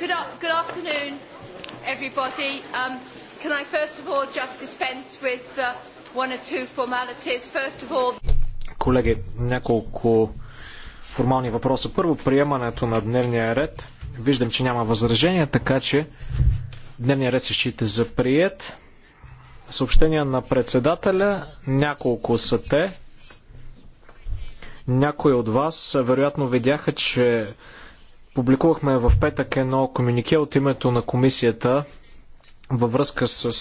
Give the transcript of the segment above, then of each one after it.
good, good afternoon, everybody. Um, can I first of all just dispense with uh, one or two formalities? First of all... Колеги, няколко формални въпроса. Първо, приемането на дневния ред. Виждам, че няма възражения, така че дневния ред се счита за прият. Съобщения на председателя, няколко са те. Някои от вас вероятно видяха, че Публикувахме в петък едно комюнике от името на комисията във връзка с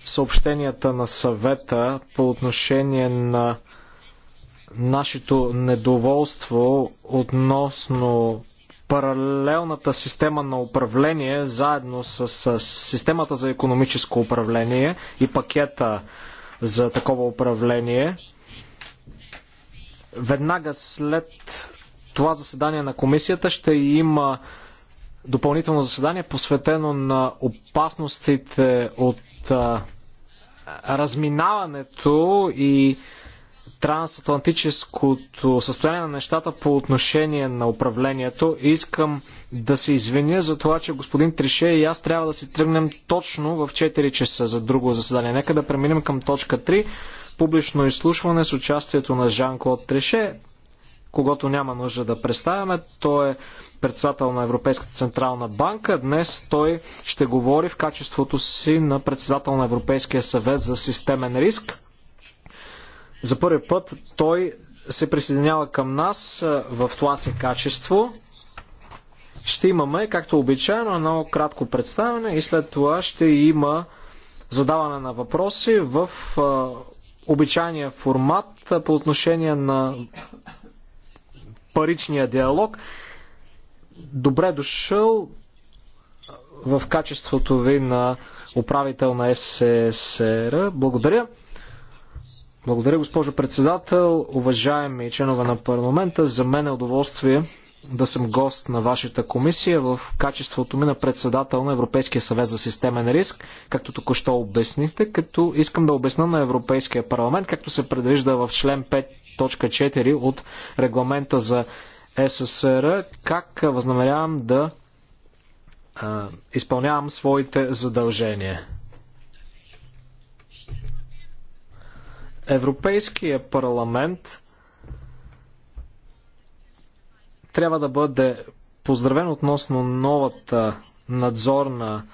съобщенията на съвета по отношение на нашето недоволство относно паралелната система на управление заедно с, с системата за економическо управление и пакета за такова управление. Веднага след това заседание на комисията ще има допълнително заседание, посветено на опасностите от а, разминаването и трансатлантическото състояние на нещата по отношение на управлението. Искам да се извиня за това, че господин Трише и аз трябва да си тръгнем точно в 4 часа за друго заседание. Нека да преминем към точка 3. Публично изслушване с участието на Жан-Клод Трише когато няма нужда да представяме. Той е председател на Европейската централна банка. Днес той ще говори в качеството си на председател на Европейския съвет за системен риск. За първи път той се присъединява към нас в това си качество. Ще имаме, както обичайно, едно кратко представяне и след това ще има задаване на въпроси в обичайния формат по отношение на паричния диалог. Добре дошъл в качеството ви на управител на СССР. Благодаря. Благодаря, госпожо председател. Уважаеми членове на парламента, за мен е удоволствие да съм гост на вашата комисия в качеството ми на председател на Европейския съвет за системен риск, както току-що обяснихте, като искам да обясна на Европейския парламент, както се предвижда в член точка 4 от регламента за СССР, как възнамерявам да а, изпълнявам своите задължения. Европейския парламент трябва да бъде поздравен относно новата надзорна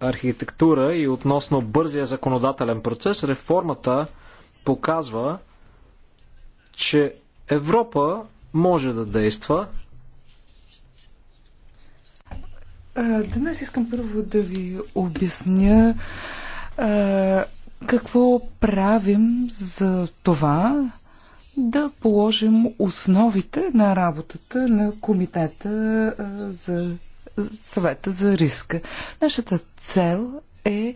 архитектура и относно бързия законодателен процес. Реформата показва, че Европа може да действа. Днес искам първо да ви обясня какво правим за това да положим основите на работата на комитета за съвета за риска. Нашата цел е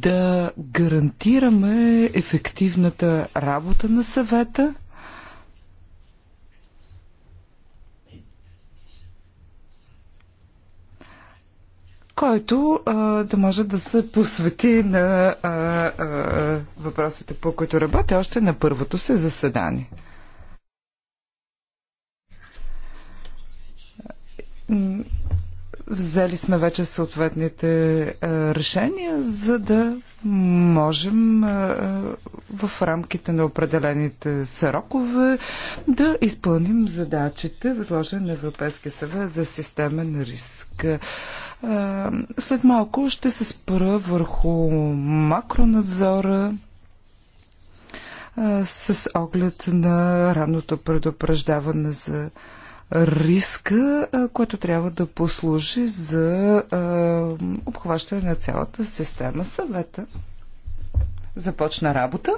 да гарантираме ефективната работа на съвета който а, да може да се посвети на а, а, въпросите, по които работи още на първото се заседание. Взели сме вече съответните решения, за да можем в рамките на определените срокове да изпълним задачите, възложени на Европейския съвет за системен риск. След малко ще се спра върху макронадзора, с оглед на ранното предупреждаване за риска, което трябва да послужи за обхващане на цялата система. Съвета започна работа.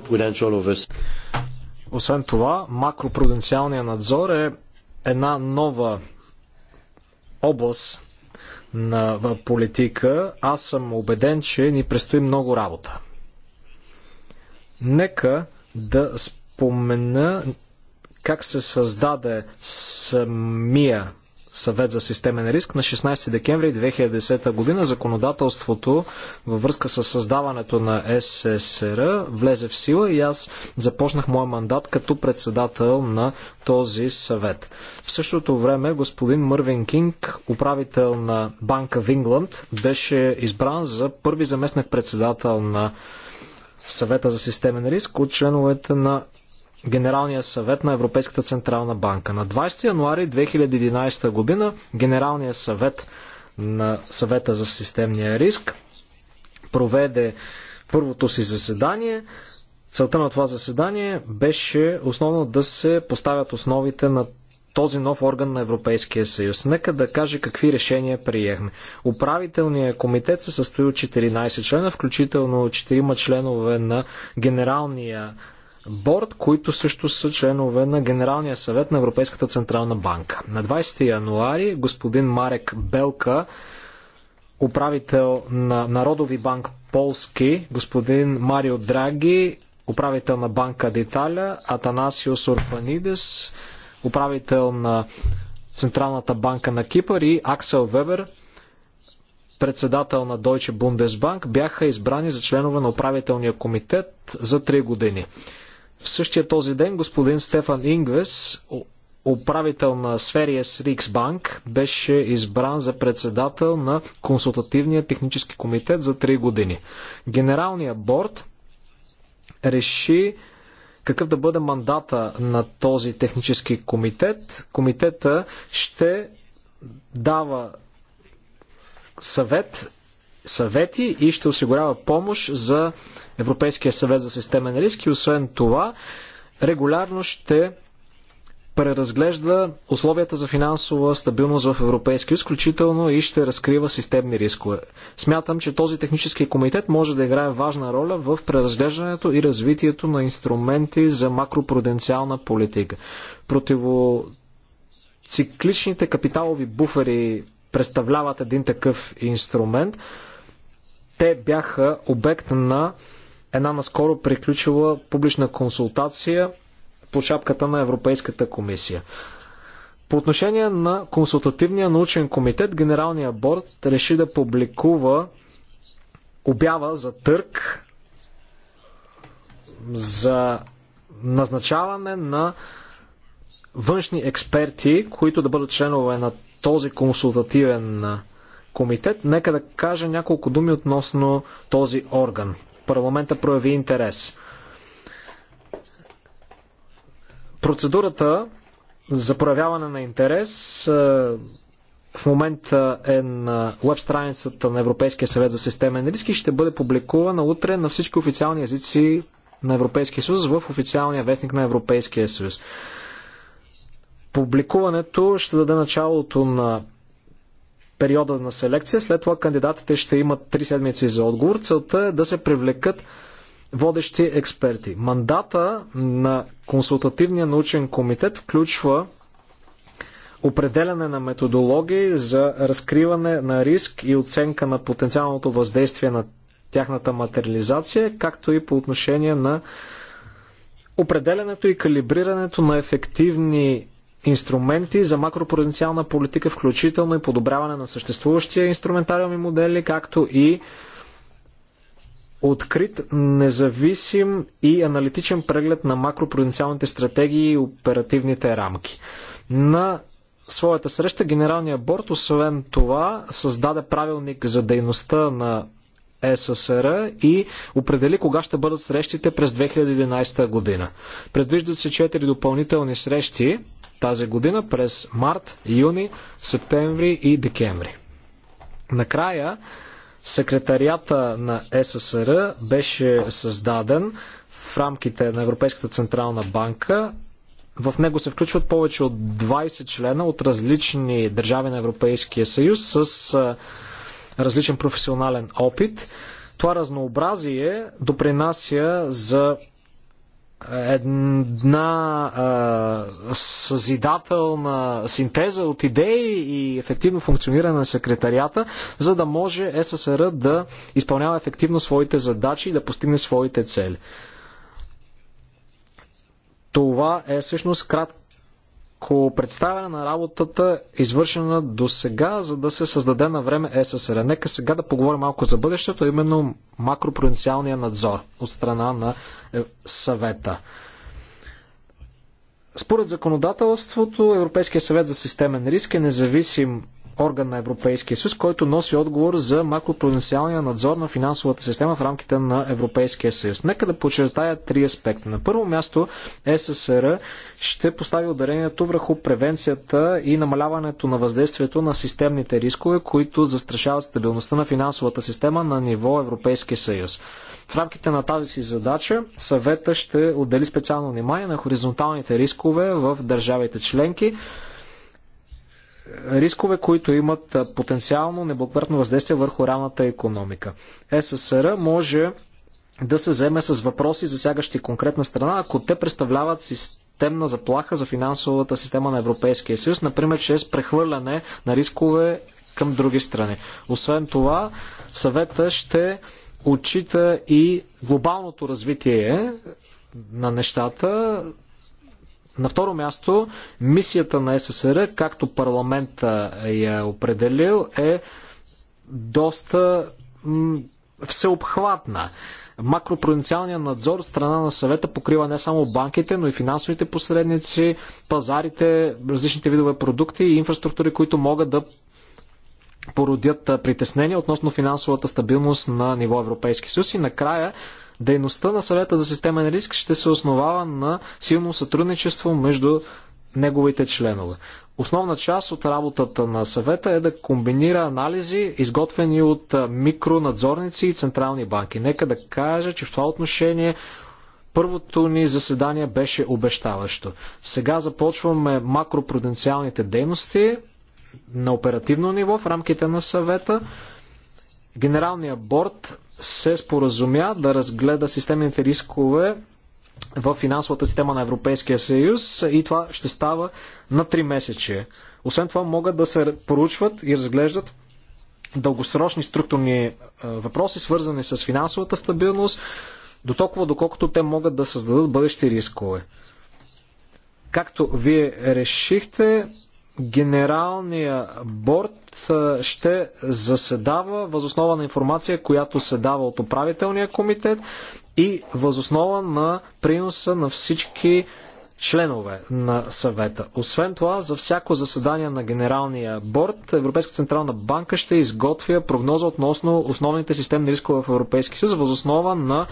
Освен това, макропруденциалният надзор е една нова област на политика. Аз съм убеден, че ни предстои много работа. Нека да спомена как се създаде самия съвет за системен риск на 16 декември 2010 година законодателството във връзка с създаването на ССР влезе в сила и аз започнах моя мандат като председател на този съвет. В същото време господин Мървин Кинг, управител на Банка в Ингланд, беше избран за първи заместник председател на съвета за системен риск от членовете на Генералния съвет на Европейската централна банка. На 20 януари 2011 година Генералния съвет на съвета за системния риск проведе първото си заседание. Целта на това заседание беше основно да се поставят основите на този нов орган на Европейския съюз. Нека да каже какви решения приехме. Управителният комитет се състои от 14 члена, включително 4 членове на Генералния борд, които също са членове на Генералния съвет на Европейската централна банка. На 20 януари господин Марек Белка, управител на Народови банк Полски, господин Марио Драги, управител на Банка Деталя, Атанасио Сорфанидес, управител на Централната банка на Кипър и Аксел Вебер, председател на Deutsche Bundesbank, бяха избрани за членове на управителния комитет за 3 години. В същия този ден господин Стефан Ингвес, управител на Сфериес Риксбанк, беше избран за председател на консултативния технически комитет за 3 години. Генералният борт реши какъв да бъде мандата на този технически комитет. Комитета ще дава съвет, съвети и ще осигурява помощ за Европейския съвет за системен риск и освен това регулярно ще преразглежда условията за финансова стабилност в Европейския изключително и ще разкрива системни рискове. Смятам, че този технически комитет може да играе важна роля в преразглеждането и развитието на инструменти за макропруденциална политика. Противоцикличните капиталови буфери представляват един такъв инструмент. Те бяха обект на една наскоро приключила публична консултация по шапката на Европейската комисия. По отношение на консултативния научен комитет, Генералния борт реши да публикува обява за търк за назначаване на външни експерти, които да бъдат членове на този консултативен комитет. Нека да кажа няколко думи относно този орган парламента прояви интерес. Процедурата за проявяване на интерес е, в момента е на веб страницата на Европейския съвет за системен риск и ще бъде публикувана утре на всички официални езици на Европейския съюз в официалния вестник на Европейския съюз. Публикуването ще даде началото на периода на селекция. След това кандидатите ще имат 3 седмици за отговор. Целта е да се привлекат водещи експерти. Мандата на консултативния научен комитет включва определяне на методологии за разкриване на риск и оценка на потенциалното въздействие на тяхната материализация, както и по отношение на определянето и калибрирането на ефективни инструменти за макропруденциална политика, включително и подобряване на съществуващия инструментариум и модели, както и открит, независим и аналитичен преглед на макропруденциалните стратегии и оперативните рамки. На своята среща генералния борт, освен това, създаде правилник за дейността на СССР и определи кога ще бъдат срещите през 2011 година. Предвиждат се 4 допълнителни срещи тази година през март, юни, септември и декември. Накрая, секретарията на СССР беше създаден в рамките на Европейската централна банка. В него се включват повече от 20 члена от различни държави на Европейския съюз с различен професионален опит. Това разнообразие допринася за една а, съзидателна синтеза от идеи и ефективно функциониране на секретарията, за да може ССР да изпълнява ефективно своите задачи и да постигне своите цели. Това е всъщност крат, ако представяне на работата, е извършена до сега, за да се създаде на време ССР. Нека сега да поговорим малко за бъдещето, именно макропровинциалния надзор от страна на е, съвета. Според законодателството, Европейския съвет за системен риск е независим орган на Европейския съюз, който носи отговор за макропруденциалния надзор на финансовата система в рамките на Европейския съюз. Нека да подчертая три аспекта. На първо място ССР ще постави ударението върху превенцията и намаляването на въздействието на системните рискове, които застрашават стабилността на финансовата система на ниво Европейския съюз. В рамките на тази си задача съвета ще отдели специално внимание на хоризонталните рискове в държавите членки, рискове, които имат потенциално неблагоприятно въздействие върху реалната економика. СССР може да се вземе с въпроси, засягащи конкретна страна, ако те представляват системна заплаха за финансовата система на Европейския съюз, например чрез прехвърляне на рискове към други страни. Освен това, съвета ще отчита и глобалното развитие на нещата, на второ място, мисията на ССР, както парламента я е определил, е доста всеобхватна. Макропровинциалният надзор от страна на съвета покрива не само банките, но и финансовите посредници, пазарите, различните видове продукти и инфраструктури, които могат да породят притеснения относно финансовата стабилност на ниво Европейски съюз. И накрая Дейността на съвета за системен риск ще се основава на силно сътрудничество между неговите членове. Основна част от работата на съвета е да комбинира анализи, изготвени от микронадзорници и централни банки. Нека да кажа, че в това отношение първото ни заседание беше обещаващо. Сега започваме макропруденциалните дейности на оперативно ниво в рамките на съвета. Генералният борт се споразумя да разгледа системните рискове в финансовата система на Европейския съюз и това ще става на 3 месече. Освен това могат да се проучват и разглеждат дългосрочни структурни е, въпроси, свързани с финансовата стабилност, до толкова доколкото те могат да създадат бъдещи рискове. Както вие решихте, Генералния борт ще заседава възоснова на информация, която се дава от управителния комитет и възоснова на приноса на всички членове на съвета. Освен това, за всяко заседание на Генералния борт, Европейска централна банка ще изготвя прогноза относно основните системни рискове в Европейския съюз, възоснова на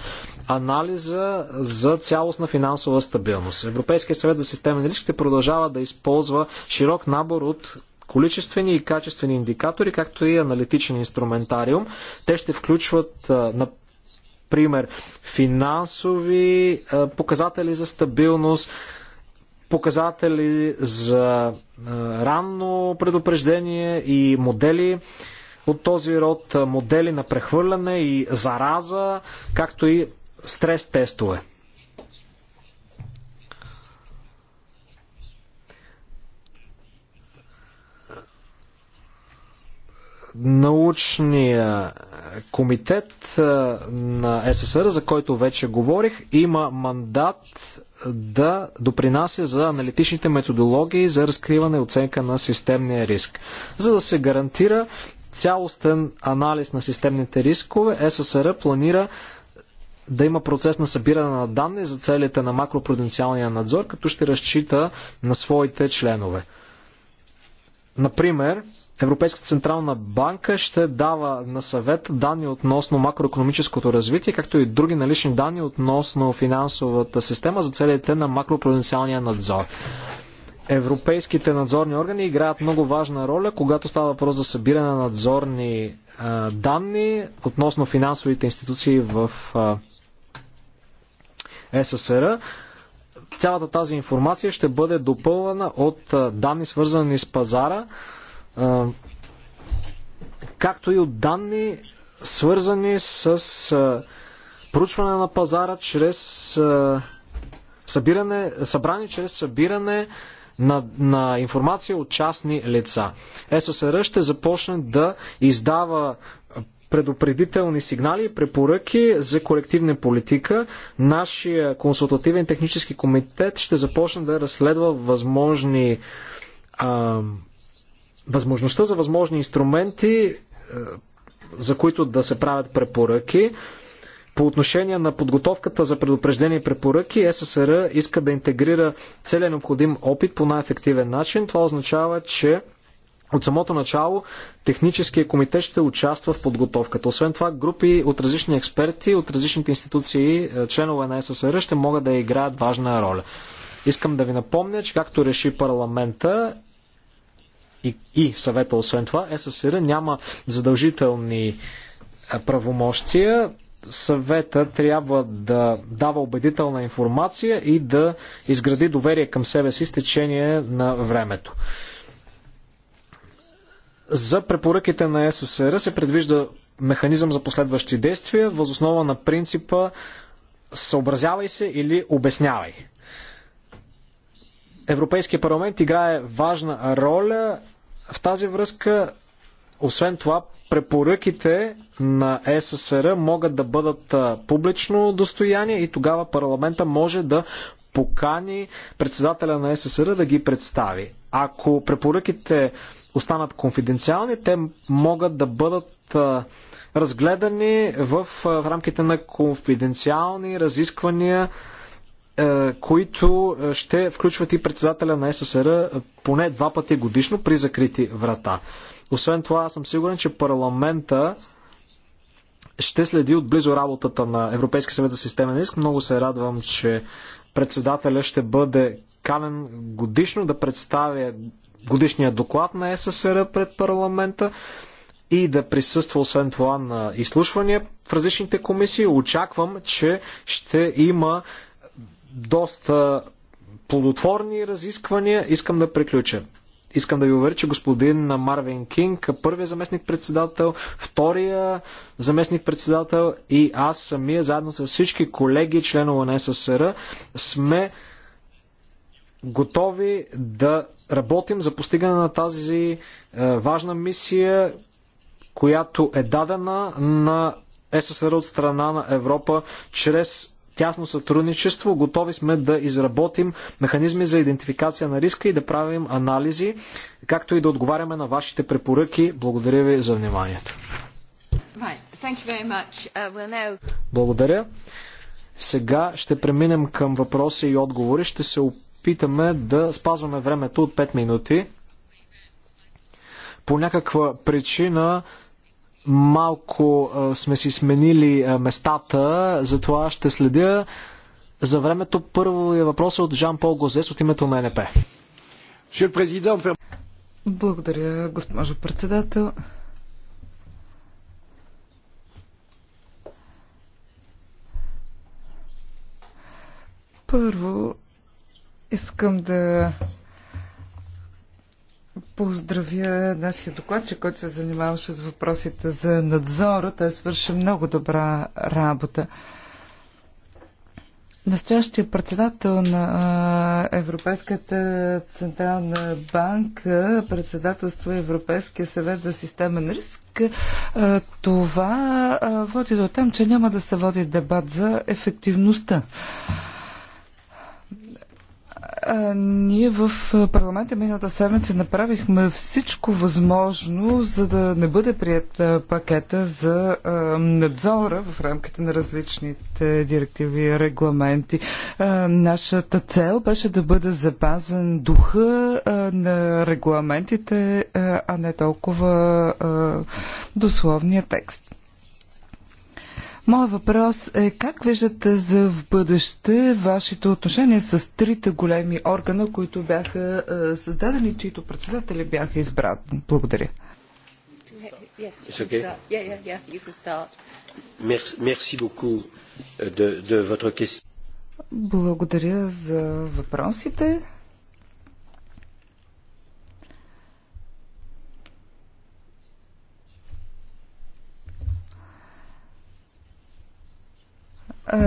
анализа за цялостна финансова стабилност. Европейския съвет за системен риск ще продължава да използва широк набор от количествени и качествени индикатори, както и аналитичен инструментариум. Те ще включват, на пример финансови показатели за стабилност, показатели за ранно предупреждение и модели от този род, модели на прехвърляне и зараза, както и стрес тестове. научния комитет на СССР, за който вече говорих, има мандат да допринася за аналитичните методологии за разкриване и оценка на системния риск. За да се гарантира цялостен анализ на системните рискове, СССР планира да има процес на събиране на данни за целите на макропруденциалния надзор, като ще разчита на своите членове. Например, Европейската централна банка ще дава на съвет данни относно макроекономическото развитие, както и други налични данни относно финансовата система за целите на макропроденциалния надзор. Европейските надзорни органи играят много важна роля, когато става въпрос за събиране на надзорни а, данни относно финансовите институции в а, СССР. Цялата тази информация ще бъде допълвана от а, данни свързани с пазара, както и от данни, свързани с проучване на пазара чрез събиране, събрани чрез събиране на, на информация от частни лица. ССР ще започне да издава предупредителни сигнали и препоръки за колективна политика. Нашия консултативен технически комитет ще започне да разследва възможни а, възможността за възможни инструменти, е, за които да се правят препоръки. По отношение на подготовката за предупреждение и препоръки, ССР иска да интегрира целият необходим опит по най-ефективен начин. Това означава, че от самото начало техническия комитет ще участва в подготовката. Освен това, групи от различни експерти, от различните институции, е, членове на ССР ще могат да играят важна роля. Искам да ви напомня, че както реши парламента, и, и съвета. Освен това, СССР няма задължителни правомощия. Съвета трябва да дава убедителна информация и да изгради доверие към себе си с течение на времето. За препоръките на СССР се предвижда механизъм за последващи действия, възоснова на принципа съобразявай се или обяснявай. Европейския парламент играе важна роля в тази връзка, освен това, препоръките на СССР могат да бъдат публично достояние и тогава парламента може да покани председателя на СССР да ги представи. Ако препоръките останат конфиденциални, те могат да бъдат разгледани в рамките на конфиденциални разисквания е, които е, ще включват и председателя на СССР е, поне два пъти годишно при закрити врата. Освен това, аз съм сигурен, че парламента ще следи отблизо работата на Европейския съвет за на Иск. Много се радвам, че председателя ще бъде канен годишно да представя годишния доклад на СССР пред парламента и да присъства освен това на изслушвания в различните комисии. Очаквам, че ще има доста плодотворни разисквания. Искам да приключа. Искам да ви уверя, че господин Марвин Кинг, първият заместник-председател, втория заместник-председател и аз самия, заедно с всички колеги, членове на СССР, сме готови да работим за постигане на тази е, важна мисия, която е дадена на СССР от страна на Европа чрез тясно сътрудничество. Готови сме да изработим механизми за идентификация на риска и да правим анализи, както и да отговаряме на вашите препоръки. Благодаря ви за вниманието. Uh, Благодаря. Сега ще преминем към въпроси и отговори. Ще се опитаме да спазваме времето от 5 минути. По някаква причина малко сме си сменили местата, затова ще следя за времето. Първо е въпросът от Жан-Пол Гозес от името на НП. Благодаря, госпожо председател. Първо, искам да поздравя нашия докладчик, който се занимаваше с въпросите за надзора. Той свърши много добра работа. Настоящия председател на Европейската централна банка председателство е Европейския съвет за системен риск. Това води до там, че няма да се води дебат за ефективността. А, ние в парламента миналата седмица направихме всичко възможно, за да не бъде прият пакета за а, надзора в рамките на различните директиви и регламенти. А, нашата цел беше да бъде запазен духа на регламентите, а не толкова дословния текст. Моят въпрос е как виждате за в бъдеще вашите отношения с трите големи органа, които бяха е, създадени, чието председатели бяха избрани? Благодаря. Благодаря за въпросите.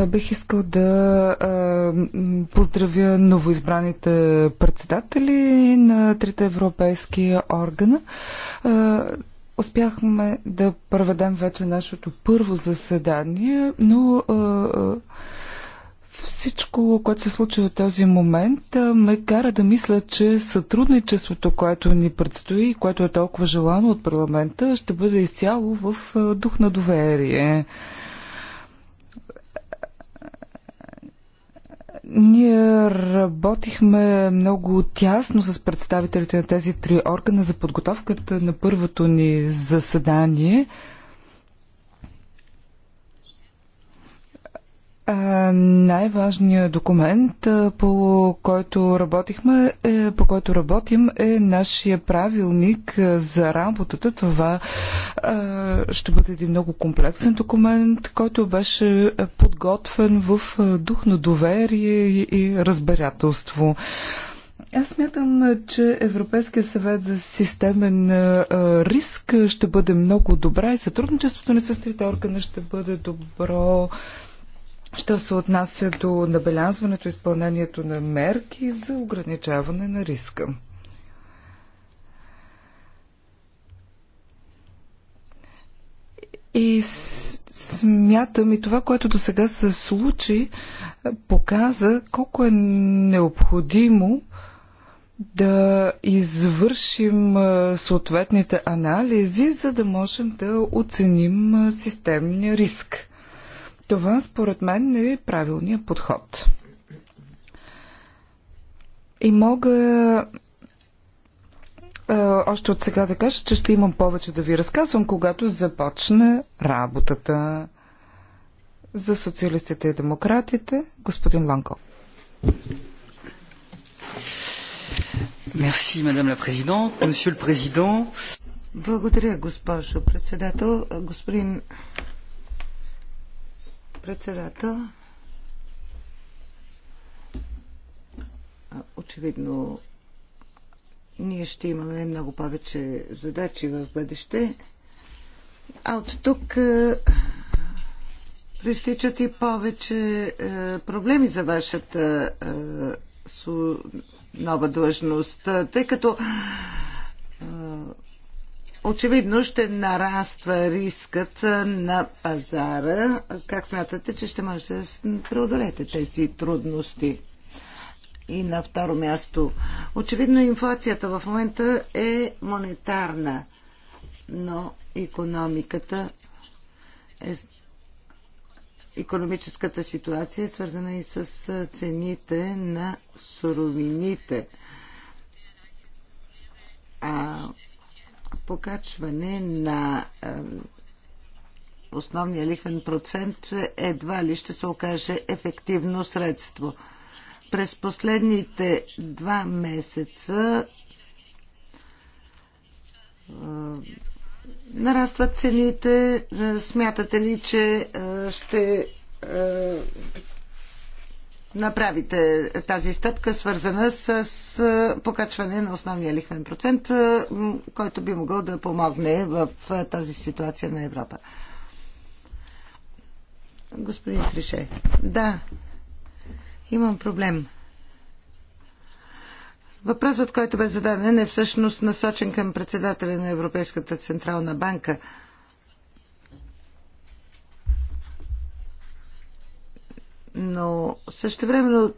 Бих искал да поздравя новоизбраните председатели на трите европейски органа. Успяхме да проведем вече нашето първо заседание, но всичко, което се случи в този момент, ме кара да мисля, че сътрудничеството, което ни предстои и което е толкова желано от парламента, ще бъде изцяло в дух на доверие. Ние работихме много тясно с представителите на тези три органа за подготовката на първото ни заседание – най-важният документ, по който работихме, е, по който работим, е нашия правилник за работата. Това е, ще бъде един много комплексен документ, който беше подготвен в дух на доверие и, разбирателство. Аз смятам, че Европейския съвет за системен риск ще бъде много добра и сътрудничеството на състрите органа ще бъде добро. Що се отнася до набелязването и изпълнението на мерки за ограничаване на риска. И смятам и това, което до сега се случи, показа колко е необходимо да извършим съответните анализи, за да можем да оценим системния риск. Това, според мен, е правилният подход. И мога още от сега да кажа, че ще имам повече да ви разказвам, когато започне работата за социалистите и демократите, господин Ланко. Мерси, мадам ла президент, месье президент. Благодаря, госпожо председател. Господин Председател, очевидно ние ще имаме много повече задачи в бъдеще, а от тук Пристичат и повече проблеми за вашата нова длъжност, тъй като очевидно ще нараства рискът на пазара. Как смятате, че ще можете да преодолете тези трудности? И на второ място, очевидно инфлацията в момента е монетарна, но економиката е економическата ситуация е свързана и с цените на суровините. А покачване на е, основния лихвен процент едва ли ще се окаже ефективно средство. През последните два месеца е, нарастват цените. Е, смятате ли, че ще направите тази стъпка, свързана с покачване на основния лихвен процент, който би могъл да помогне в тази ситуация на Европа. Господин Трише, да, имам проблем. Въпросът, който бе зададен, е всъщност насочен към председателя на Европейската централна банка – но също времено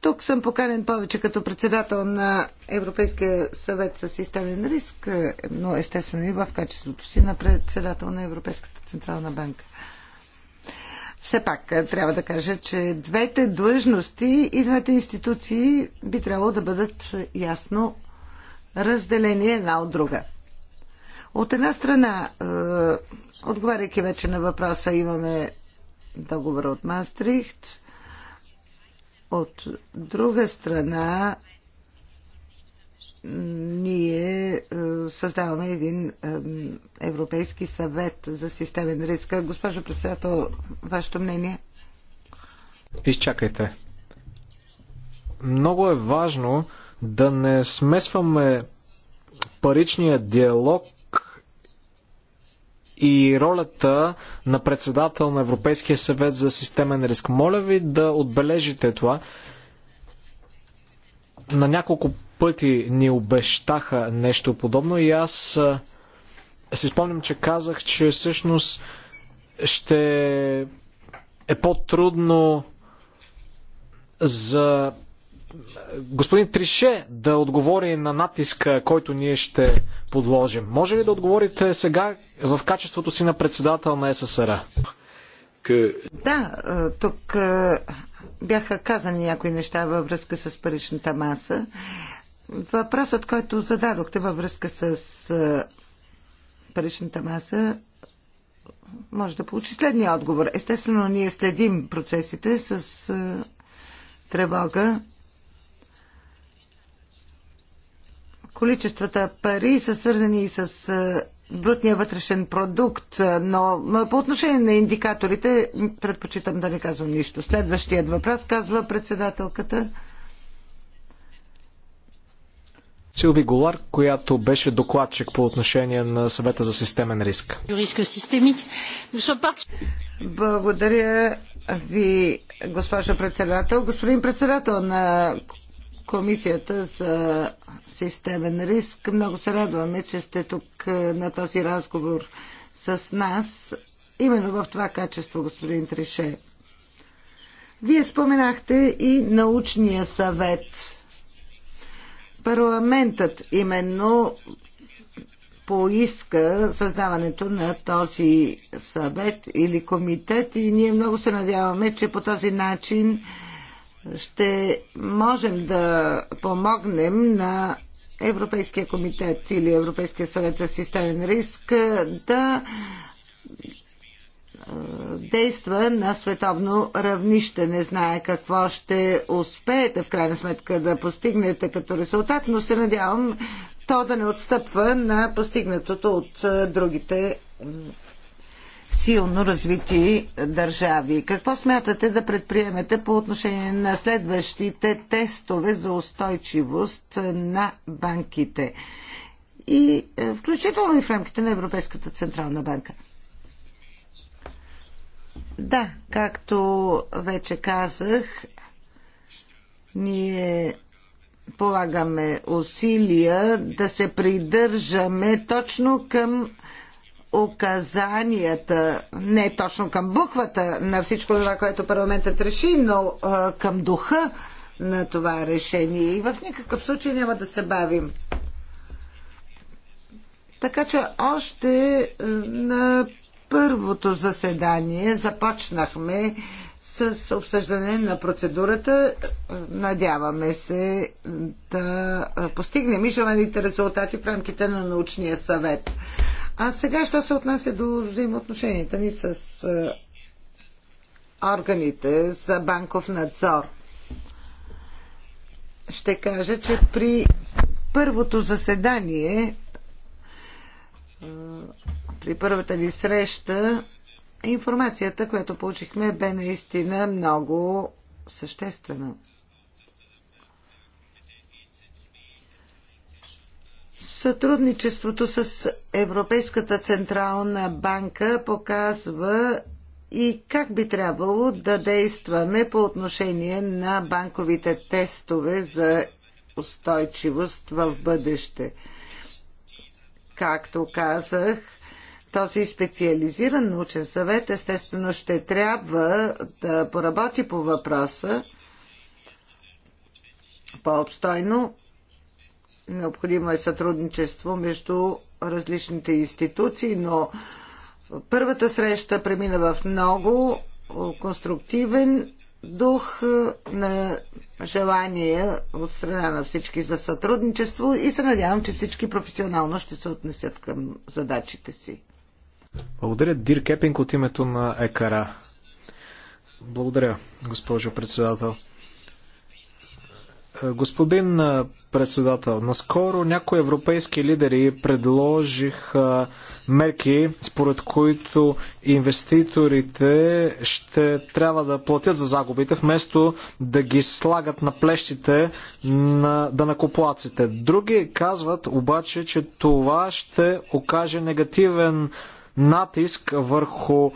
тук съм поканен повече като председател на Европейския съвет с системен риск, но естествено и в качеството си на председател на Европейската централна банка. Все пак е, трябва да кажа, че двете длъжности и двете институции би трябвало да бъдат ясно разделени една от друга. От една страна, е, отговаряйки вече на въпроса, имаме договора от Мастрихт. От друга страна, ние е, създаваме един е, Европейски съвет за системен риск. Госпожо председател, вашето мнение? Изчакайте. Много е важно да не смесваме паричния диалог и ролята на председател на Европейския съвет за системен риск. Моля ви да отбележите това. На няколко пъти ни обещаха нещо подобно и аз си спомням, че казах, че всъщност ще е по-трудно за господин Трише да отговори на натиска, който ние ще подложим. Може ли да отговорите сега в качеството си на председател на СССР? Да, тук бяха казани някои неща във връзка с паричната маса. Въпросът, който зададохте във връзка с паричната маса, може да получи следния отговор. Естествено, ние следим процесите с тревога. количествата пари са свързани и с е, брутния вътрешен продукт, е, но по отношение на индикаторите предпочитам да не казвам нищо. Следващият въпрос казва председателката. Силви Голар, която беше докладчик по отношение на съвета за системен риск. Благодаря ви, госпожо председател. Господин председател на Комисията за системен риск. Много се радваме, че сте тук е, на този разговор с нас, именно в това качество, господин Трише. Вие споменахте и научния съвет. Парламентът именно поиска създаването на този съвет или комитет и ние много се надяваме, че по този начин ще можем да помогнем на Европейския комитет или Европейския съвет за системен риск да действа на световно равнище. Не знае какво ще успеете в крайна сметка да постигнете като резултат, но се надявам то да не отстъпва на постигнатото от другите силно развити държави. Какво смятате да предприемете по отношение на следващите тестове за устойчивост на банките? И е, включително и в рамките на Европейската централна банка. Да, както вече казах, ние полагаме усилия да се придържаме точно към указанията, не точно към буквата на всичко това, което парламентът реши, но а, към духа на това решение. И в никакъв случай няма да се бавим. Така че още на първото заседание започнахме с обсъждане на процедурата. Надяваме се да постигнем и желаните резултати в рамките на научния съвет. А сега, що се отнася до взаимоотношенията ни с е, органите за банков надзор, ще кажа, че при първото заседание, е, при първата ни среща, информацията, която получихме, бе наистина много съществена. Сътрудничеството с Европейската централна банка показва и как би трябвало да действаме по отношение на банковите тестове за устойчивост в бъдеще. Както казах, този специализиран научен съвет естествено ще трябва да поработи по въпроса по-обстойно Необходимо е сътрудничество между различните институции, но първата среща премина в много конструктивен дух на желание от страна на всички за сътрудничество и се надявам, че всички професионално ще се отнесят към задачите си. Благодаря Дир Кепинг от името на ЕКАРА. Благодаря, госпожо председател. Господин председател. Наскоро някои европейски лидери предложиха мерки, според които инвеститорите ще трябва да платят за загубите, вместо да ги слагат на плещите на данакоплаците. Други казват обаче, че това ще окаже негативен натиск върху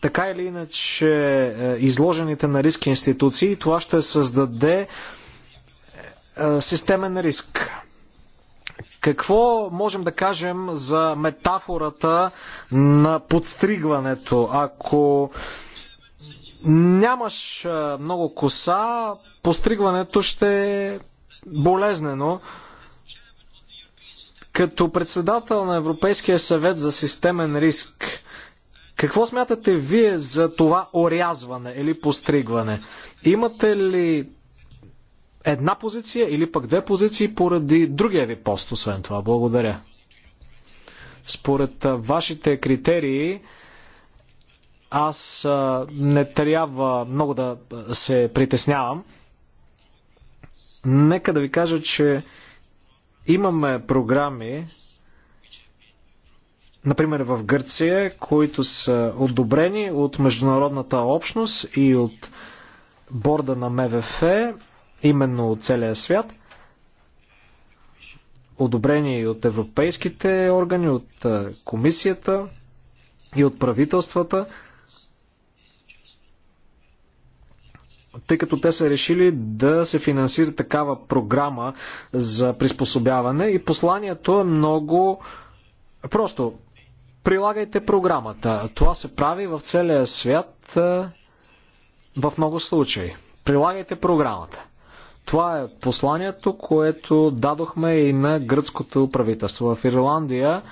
така или иначе е, изложените на риски институции. Това ще създаде е, системен риск. Какво можем да кажем за метафората на подстригването? Ако нямаш е, много коса, постригването ще е болезнено. Като председател на Европейския съвет за системен риск, какво смятате вие за това орязване или постригване? Имате ли една позиция или пък две позиции поради другия ви пост, освен това. Благодаря. Според вашите критерии, аз не трябва много да се притеснявам. Нека да ви кажа, че имаме програми, например в Гърция, които са одобрени от международната общност и от борда на МВФ именно от целия свят, одобрени и от европейските органи, от комисията и от правителствата, тъй като те са решили да се финансира такава програма за приспособяване и посланието е много просто. Прилагайте програмата. Това се прави в целия свят в много случаи. Прилагайте програмата. Това е посланието, което дадохме и на гръцкото правителство. В Ирландия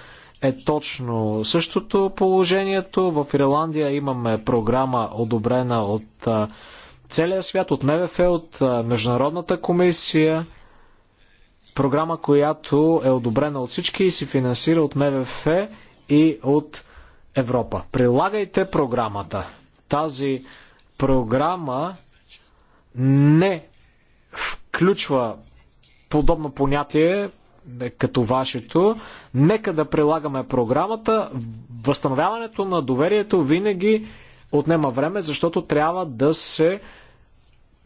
е точно същото положението. В Ирландия имаме програма, одобрена от целия свят, от МВФ, от Международната комисия. Програма, която е одобрена от всички и се финансира от МВФ и от Европа. Прилагайте програмата. Тази програма не включва подобно понятие е, като вашето, нека да прилагаме програмата. Възстановяването на доверието винаги отнема време, защото трябва да се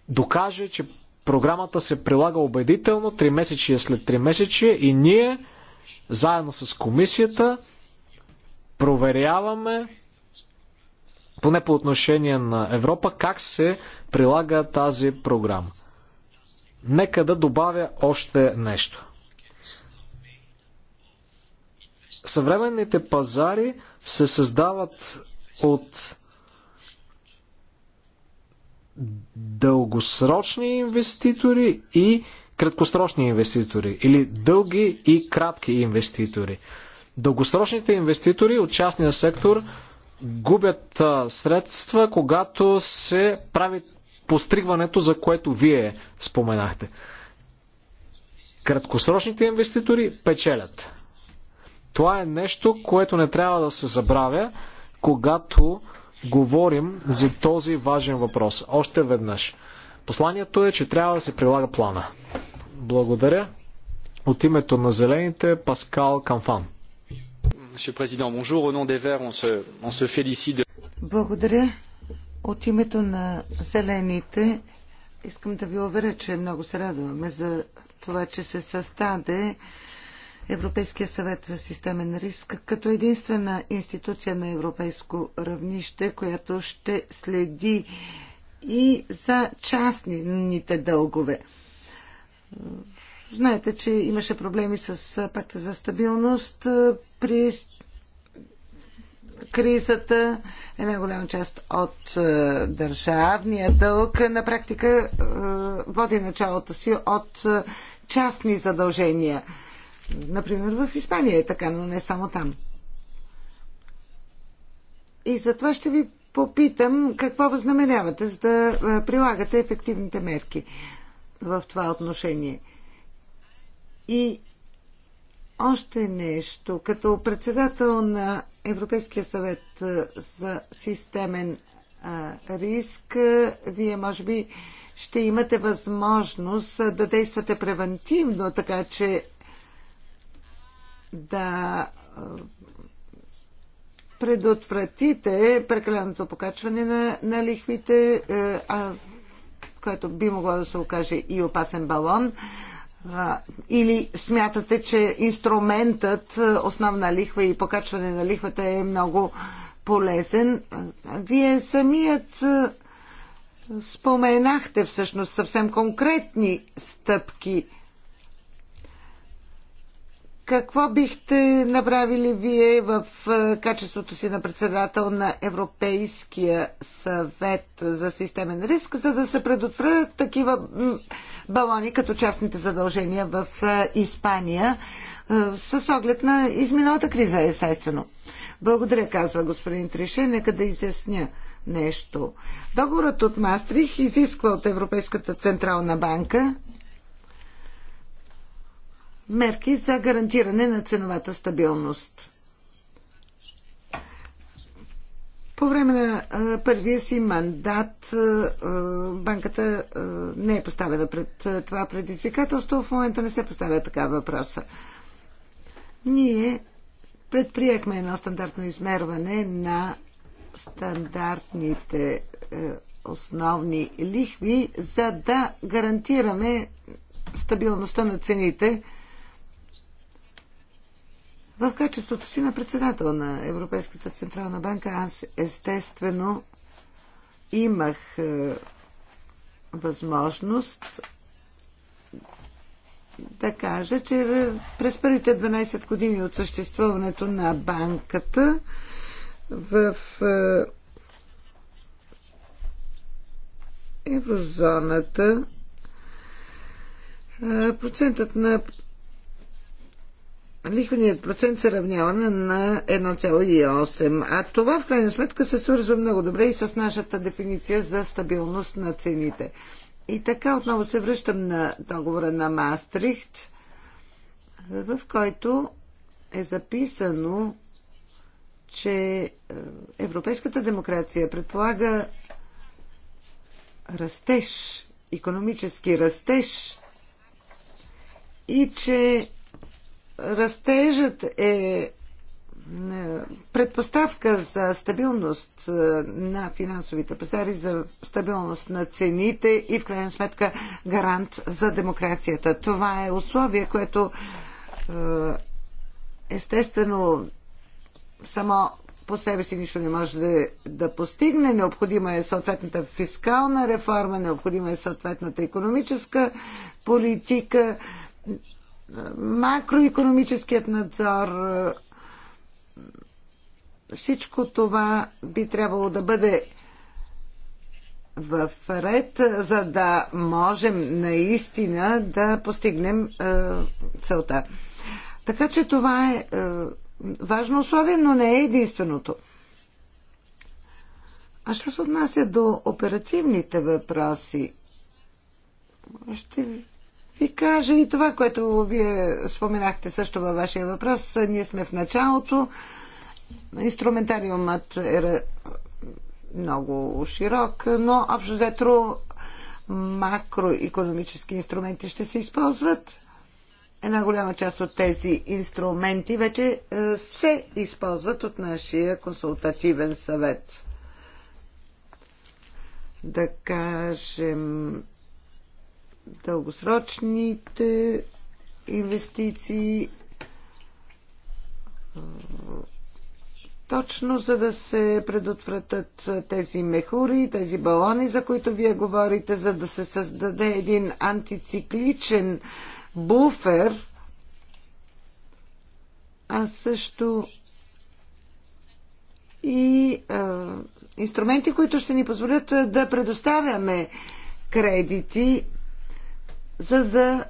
докаже, че програмата се прилага убедително, 3 месечи е след 3 месечи и ние, заедно с комисията, проверяваме поне по отношение на Европа, как се прилага тази програма. Нека да добавя още нещо. Съвременните пазари се създават от дългосрочни инвеститори и краткосрочни инвеститори или дълги и кратки инвеститори. Дългосрочните инвеститори от частния сектор губят средства, когато се прави постригването, за което вие споменахте. Краткосрочните инвеститори печелят. Това е нещо, което не трябва да се забравя, когато говорим за този важен въпрос. Още веднъж. Посланието е, че трябва да се прилага плана. Благодаря. От името на зелените Паскал Камфан. Благодаря, от името на зелените искам да ви уверя, че много се радваме за това, че се създаде Европейския съвет за системен риск като единствена институция на европейско равнище, която ще следи и за частните дългове. Знаете, че имаше проблеми с пакта за стабилност при кризата. Една голяма част от е, държавния дълг на практика е, води началото си от е, частни задължения. Например, в Испания е така, но не само там. И затова ще ви попитам какво възнаменявате, за да е, прилагате ефективните мерки в това отношение. И още нещо. Като председател на Европейския съвет за системен риск, вие може би ще имате възможност да действате превентивно, така че да предотвратите прекаленото покачване на, на лихвите, а, което би могло да се окаже и опасен балон или смятате, че инструментът е, основна лихва и покачване на лихвата е много полезен? Вие самият е, споменахте всъщност съвсем конкретни стъпки какво бихте направили вие в е, качеството си на председател на Европейския съвет за системен риск, за да се предотвратят такива балони като частните задължения в е, Испания е, с оглед на изминалата криза, естествено? Благодаря, казва господин Трише. Нека да изясня нещо. Договорът от Мастрих изисква от Европейската централна банка мерки за гарантиране на ценовата стабилност. По време на първия си мандат банката не е поставена пред това предизвикателство. В момента не се поставя така въпроса. Ние предприехме едно стандартно измерване на стандартните е, основни лихви, за да гарантираме стабилността на цените в качеството си на председател на Европейската Централна банка аз естествено имах е, възможност да кажа, че е, през първите 12 години от съществуването на банката в е, еврозоната процентът на лихвеният процент се равнява на 1,8, а това в крайна сметка се свързва много добре и с нашата дефиниция за стабилност на цените. И така отново се връщам на договора на Мастрихт, в който е записано, че е, европейската демокрация предполага растеж, економически растеж и че Растежът е, е предпоставка за стабилност е, на финансовите пазари, за стабилност на цените и в крайна сметка гарант за демокрацията. Това е условие, което е, естествено само по себе си нищо не може да, да постигне. Необходима е съответната фискална реформа, необходима е съответната економическа политика макроекономическият надзор, всичко това би трябвало да бъде в ред, за да можем наистина да постигнем е, целта. Така че това е, е важно условие, но не е единственото. А що се отнася до оперативните въпроси, ще ви кажа и това, което вие споменахте също във вашия въпрос. Ние сме в началото. Инструментариумът е много широк, но общо взето макроекономически инструменти ще се използват. Една голяма част от тези инструменти вече е, се използват от нашия консултативен съвет. Да кажем, дългосрочните инвестиции, точно за да се предотвратят тези мехури, тези балони, за които вие говорите, за да се създаде един антицикличен буфер, а също и а, инструменти, които ще ни позволят да предоставяме кредити за да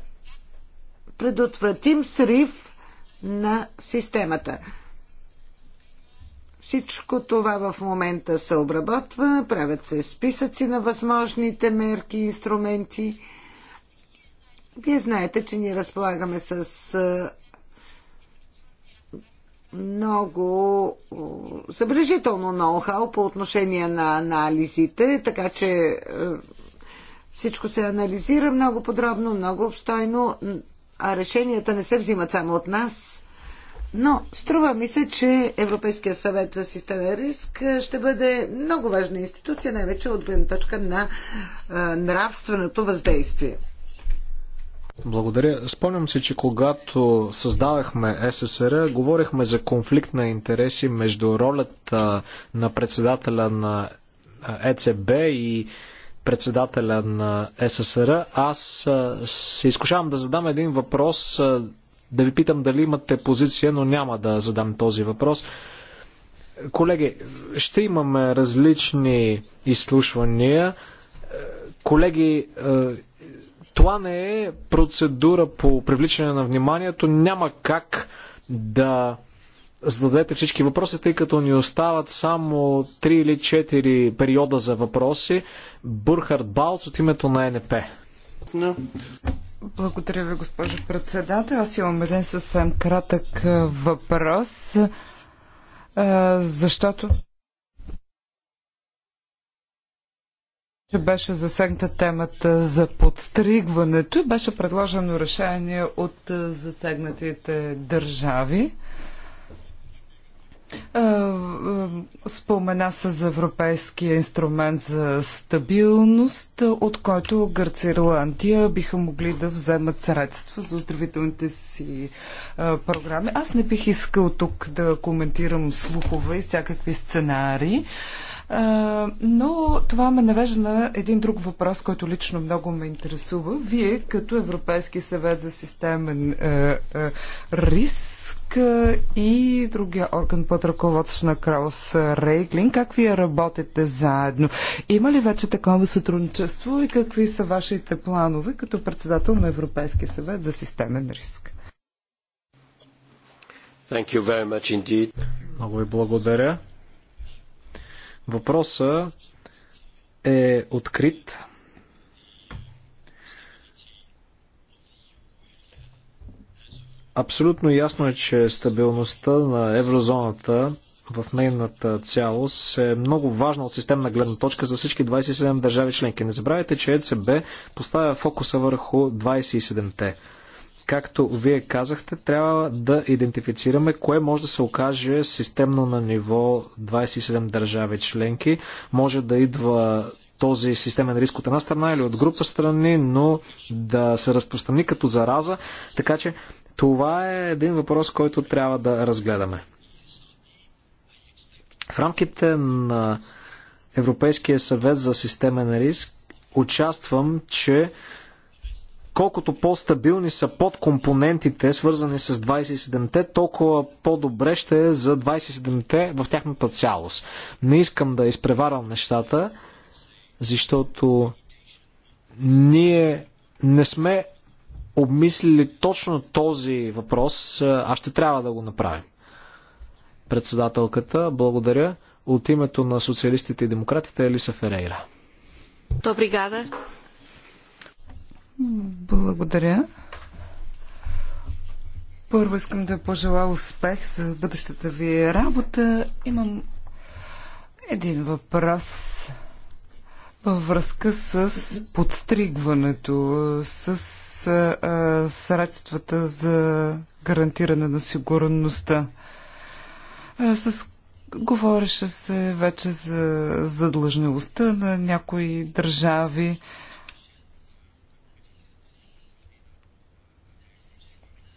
предотвратим срив на системата. Всичко това в момента се обработва, правят се списъци на възможните мерки и инструменти. Вие знаете, че ние разполагаме с много забележително ноу-хау по отношение на анализите, така че всичко се анализира много подробно, много обстойно, а решенията не се взимат само от нас. Но струва ми се, че Европейския съвет за системен риск ще бъде много важна институция, най-вече от гледна точка на а, нравственото въздействие. Благодаря. Спомням се, че когато създавахме ССР, говорихме за конфликт на интереси между ролята на председателя на ЕЦБ и председателя на СССР. Аз се изкушавам да задам един въпрос, да ви питам дали имате позиция, но няма да задам този въпрос. Колеги, ще имаме различни изслушвания. Колеги, това не е процедура по привличане на вниманието. Няма как да зададете всички въпроси, тъй като ни остават само 3 или 4 периода за въпроси. Бурхард Балц от името на НП. Благодаря ви, госпожо председател. Аз имам един съвсем кратък въпрос, защото че беше засегната темата за подтригването и беше предложено решение от засегнатите държави. Е, е, спомена се за Европейския инструмент за стабилност, от който Гърция и Ирландия биха могли да вземат средства за оздравителните си е, програми. Аз не бих искал тук да коментирам слухове и всякакви сценари но това ме навежда на един друг въпрос, който лично много ме интересува. Вие, като Европейски съвет за системен рис, и другия орган под ръководство на Краус Рейглин. Как вие работите заедно? Има ли вече такова сътрудничество и какви са вашите планове като председател на Европейския съвет за системен риск? Thank you very much indeed. Много ви благодаря. Въпросът е открит. Абсолютно ясно е, че стабилността на еврозоната в нейната цялост е много важна от системна гледна точка за всички 27 държави членки. Не забравяйте, че ЕЦБ поставя фокуса върху 27-те. Както вие казахте, трябва да идентифицираме кое може да се окаже системно на ниво 27 държави членки. Може да идва този системен риск от една страна или от група страни, но да се разпространи като зараза. Така че това е един въпрос, който трябва да разгледаме. В рамките на Европейския съвет за системен риск участвам, че колкото по-стабилни са подкомпонентите, свързани с 27-те, толкова по-добре ще е за 27-те в тяхната цялост. Не искам да изпреварвам нещата, защото ние не сме обмислили точно този въпрос, а ще трябва да го направим. Председателката, благодаря. От името на социалистите и демократите Елиса Ферейра. гада. Благодаря. Първо искам да пожела успех за бъдещата ви работа. Имам един въпрос във връзка с подстригването, с а, средствата за гарантиране на сигурността. А, с Говореше се вече за задлъжнилостта на някои държави. А,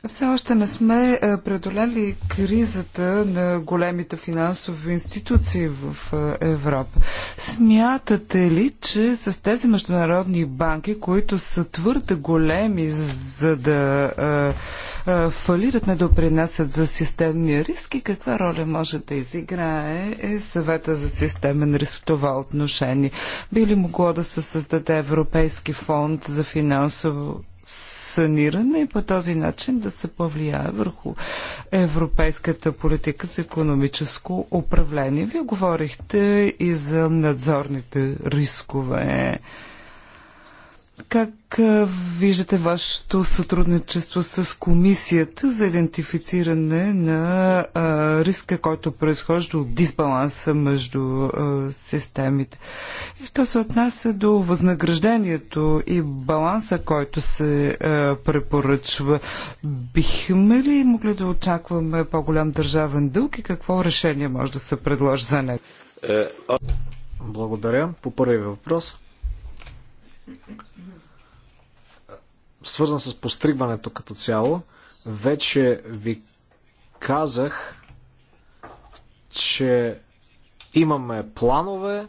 Все още не сме е, преодолели кризата на големите финансови институции в е, Европа. Смятате ли, че с тези международни банки, които са твърде големи, за да а, е, а, фалират, не допринасят за системни риски, каква роля може да изиграе е съвета за системен риск в това отношение? Би ли могло да се създаде Европейски фонд за финансово санирана и по този начин да се повлияе върху европейската политика за економическо управление. Вие говорихте и за надзорните рискове. Как виждате вашето сътрудничество с комисията за идентифициране на риска, който произхожда от дисбаланса между системите? И що се отнася до възнаграждението и баланса, който се препоръчва, бихме ли могли да очакваме по-голям държавен дълг и какво решение може да се предложи за него? Е, Благодаря. По първи въпрос свързан с постригването като цяло. Вече ви казах, че имаме планове.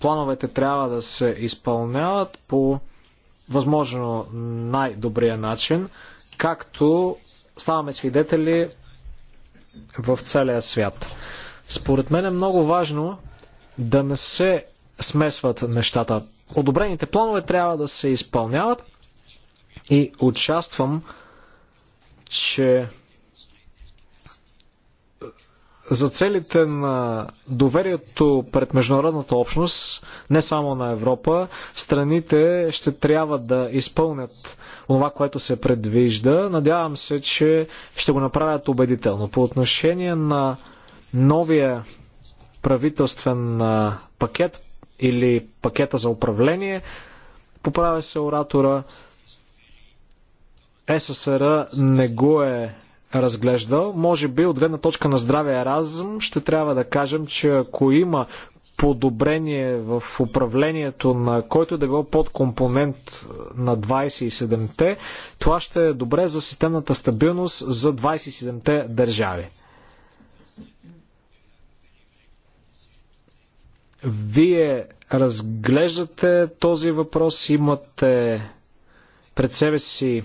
Плановете трябва да се изпълняват по възможно най-добрия начин, както ставаме свидетели в целия свят. Според мен е много важно да не се смесват нещата. Одобрените планове трябва да се изпълняват, и участвам, че за целите на доверието пред международната общност, не само на Европа, страните ще трябва да изпълнят това, което се предвижда. Надявам се, че ще го направят убедително. По отношение на новия правителствен пакет или пакета за управление, поправя се оратора, СССР не го е разглеждал. Може би от гледна точка на здравия разум ще трябва да кажем, че ако има подобрение в управлението на който да било подкомпонент на 27-те, това ще е добре за системната стабилност за 27-те държави. Вие разглеждате този въпрос, имате пред себе си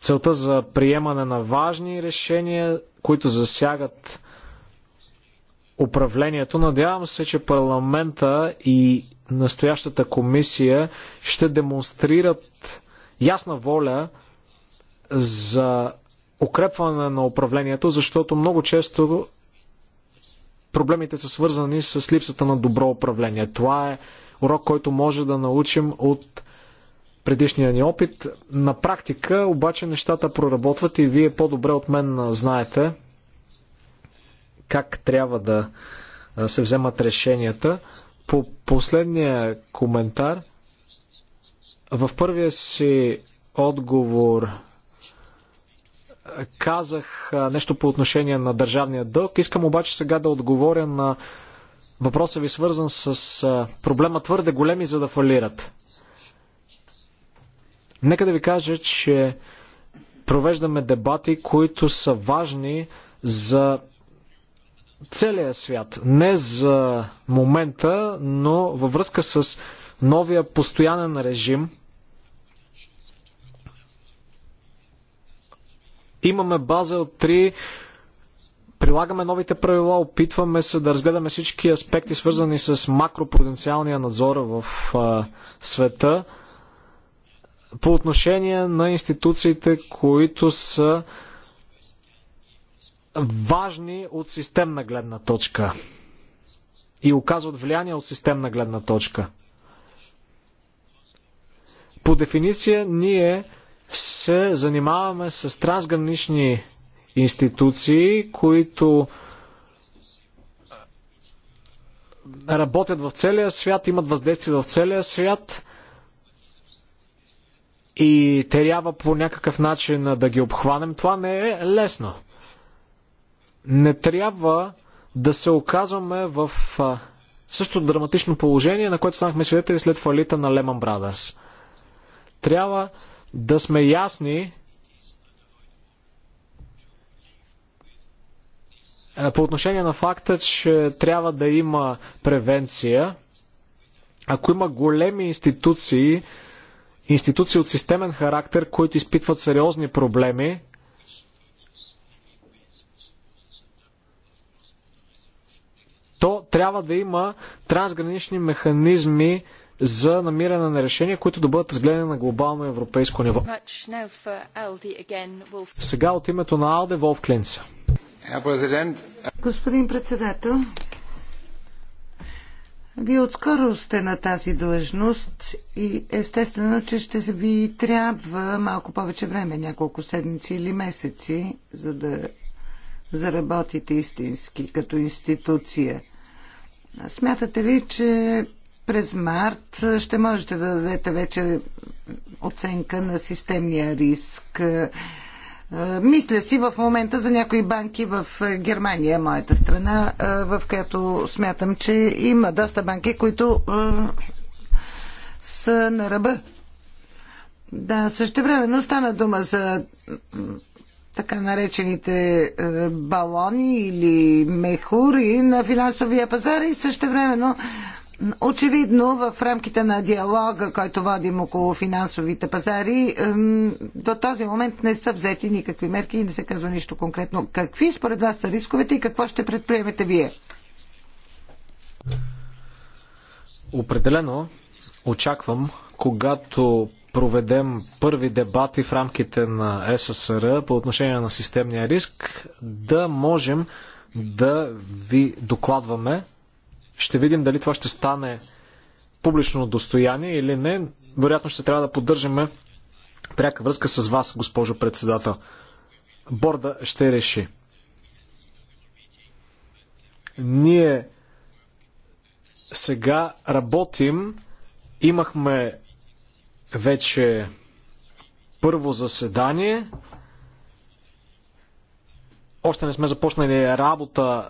целта за приемане на важни решения, които засягат управлението. Надявам се, че парламента и настоящата комисия ще демонстрират ясна воля за укрепване на управлението, защото много често проблемите са свързани с липсата на добро управление. Това е урок, който може да научим от предишния ни опит. На практика обаче нещата проработват и вие по-добре от мен знаете как трябва да се вземат решенията. По последния коментар, в първия си отговор казах нещо по отношение на държавния дълг. Искам обаче сега да отговоря на въпроса ви свързан с проблема твърде големи за да фалират. Нека да ви кажа, че провеждаме дебати, които са важни за целия свят. Не за момента, но във връзка с новия постоянен режим. Имаме база от 3 прилагаме новите правила, опитваме се да разгледаме всички аспекти, свързани с макропруденциалния надзор в а, света по отношение на институциите, които са важни от системна гледна точка и оказват влияние от системна гледна точка. По дефиниция ние се занимаваме с трансгранични институции, които работят в целия свят, имат въздействие в целия свят и трябва по някакъв начин да ги обхванем, това не е лесно. Не трябва да се оказваме в същото драматично положение, на което станахме свидетели след фалита на Lehman Brothers. Трябва да сме ясни по отношение на факта, че трябва да има превенция. Ако има големи институции, институции от системен характер, които изпитват сериозни проблеми. То трябва да има трансгранични механизми за намиране на решения, които да бъдат разгледани на глобално европейско ниво. Сега от името на Алде Волф Клинца. Господин председател, вие отскоро сте на тази длъжност и естествено, че ще ви трябва малко повече време, няколко седмици или месеци, за да заработите истински като институция. Смятате ли, че през март ще можете да дадете вече оценка на системния риск? Мисля си в момента за някои банки в Германия, моята страна, в която смятам, че има доста банки, които са на ръба. Да, също но стана дума за така наречените балони или мехури на финансовия пазар и също времено Очевидно, в рамките на диалога, който водим около финансовите пазари, до този момент не са взети никакви мерки и не се казва нищо конкретно. Какви според вас са рисковете и какво ще предприемете вие? Определено очаквам, когато проведем първи дебати в рамките на ССР по отношение на системния риск, да можем да ви докладваме ще видим дали това ще стане публично достояние или не. Вероятно ще трябва да поддържаме пряка връзка с вас, госпожо председател. Борда ще реши. Ние сега работим. Имахме вече първо заседание. Още не сме започнали работа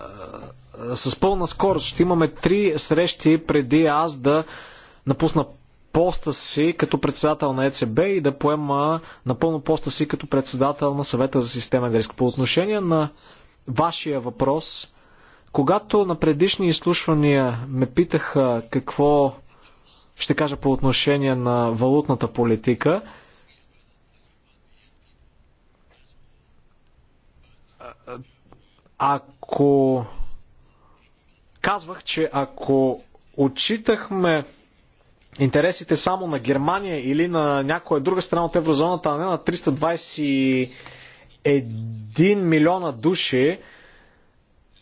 с пълна скорост. Ще имаме три срещи преди аз да напусна поста си като председател на ЕЦБ и да поема напълно поста си като председател на съвета за системен риск. По отношение на вашия въпрос, когато на предишни изслушвания ме питаха какво ще кажа по отношение на валутната политика, ако Казвах, че ако отчитахме интересите само на Германия или на някоя друга страна от еврозоната, а не на 321 милиона души,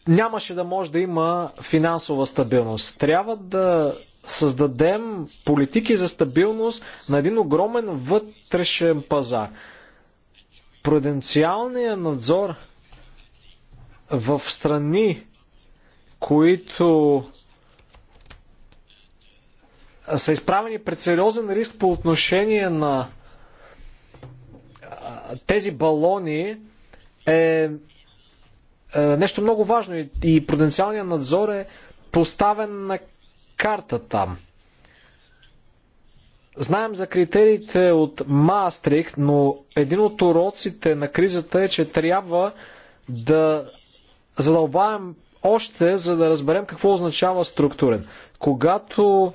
нямаше да може да има финансова стабилност. Трябва да създадем политики за стабилност на един огромен вътрешен пазар. Пруденциалният надзор в страни, които са изправени пред сериозен риск по отношение на тези балони е, е нещо много важно и пруденциалният надзор е поставен на карта там. Знаем за критериите от Маастрих, но един от уроците на кризата е, че трябва да задълбавим още, за да разберем какво означава структурен. Когато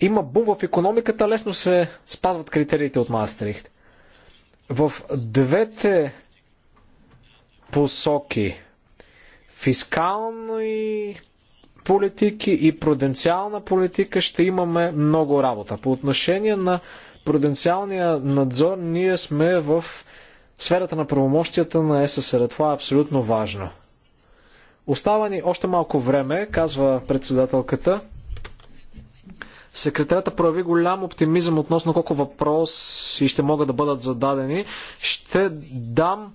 има бум в економиката, лесно се спазват критериите от Маастрихт. В двете посоки фискални политики и пруденциална политика ще имаме много работа. По отношение на пруденциалния надзор ние сме в сферата на правомощията на ССР. Това е абсолютно важно. Остава ни още малко време, казва председателката. Секретарята прояви голям оптимизъм относно колко въпроси ще могат да бъдат зададени. Ще дам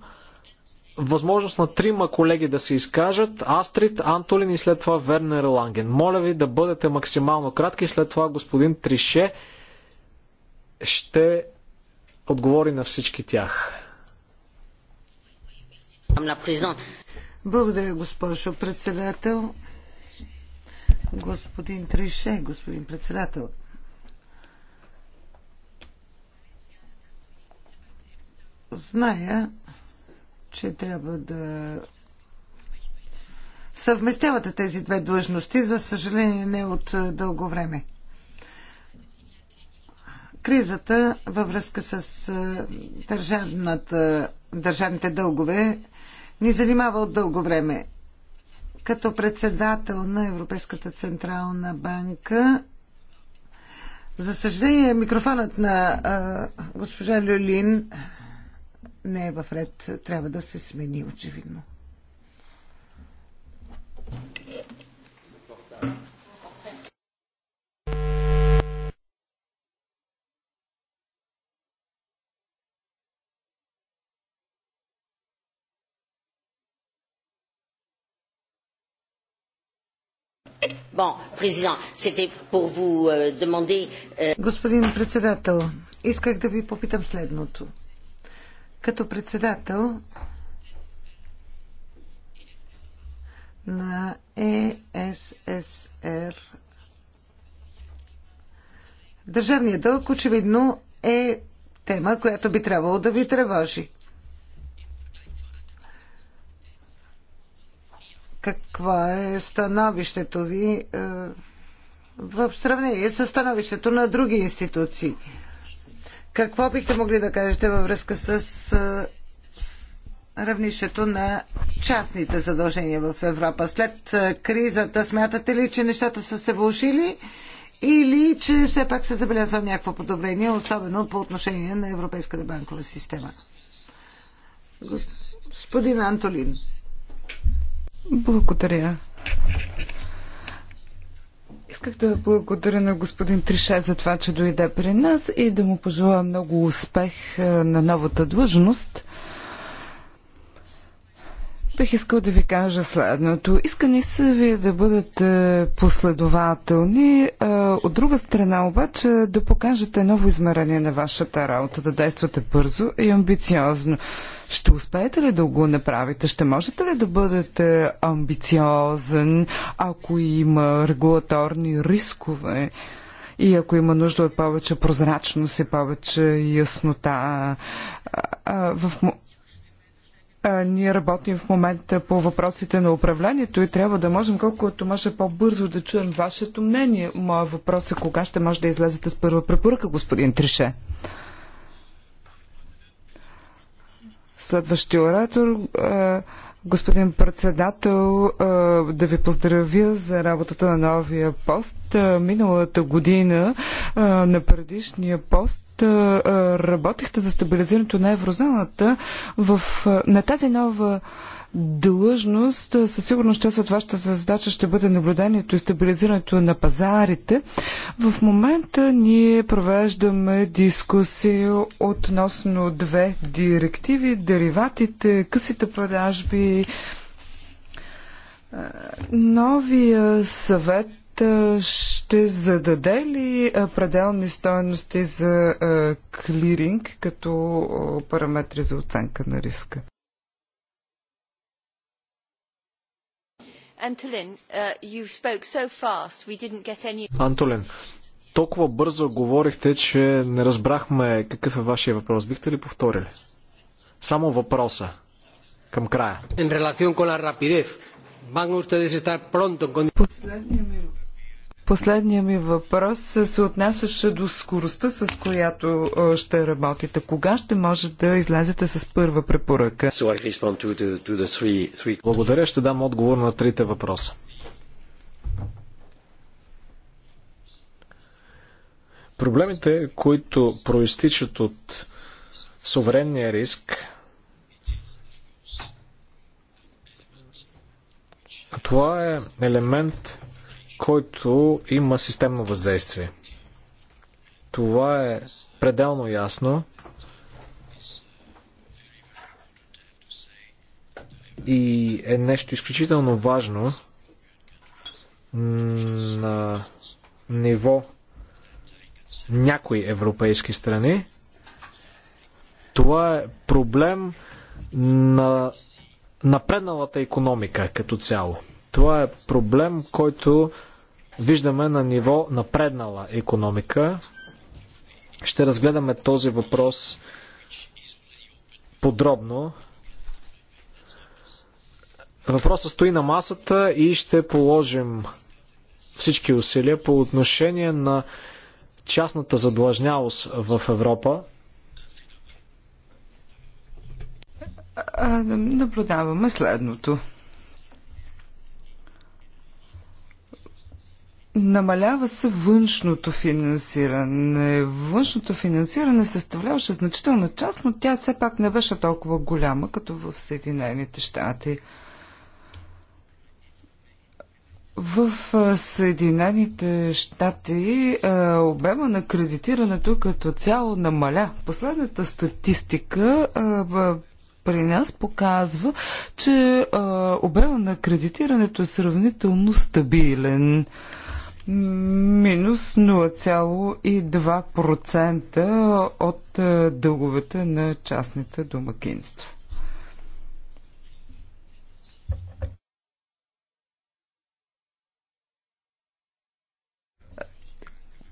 възможност на трима колеги да се изкажат. Астрид, Антолин и след това Вернер Ланген. Моля ви да бъдете максимално кратки. След това господин Трише ще отговори на всички тях. Благодаря, госпожо председател. Господин Трише, господин председател. Зная, че трябва да съвместявате тези две длъжности, за съжаление не от дълго време. Кризата във връзка с държавната, държавните дългове ни занимава от дълго време. Като председател на Европейската централна банка, за съжаление, микрофонът на а, госпожа Люлин не е в ред. Трябва да се смени, очевидно. Thank you. Euh, euh, Господин председател, исках да ви попитам следното. Като председател на ЕССР държавният дълг очевидно е тема, която би трябвало да ви тревожи. какво е становището ви е, в сравнение с становището на други институции. Какво бихте могли да кажете във връзка с, е, с равнището на частните задължения в Европа? След е, кризата смятате ли, че нещата са се вължили или че все пак се забелязва някакво подобрение, особено по отношение на Европейската банкова система? Господин Антолин. Благодаря. Исках да благодаря на господин Трише за това, че дойде при нас и да му пожелая много успех е, на новата длъжност. Бих искал да ви кажа следното. Искани са се ви да бъдете последователни. От друга страна обаче да покажете ново измерение на вашата работа, да действате бързо и амбициозно. Ще успеете ли да го направите? Ще можете ли да бъдете амбициозен, ако има регулаторни рискове? И ако има нужда от повече прозрачност и повече яснота, в ние работим в момента по въпросите на управлението и трябва да можем колкото може по-бързо да чуем вашето мнение. Моя въпрос е кога ще може да излезете с първа препоръка, господин Трише. Следващия оратор. Е Господин председател, да ви поздравя за работата на новия пост. Миналата година на предишния пост работихте за стабилизирането на еврозоната в, на тази нова длъжност, със сигурност част от вашата задача ще бъде наблюдението и стабилизирането на пазарите. В момента ние провеждаме дискусия относно две директиви, дериватите, късите продажби. Е, новия съвет е, ще зададе ли е, пределни стоености за клиринг като параметри за оценка на риска? Antolin, uh, you spoke so fast, we didn't get any... Антолин, толкова бързо говорихте, че не разбрахме какъв е вашия въпрос. Бихте ли повторили? Само въпроса към края. En relación con la rapidez, van ustedes estar pronto Последният ми въпрос се отнасяше до скоростта, с която ще работите. Кога ще може да излезете с първа препоръка? Благодаря, ще дам отговор на трите въпроса. Проблемите, които проистичат от суверенния риск, това е елемент, който има системно въздействие. Това е пределно ясно. И е нещо изключително важно на ниво някои европейски страни. Това е проблем на напредналата економика като цяло. Това е проблем, който виждаме на ниво напреднала економика. Ще разгледаме този въпрос подробно. Въпросът стои на масата и ще положим всички усилия по отношение на частната задлъжнялост в Европа. Наблюдаваме следното. Намалява се външното финансиране. Външното финансиране съставляваше значителна част, но тя все пак не беше толкова голяма, като в Съединените щати. В Съединените щати обема на кредитирането като цяло намаля. Последната статистика при нас показва, че обема на кредитирането е сравнително стабилен минус 0,2% от е, дълговете на частните домакинства.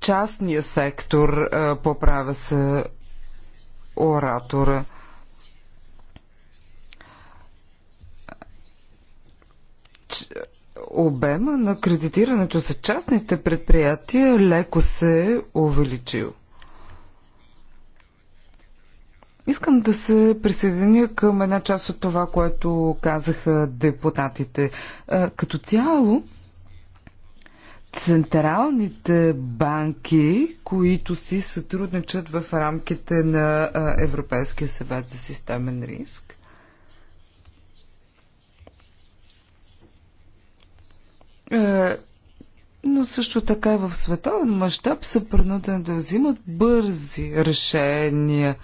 Частния сектор е, поправя се оратора. Ч обема на кредитирането за частните предприятия леко се е увеличил. Искам да се присъединя към една част от това, което казаха депутатите. Е, като цяло, централните банки, които си сътрудничат в рамките на е, Европейския съвет за системен риск, Е, но също така и в световен мащаб са принудени да взимат бързи решения.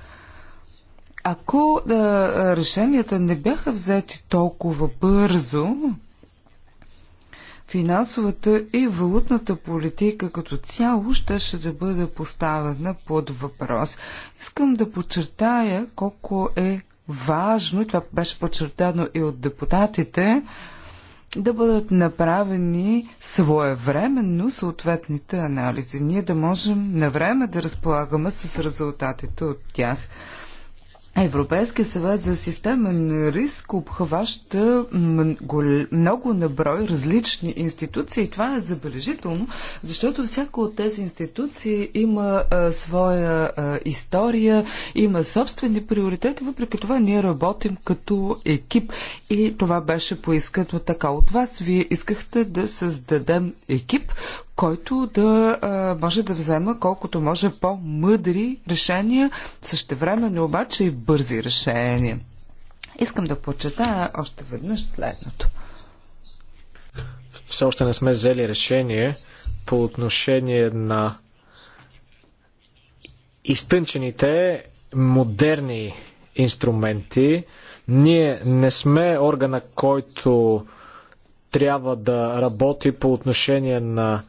Ако да, е, решенията не бяха взети толкова бързо, финансовата и валутната политика като цяло ще да бъде поставена под въпрос. Искам да подчертая колко е важно, и това беше подчертано и от депутатите, да бъдат направени своевременно съответните анализи. Ние да можем на време да разполагаме с резултатите от тях. Европейския съвет за системен риск обхваща много наброй различни институции и това е забележително, защото всяка от тези институции има а, своя а, история, има собствени приоритети, въпреки това ние работим като екип и това беше поискано така от вас. Вие искахте да създадем екип, който да а, може да взема колкото може по-мъдри решения, същевременно обаче и бързи решения. Искам да почета още веднъж следното. Все още не сме взели решение по отношение на изтънчените модерни инструменти. Ние не сме органа, който трябва да работи по отношение на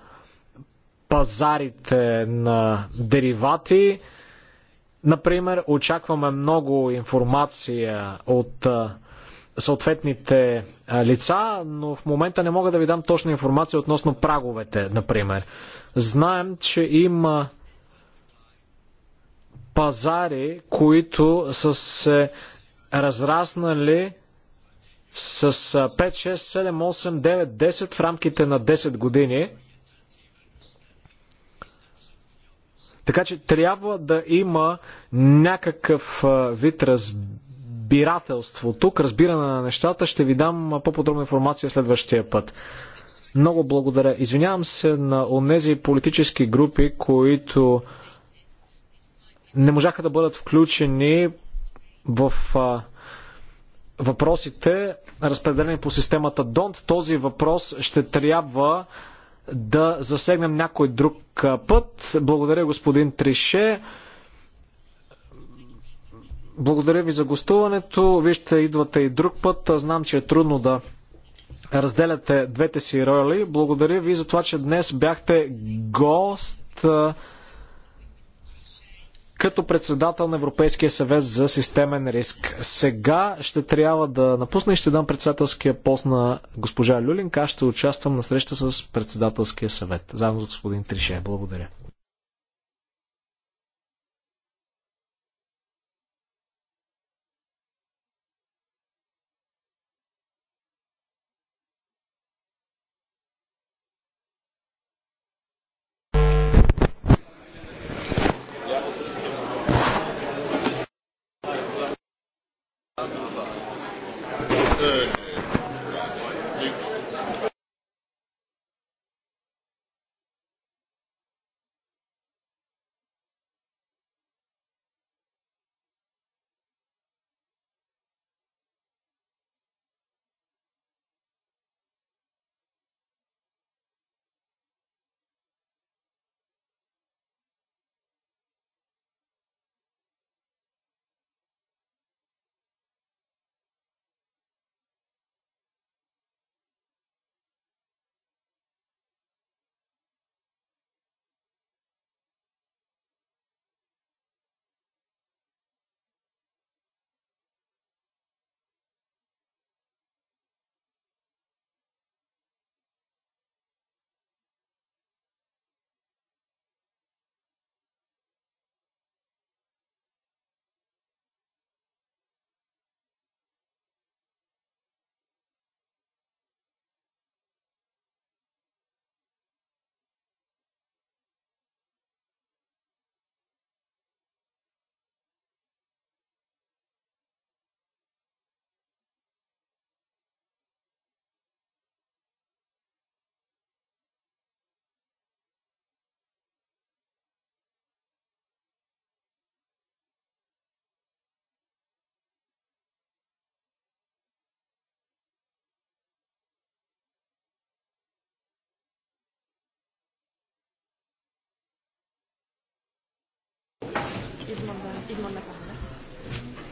пазарите на деривати. Например, очакваме много информация от съответните лица, но в момента не мога да ви дам точна информация относно праговете, например. Знаем, че има пазари, които са се разраснали с 5, 6, 7, 8, 9, 10 в рамките на 10 години. Така че трябва да има някакъв вид разбирателство. Тук разбиране на нещата ще ви дам по-подробна информация следващия път. Много благодаря. Извинявам се на онези политически групи, които не можаха да бъдат включени в а, въпросите, разпределени по системата Донт. Този въпрос ще трябва да засегнем някой друг път. Благодаря господин Трише. Благодаря ви за гостуването. Вижте идвате и друг път. Знам, че е трудно да разделяте двете си роли. Благодаря ви за това, че днес бяхте гост като председател на Европейския съвет за системен риск. Сега ще трябва да напусна и ще дам председателския пост на госпожа Люлинка. Аз ще участвам на среща с председателския съвет, заедно с господин Трише. Благодаря.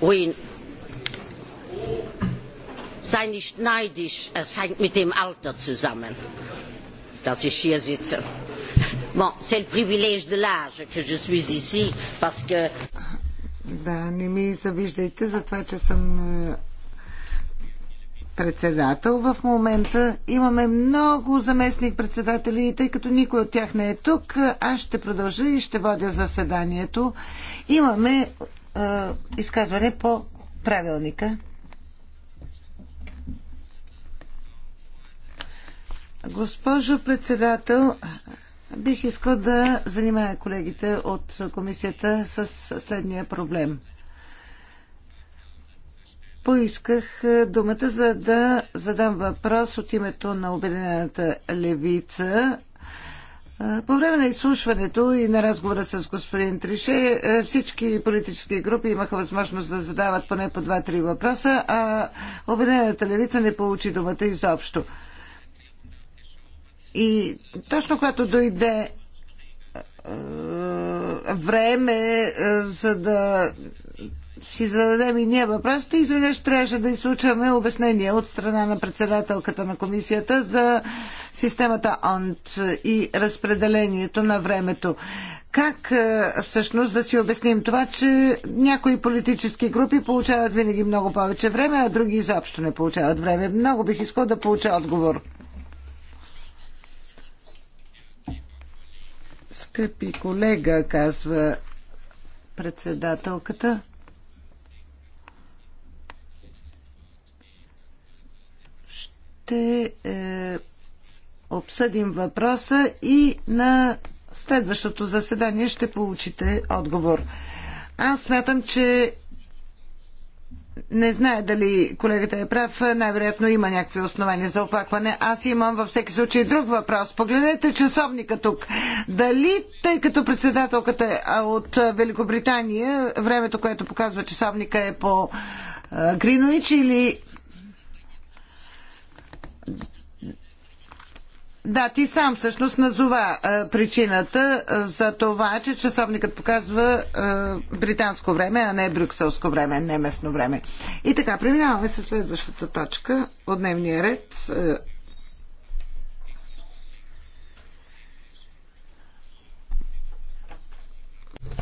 Oui. Sei nicht neidisch, es hängt mit dem Alter zusammen, dass ich hier sitze. Bon, c'est le privilège de l'âge que je suis ici, parce que... Да, не ми завиждайте за това, че съм председател. В момента имаме много заместник-председатели и тъй като никой от тях не е тук, аз ще продължа и ще водя заседанието. Имаме е, изказване по правилника. Госпожо председател, бих искал да занимая колегите от комисията с следния проблем поисках е, думата, за да задам въпрос от името на Обединената левица. Е, по време на изслушването и на разговора с господин Трише, е, всички политически групи имаха възможност да задават поне по два-три въпроса, а Обединената левица не получи думата изобщо. И точно когато дойде време, за да си зададем и ние въпросите, извинеш трябваше да изслушаме обяснение от страна на председателката на комисията за системата ОНТ и разпределението на времето. Как е, всъщност да си обясним това, че някои политически групи получават винаги много повече време, а други изобщо не получават време? Много бих искал да получа отговор. Скъпи колега, казва председателката. ще е, обсъдим въпроса и на следващото заседание ще получите отговор. Аз смятам, че не знае дали колегата е прав. Най-вероятно има някакви основания за оплакване. Аз имам във всеки случай друг въпрос. Погледнете часовника тук. Дали, тъй като председателката е от Великобритания, времето, което показва часовника е по е, Гринович или Да, ти сам всъщност назова а, причината а, за това, че часовникът показва а, британско време, а не брюкселско време, не местно време. И така, преминаваме с следващата точка от дневния ред.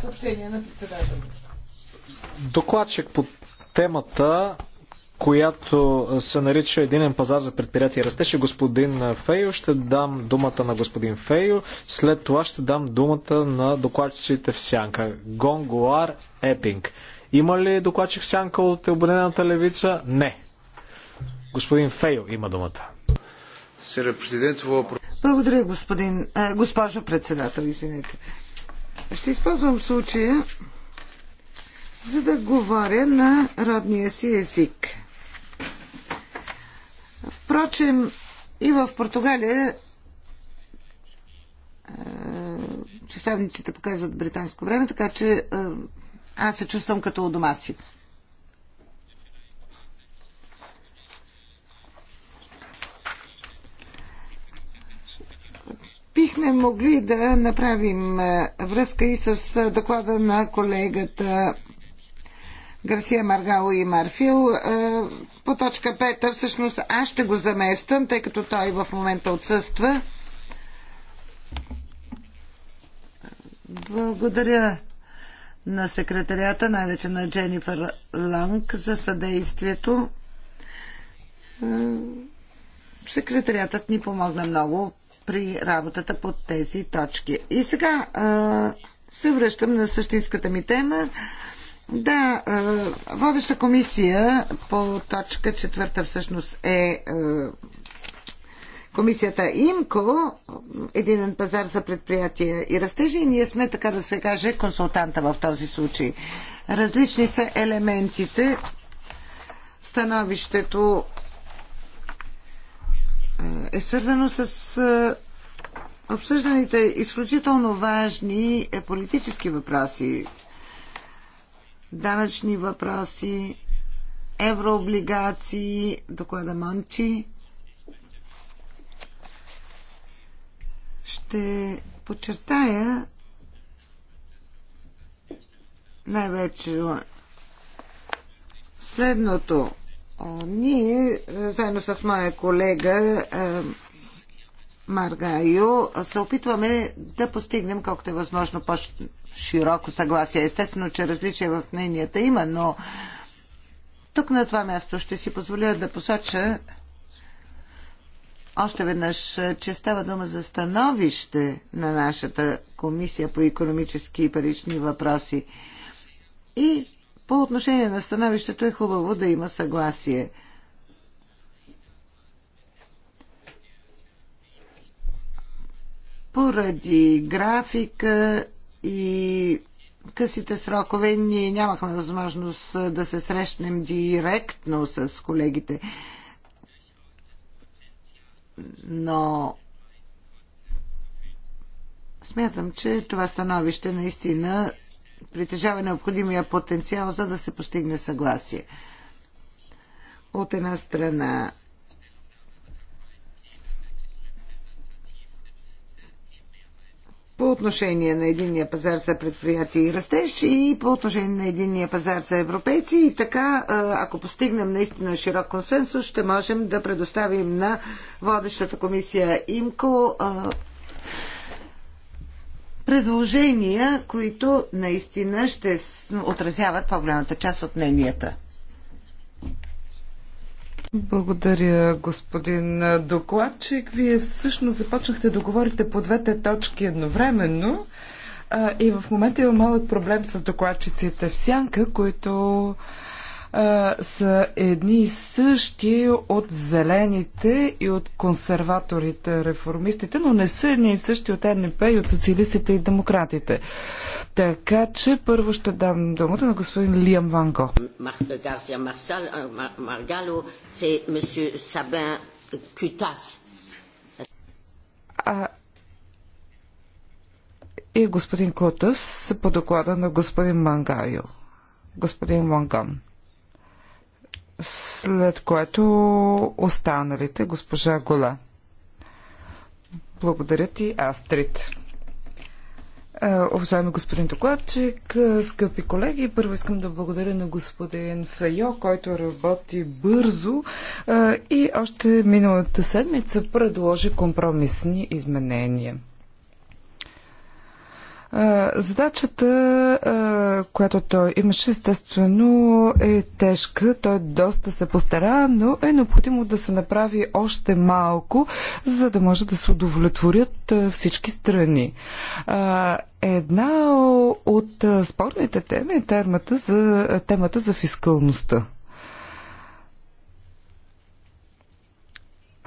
Съобщение на председателя. Докладчик по темата която се нарича Единен пазар за предприятия растеше. Господин Фейо ще дам думата на господин Фейо. След това ще дам думата на докладчиците в Сянка. Гонгуар Епинг. Има ли докладчик в Сянка от Обединената левица? Не. Господин Фейо има думата. Благодаря, господин, е, госпожо председател, извинете. Ще използвам случая, за да говоря на родния си език. Впрочем, и в Португалия е, часовниците показват британско време, така че е, аз се чувствам като у дома си. бихме могли да направим е, връзка и с доклада на колегата Гарсия Маргало и Марфил. Е, по точка 5 всъщност аз ще го замествам, тъй като той в момента отсъства. Благодаря на секретарията, най-вече на Дженифър Ланг за съдействието. Е, секретариатът ни помогна много при работата по тези точки. И сега е, се връщам на същинската ми тема да, водеща комисия по точка четвърта всъщност е комисията ИМКО, единен пазар за предприятия и растежи, и ние сме, така да се каже, консултанта в този случай. Различни са елементите. Становището е свързано с обсъжданите изключително важни е, политически въпроси данъчни въпроси, еврооблигации, доклада Монти. Ще подчертая най-вече следното. Ние, заедно с моя колега, Маргайо се опитваме да постигнем колкото е възможно по-широко съгласие. Естествено, че различия в мненията има, но тук на това място ще си позволя да посоча още веднъж, че става дума за становище на нашата комисия по економически и парични въпроси. И по отношение на становището е хубаво да има съгласие – Поради графика и късите срокове ние нямахме възможност да се срещнем директно с колегите. Но смятам, че това становище наистина притежава необходимия потенциал, за да се постигне съгласие. От една страна по отношение на единния пазар за предприятия и растеж и по отношение на единния пазар за европейци. И така, ако постигнем наистина широк консенсус, ще можем да предоставим на водещата комисия ИМКО предложения, които наистина ще отразяват по-голямата част от мненията. Благодаря, господин докладчик. Вие всъщност започнахте да говорите по двете точки едновременно. А, и в момента има малък проблем с докладчиците в сянка, които а, са едни и същи от зелените и от консерваторите, реформистите, но не са едни и същи от НП и от социалистите и демократите. Така че първо ще дам думата на господин Лиам Ванго. и господин Котас, по доклада на господин Мангайо. Господин Манган след което останалите госпожа Гола. Благодаря ти, Астрид. Е, уважаеми господин докладчик, е, скъпи колеги, първо искам да благодаря на господин Фейо, който работи бързо е, и още миналата седмица предложи компромисни изменения. Задачата, която той имаше, естествено е тежка. Той доста се постара, но е необходимо да се направи още малко, за да може да се удовлетворят всички страни. Една от спорните теми е темата за, темата за фискалността.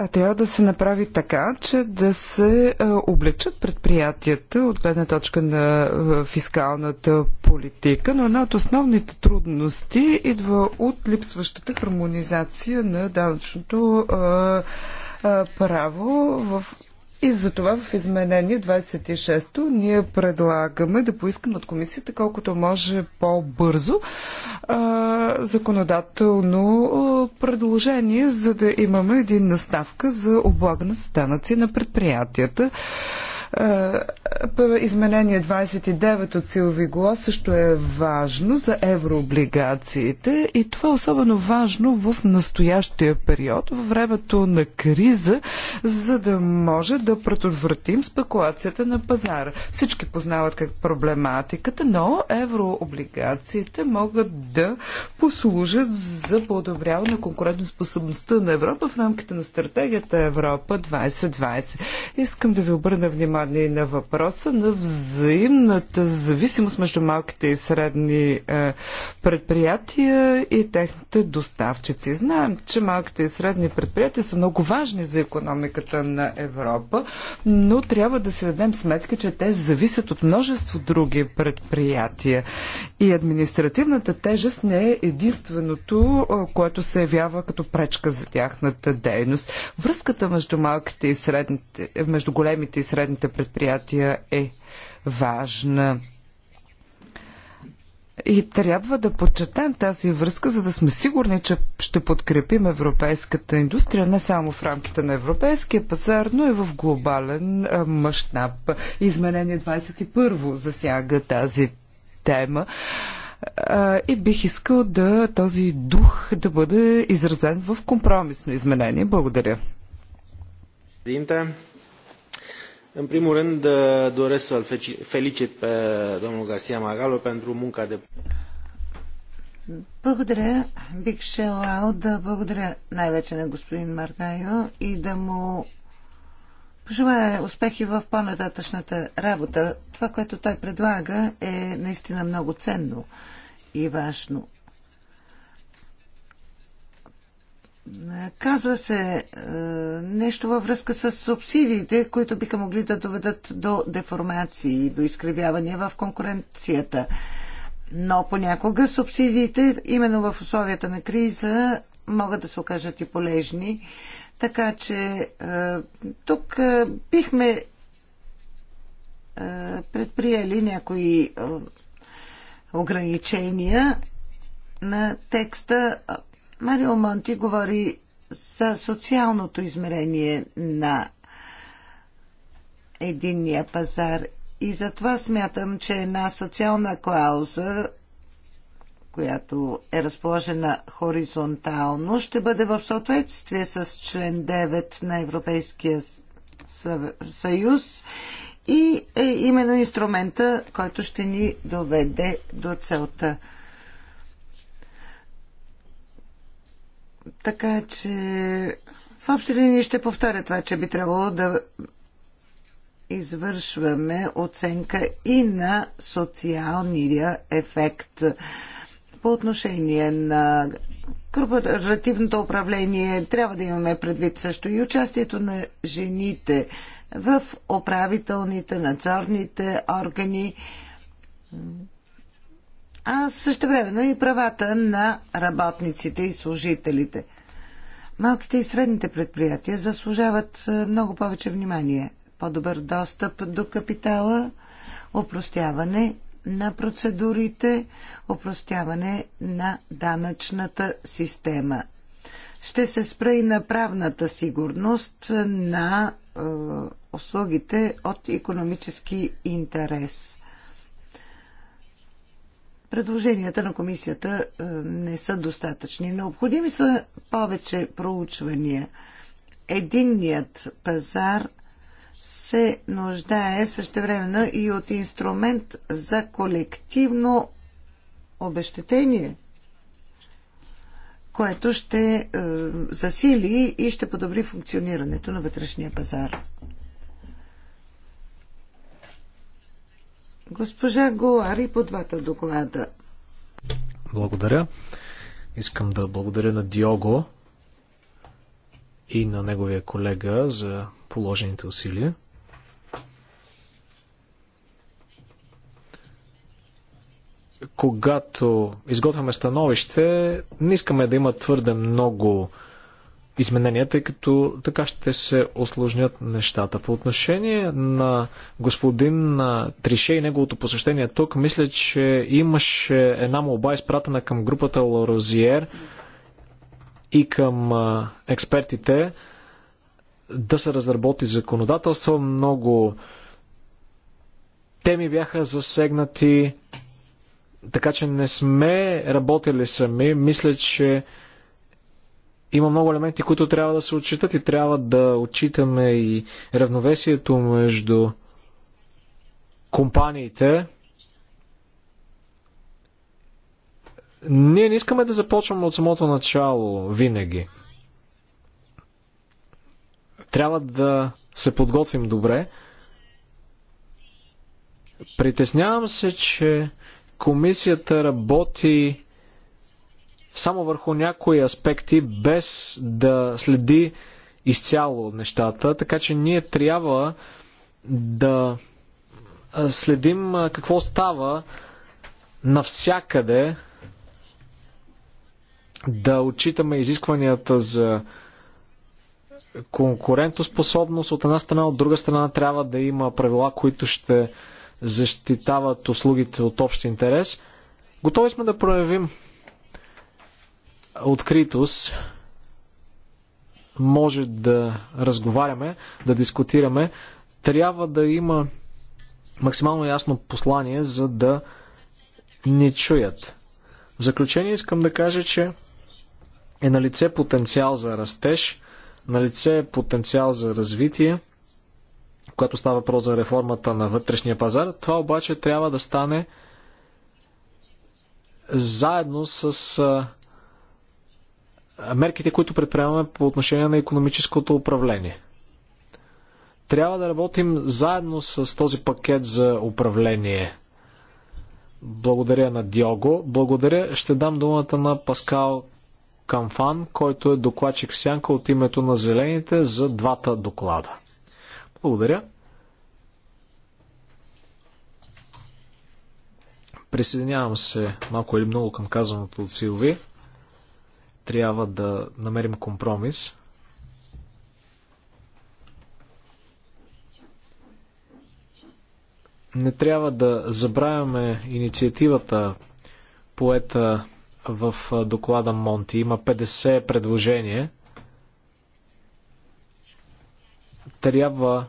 трябва да се направи така, че да се облегчат предприятията от гледна точка на фискалната политика, но една от основните трудности идва от липсващата хармонизация на данъчното право в и затова в изменение 26-то ние предлагаме да поискаме от комисията колкото може по-бързо законодателно предложение, за да имаме един наставка за облагане с данъци на предприятията. Е, изменение 29 от силови глас също е важно за еврооблигациите и това е особено важно в настоящия период, във времето на криза, за да може да предотвратим спекулацията на пазара. Всички познават как проблематиката, но еврооблигациите могат да послужат за подобряване на конкурентоспособността на Европа в рамките на стратегията Европа 2020. Искам да ви обърна внимание внимание на въпроса на взаимната зависимост между малките и средни е, предприятия и техните доставчици. Знаем, че малките и средни предприятия са много важни за економиката на Европа, но трябва да си дадем сметка, че те зависят от множество други предприятия. И административната тежест не е единственото, е, което се явява като пречка за тяхната дейност. Връзката между малките и средните, между големите и средните предприятия е важна. И трябва да подчетем тази връзка, за да сме сигурни, че ще подкрепим европейската индустрия не само в рамките на европейския пазар, но и в глобален мащаб. Изменение 21 засяга тази тема. И бих искал да този дух да бъде изразен в компромисно изменение. Благодаря. În primul rând, doresc să-l felicit pe domnul Garcia Magalo pentru munca de... Благодаря. Бих желал да благодаря най-вече на господин Маргайо и да му пожелая успехи в по-нататъчната работа. Това, което той предлага е наистина много ценно и важно. Казва се е, нещо във връзка с субсидиите, които биха могли да доведат до деформации, до изкривявания в конкуренцията. Но понякога субсидиите, именно в условията на криза, могат да се окажат и полезни. Така че е, тук е, бихме е, предприели някои е, ограничения на текста, Марио Монти говори за социалното измерение на единния пазар и затова смятам, че една социална клауза, която е разположена хоризонтално, ще бъде в съответствие с член 9 на Европейския съюз и е именно инструмента, който ще ни доведе до целта. Така че в общи линии ще повторя това, че би трябвало да извършваме оценка и на социалния ефект по отношение на корпоративното управление. Трябва да имаме предвид също и участието на жените в управителните, надзорните органи а също времено и правата на работниците и служителите. Малките и средните предприятия заслужават много повече внимание, по-добър достъп до капитала, опростяване на процедурите, опростяване на данъчната система. Ще се спра и на правната сигурност на е, услугите от економически интерес предложенията на комисията е, не са достатъчни. Необходими са повече проучвания. Единният пазар се нуждае същевременно и от инструмент за колективно обещетение, което ще е, засили и ще подобри функционирането на вътрешния пазар. Госпожа Гуари по двата доклада. Благодаря. Искам да благодаря на Диого и на неговия колега за положените усилия. Когато изготвяме становище, не искаме да има твърде много изменения, тъй като така ще се осложнят нещата. По отношение на господин Трише и неговото посещение тук, мисля, че имаше една молба изпратена към групата Лорозиер и към експертите да се разработи законодателство. Много теми бяха засегнати, така че не сме работили сами. Мисля, че има много елементи, които трябва да се отчитат и трябва да отчитаме и равновесието между компаниите. Ние не искаме да започваме от самото начало винаги. Трябва да се подготвим добре. Притеснявам се, че комисията работи само върху някои аспекти, без да следи изцяло нещата. Така че ние трябва да следим какво става навсякъде, да отчитаме изискванията за конкурентоспособност от една страна, от друга страна трябва да има правила, които ще защитават услугите от общ интерес. Готови сме да проявим откритост може да разговаряме, да дискутираме. Трябва да има максимално ясно послание, за да ни чуят. В заключение искам да кажа, че е на лице потенциал за растеж, на лице е потенциал за развитие, когато става въпрос за реформата на вътрешния пазар. Това обаче трябва да стане заедно с мерките, които предприемаме по отношение на економическото управление. Трябва да работим заедно с този пакет за управление. Благодаря на Диого. Благодаря. Ще дам думата на Паскал Камфан, който е докладчик в сянка от името на Зелените за двата доклада. Благодаря. Присъединявам се малко или много към казаното от Силви трябва да намерим компромис. Не трябва да забравяме инициативата поета в доклада Монти. Има 50 предложения. Трябва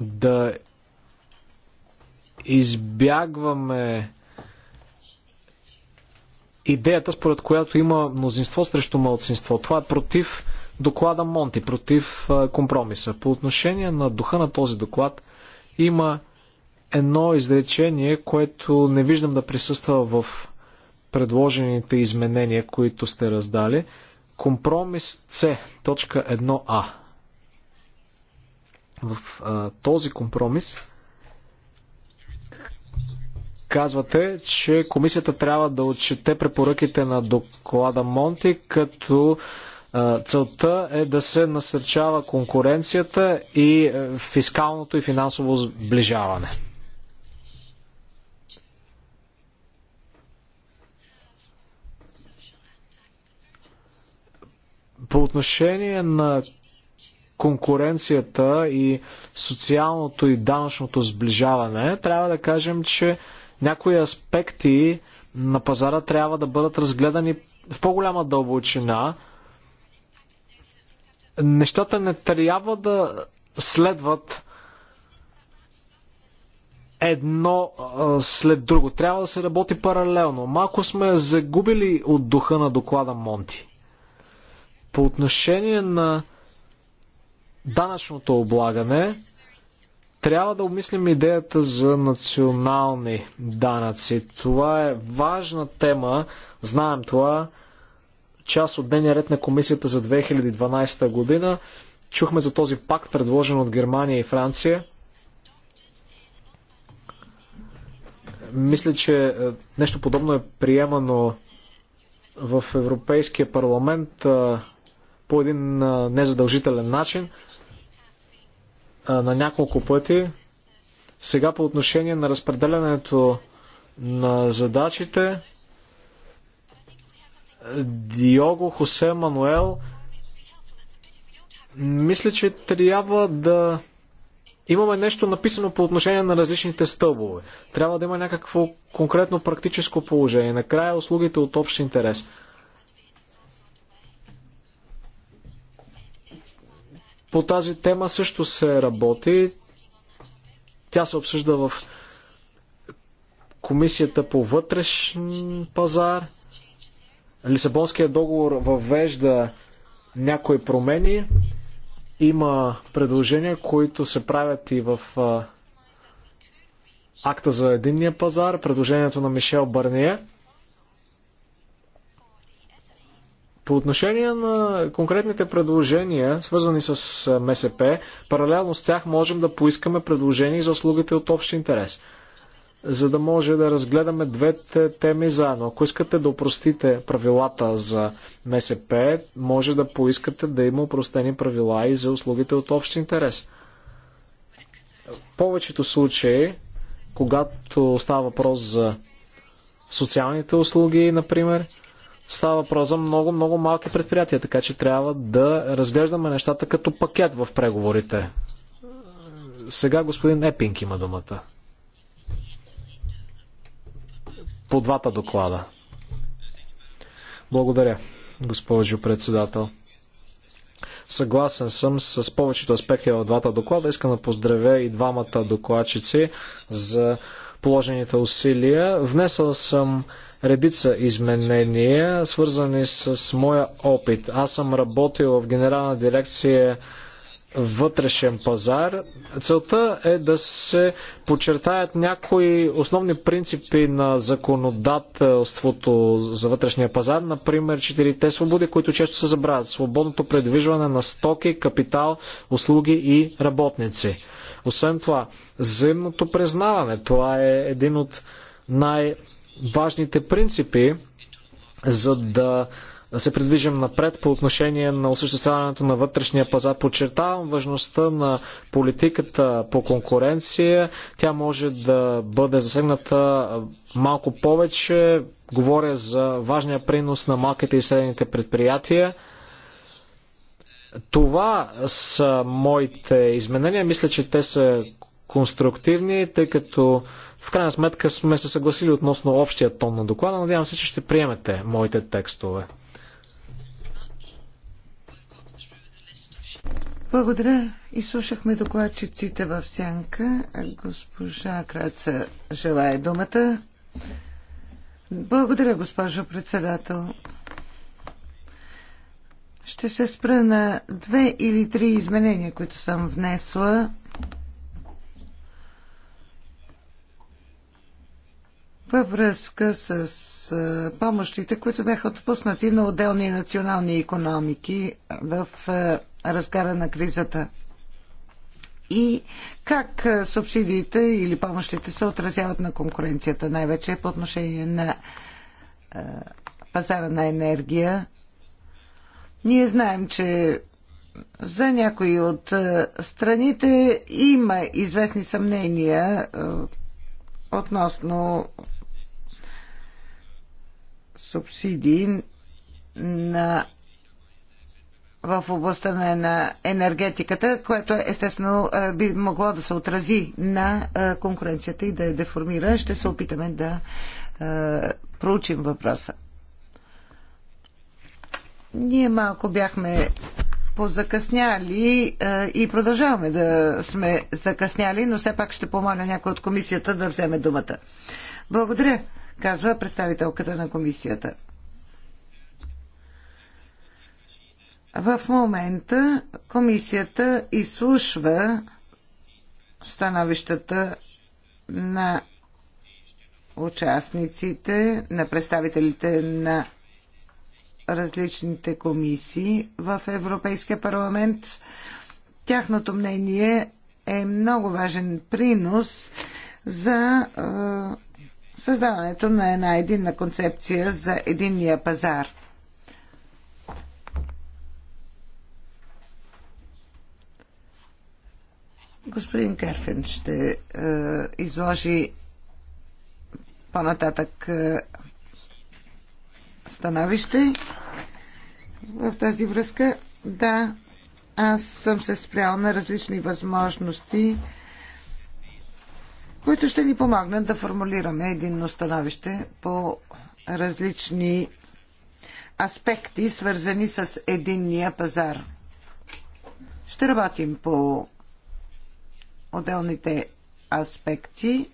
да избягваме идеята, според която има мнозинство срещу мълцинство. Това е против доклада Монти, против компромиса. По отношение на духа на този доклад има едно изречение, което не виждам да присъства в предложените изменения, които сте раздали. Компромис С, точка 1А. В а, този компромис казвате, че комисията трябва да отчете препоръките на доклада Монти, като целта е да се насърчава конкуренцията и фискалното и финансово сближаване. По отношение на конкуренцията и социалното и данъчното сближаване, трябва да кажем, че някои аспекти на пазара трябва да бъдат разгледани в по-голяма дълбочина. Нещата не трябва да следват едно след друго. Трябва да се работи паралелно. Малко сме загубили от духа на доклада Монти. По отношение на данъчното облагане, трябва да обмислим идеята за национални данъци. Това е важна тема. Знаем това. Част от дневния ред на комисията за 2012 година. Чухме за този пакт, предложен от Германия и Франция. Мисля, че е, нещо подобно е приемано в Европейския парламент е, по един е, незадължителен начин – на няколко пъти. Сега по отношение на разпределянето на задачите, Диого Хосе Мануел, мисля, че трябва да имаме нещо написано по отношение на различните стълбове. Трябва да има някакво конкретно практическо положение. Накрая услугите от общ интерес. По тази тема също се работи. Тя се обсъжда в Комисията по вътрешен пазар. Лисабонският договор въвежда някои промени. Има предложения, които се правят и в акта за единния пазар, предложението на Мишел Барния. По отношение на конкретните предложения, свързани с МСП, паралелно с тях можем да поискаме предложения за услугите от общ интерес, за да може да разгледаме двете теми заедно. Ако искате да упростите правилата за МСП, може да поискате да има упростени правила и за услугите от общ интерес. В повечето случаи, когато става въпрос за социалните услуги, например, Става въпрос за много, много малки предприятия, така че трябва да разглеждаме нещата като пакет в преговорите. Сега господин Епинг има думата. По двата доклада. Благодаря, госпожо председател. Съгласен съм с повечето аспекти от двата доклада. Искам да поздравя и двамата докладчици за положените усилия. Внесъл съм редица изменения, свързани с моя опит. Аз съм работил в Генерална дирекция вътрешен пазар. Целта е да се подчертаят някои основни принципи на законодателството за вътрешния пазар, например четирите свободи, които често се забравят. Свободното предвижване на стоки, капитал, услуги и работници. Освен това, взаимното признаване, това е един от най- важните принципи, за да се придвижим напред по отношение на осъществяването на вътрешния пазар. Подчертавам важността на политиката по конкуренция. Тя може да бъде засегната малко повече. Говоря за важния принос на малките и средните предприятия. Това са моите изменения. Мисля, че те са конструктивни, тъй като в крайна сметка сме се съгласили относно общия тон на доклада. Надявам се, че ще приемете моите текстове. Благодаря. Изслушахме докладчиците в сянка. Госпожа Краца желая думата. Благодаря, госпожо председател. Ще се спра на две или три изменения, които съм внесла във връзка с помощите, които бяха отпуснати на отделни национални економики в разгара на кризата. И как субсидиите или помощите се отразяват на конкуренцията, най-вече по отношение на пазара на енергия. Ние знаем, че за някои от страните има известни съмнения относно субсидии на в областта на, на енергетиката, което естествено би могло да се отрази на конкуренцията и да я деформира. Ще се опитаме да проучим въпроса. Ние малко бяхме позакъсняли е, и продължаваме да сме закъсняли, но все пак ще помоля някой от комисията да вземе думата. Благодаря казва представителката на комисията. В момента комисията изслушва становищата на участниците, на представителите на различните комисии в Европейския парламент. Тяхното мнение е много важен принос за създаването на една единна концепция за единния пазар. Господин Керфен ще е, изложи по-нататък е, становище в тази връзка. Да, аз съм се спрял на различни възможности които ще ни помогнат да формулираме единно становище по различни аспекти, свързани с единния пазар. Ще работим по отделните аспекти.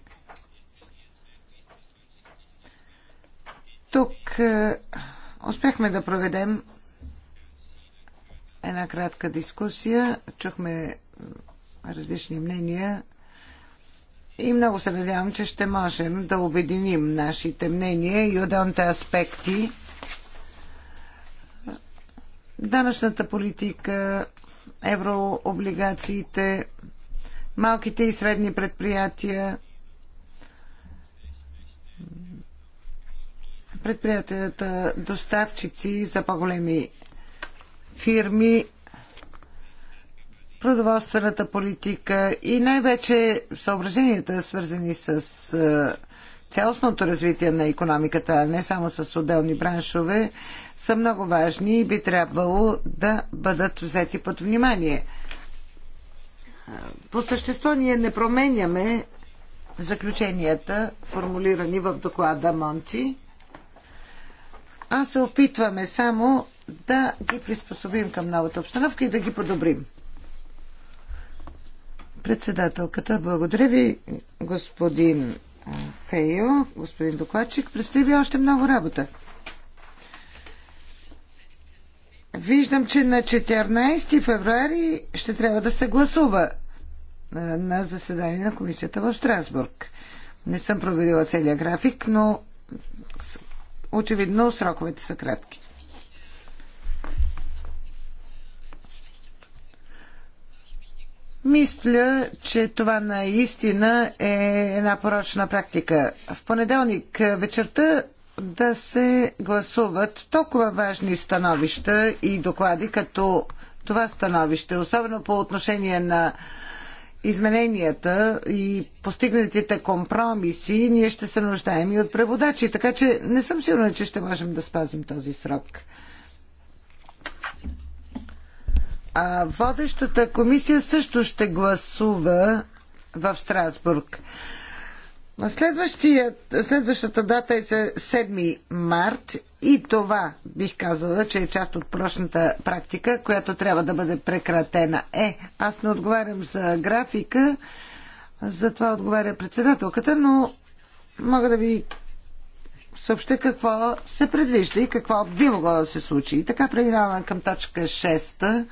Тук е, успяхме да проведем една кратка дискусия. Чухме различни мнения и много се надявам, че ще можем да обединим нашите мнения и отделните аспекти. Данъчната политика, еврооблигациите, малките и средни предприятия, предприятията доставчици за по-големи фирми продоволствената политика и най-вече съображенията, свързани с цялостното развитие на економиката, а не само с отделни браншове, са много важни и би трябвало да бъдат взети под внимание. По същество ние не променяме заключенията, формулирани в доклада Монти, а се опитваме само да ги приспособим към новата обстановка и да ги подобрим. Председателката, благодаря ви, господин Фейо, господин докладчик. Предстои ви още много работа. Виждам, че на 14 февруари ще трябва да се гласува на заседание на комисията в Страсбург. Не съм проверила целият график, но очевидно сроковете са кратки. Мисля, че това наистина е една порочна практика. В понеделник вечерта да се гласуват толкова важни становища и доклади, като това становище, особено по отношение на измененията и постигнатите компромиси, ние ще се нуждаем и от преводачи, така че не съм сигурна, че ще можем да спазим този срок. А водещата комисия също ще гласува в Страсбург. Следващата дата е 7 март и това бих казала, че е част от прочната практика, която трябва да бъде прекратена. Е, аз не отговарям за графика, за това отговаря председателката, но мога да ви съобща какво се предвижда и какво би могло да се случи. И така преминаваме към точка 6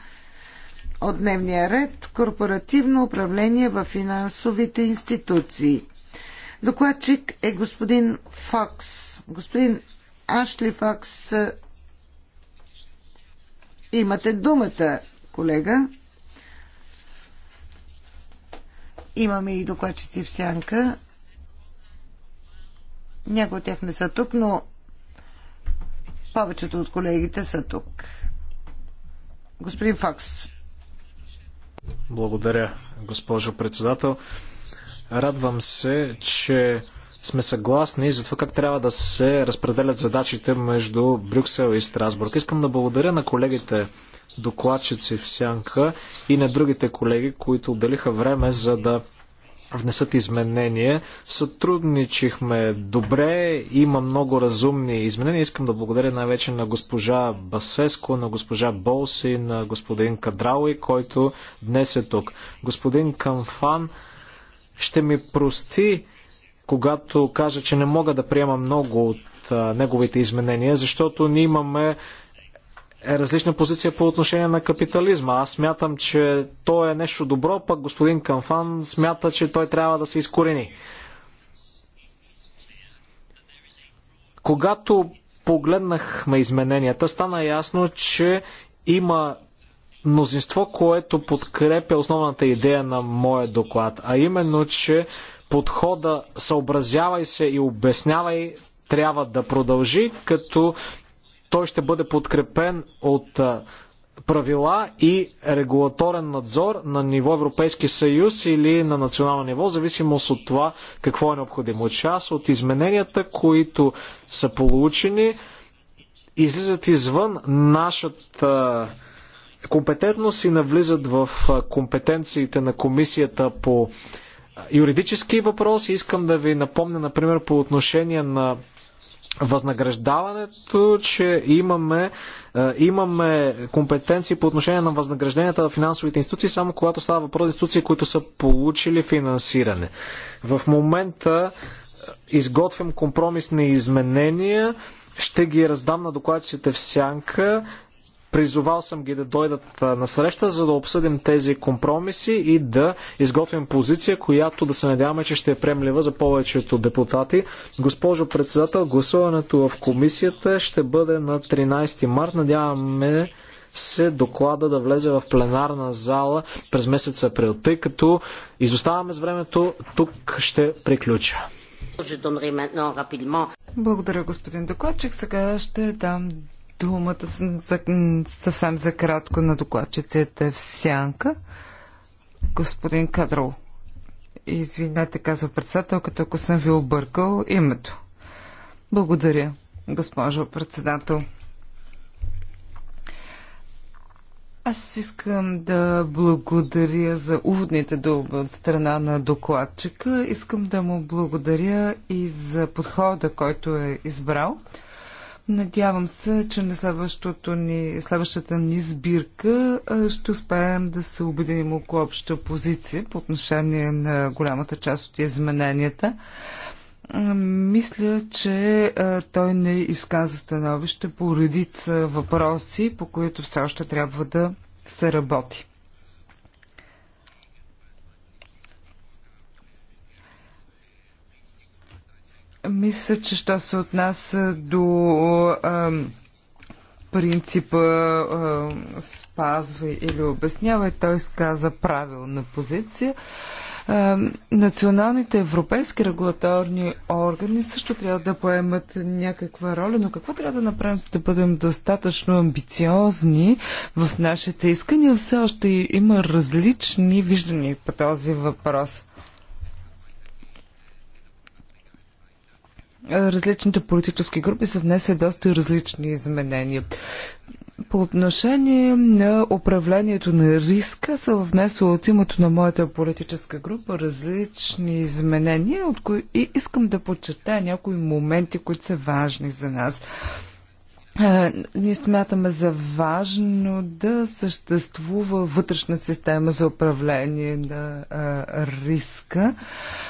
от дневния ред Корпоративно управление в финансовите институции. Докладчик е господин Фокс. Господин Ашли Фокс, имате думата, колега. Имаме и докладчици в сянка. Някои от тях не са тук, но повечето от колегите са тук. Господин Фокс. Благодаря, госпожо председател. Радвам се, че сме съгласни за това как трябва да се разпределят задачите между Брюксел и Страсбург. Искам да благодаря на колегите докладчици в Сянка и на другите колеги, които отделиха време за да внесат изменения. Сътрудничихме добре, има много разумни изменения. Искам да благодаря най-вече на госпожа Басеско, на госпожа Болси, на господин Кадрауи, който днес е тук. Господин Камфан ще ми прости, когато кажа, че не мога да приема много от неговите изменения, защото ние имаме е различна позиция по отношение на капитализма. Аз смятам, че то е нещо добро, пък господин Камфан смята, че той трябва да се изкорени. Когато погледнахме измененията, стана ясно, че има мнозинство, което подкрепя основната идея на моя доклад, а именно, че подхода съобразявай се и обяснявай трябва да продължи, като той ще бъде подкрепен от правила и регулаторен надзор на ниво Европейски съюз или на национално ниво, зависимост от това какво е необходимо. Част от измененията, които са получени, излизат извън нашата компетентност и навлизат в компетенциите на комисията по юридически въпроси. Искам да ви напомня, например, по отношение на възнаграждаването, че имаме, е, имаме компетенции по отношение на възнагражденията в финансовите институции, само когато става въпрос за институции, които са получили финансиране. В момента е, изготвям компромисни изменения, ще ги раздам на докладците в сянка. Призовал съм ги да дойдат на среща, за да обсъдим тези компромиси и да изготвим позиция, която да се надяваме, че ще е премлива за повечето депутати. Госпожо председател, гласуването в комисията ще бъде на 13 март. Надяваме се доклада да влезе в пленарна зала през месец април. Тъй като изоставаме с времето, тук ще приключа. Благодаря, господин докладчик. Сега ще дам думата съвсем за кратко на докладчицата в сянка. Господин Кадрол, извинете, казва председателката, ако съм ви объркал името. Благодаря, госпожо председател. Аз искам да благодаря за уводните думи от страна на докладчика. Искам да му благодаря и за подхода, който е избрал. Надявам се, че на ни, следващата ни сбирка ще успеем да се обединим около обща позиция по отношение на голямата част от измененията. Мисля, че той не изказа становище по редица въпроси, по които все още трябва да се работи. Мисля, че що се отнася до принципа а, спазвай или обяснявай, той сказа правилна позиция. А, националните европейски регулаторни органи също трябва да поемат някаква роля, но какво трябва да направим, за да бъдем достатъчно амбициозни в нашите искания? Все още има различни виждания по този въпрос. различните политически групи са внесе доста различни изменения. По отношение на управлението на риска са внесла от името на моята политическа група различни изменения, от кои и искам да подчертая някои моменти, които са важни за нас. Е, ние смятаме за важно да съществува вътрешна система за управление на е, риска,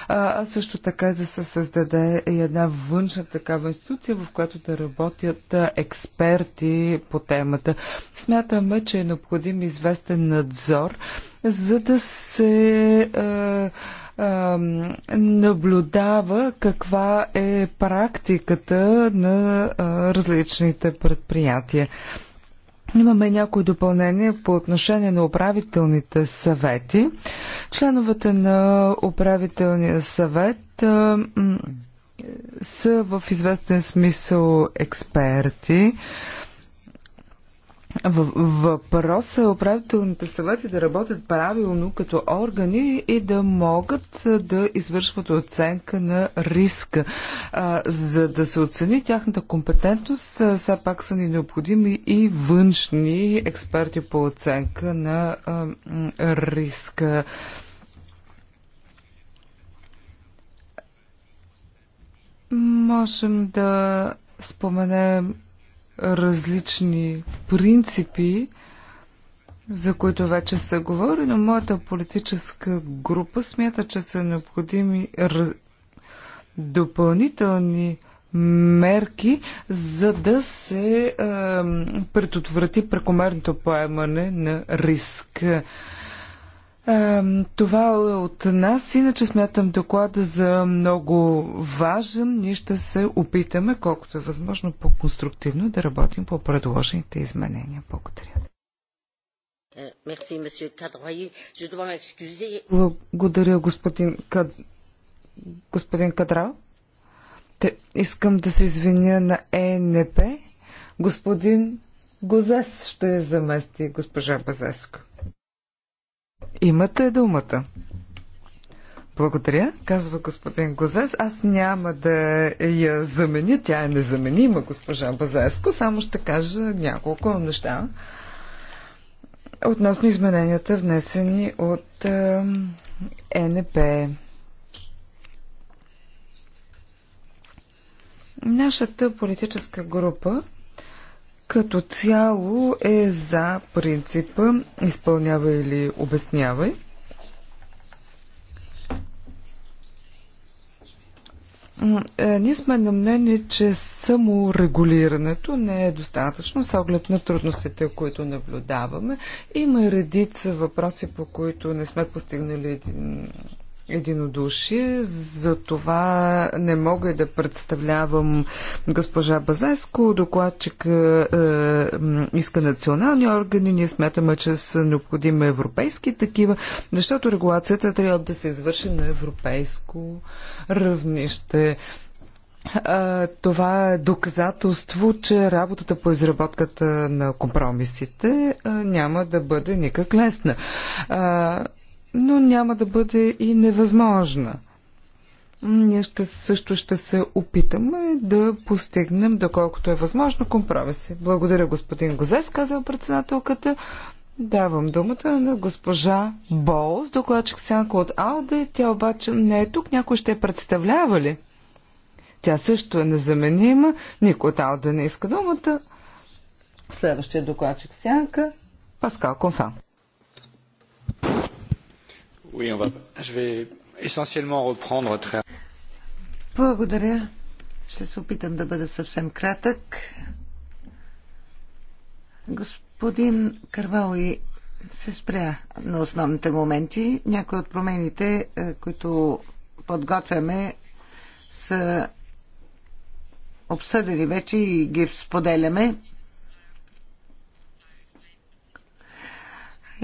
а също така да се създаде и една външна такава институция, в която да работят е, експерти по темата. Смятаме, че е необходим известен надзор, за да се. А, наблюдава каква е практиката на различните предприятия. Имаме някои допълнения по отношение на управителните съвети. Членовете на управителния съвет са в известен смисъл експерти. Въпрос е управителните съвети да работят правилно като органи и да могат да извършват оценка на риска. За да се оцени тяхната компетентност, все пак са ни необходими и външни експерти по оценка на риска. Можем да споменем различни принципи, за които вече се говори, но моята политическа група смята, че са необходими допълнителни мерки, за да се е, предотврати прекомерното поемане на риск. Това е от нас. Иначе смятам доклада за много важен. Ние ще се опитаме, колкото е възможно, по-конструктивно да работим по предложените изменения. Благодаря. Е, Благодаря, господин, Кад... господин Кадрал. Те... Искам да се извиня на ЕНП. Господин Гозес ще замести госпожа Базеско. Имате думата. Благодаря, казва господин Гозес. Аз няма да я заменя, тя е незаменима, госпожа Базеско, само ще кажа няколко неща относно измененията, внесени от е, НП. Нашата политическа група като цяло е за принципа изпълнявай или обяснявай. Е, ние сме на мнение, че саморегулирането не е достатъчно с оглед на трудностите, които наблюдаваме. Има редица въпроси, по които не сме постигнали един единодушие, за това не мога да представлявам госпожа Базеско. Докладчик е, иска национални органи, ние сметаме, че са необходими европейски такива, защото регулацията трябва да се извърши на европейско равнище. Това е доказателство, че работата по изработката на компромисите няма да бъде никак лесна но няма да бъде и невъзможна. Ние ще, също ще се опитаме да постигнем, доколкото е възможно, компромиси. Благодаря, господин Гозес, казал председателката. Давам думата на госпожа Болс, докладчик Сянка от Алде. Тя обаче не е тук. Някой ще е представлява ли? Тя също е незаменима. Никой от Алде не иска думата. Следващия докладчик Сянка. Паскал Конфан. Oui, on va... Je vais essentiellement reprendre très... Благодаря. Ще се опитам да бъда съвсем кратък. Господин Карвалой се спря на основните моменти. Някои от промените, е, които подготвяме, са обсъдени вече и ги споделяме.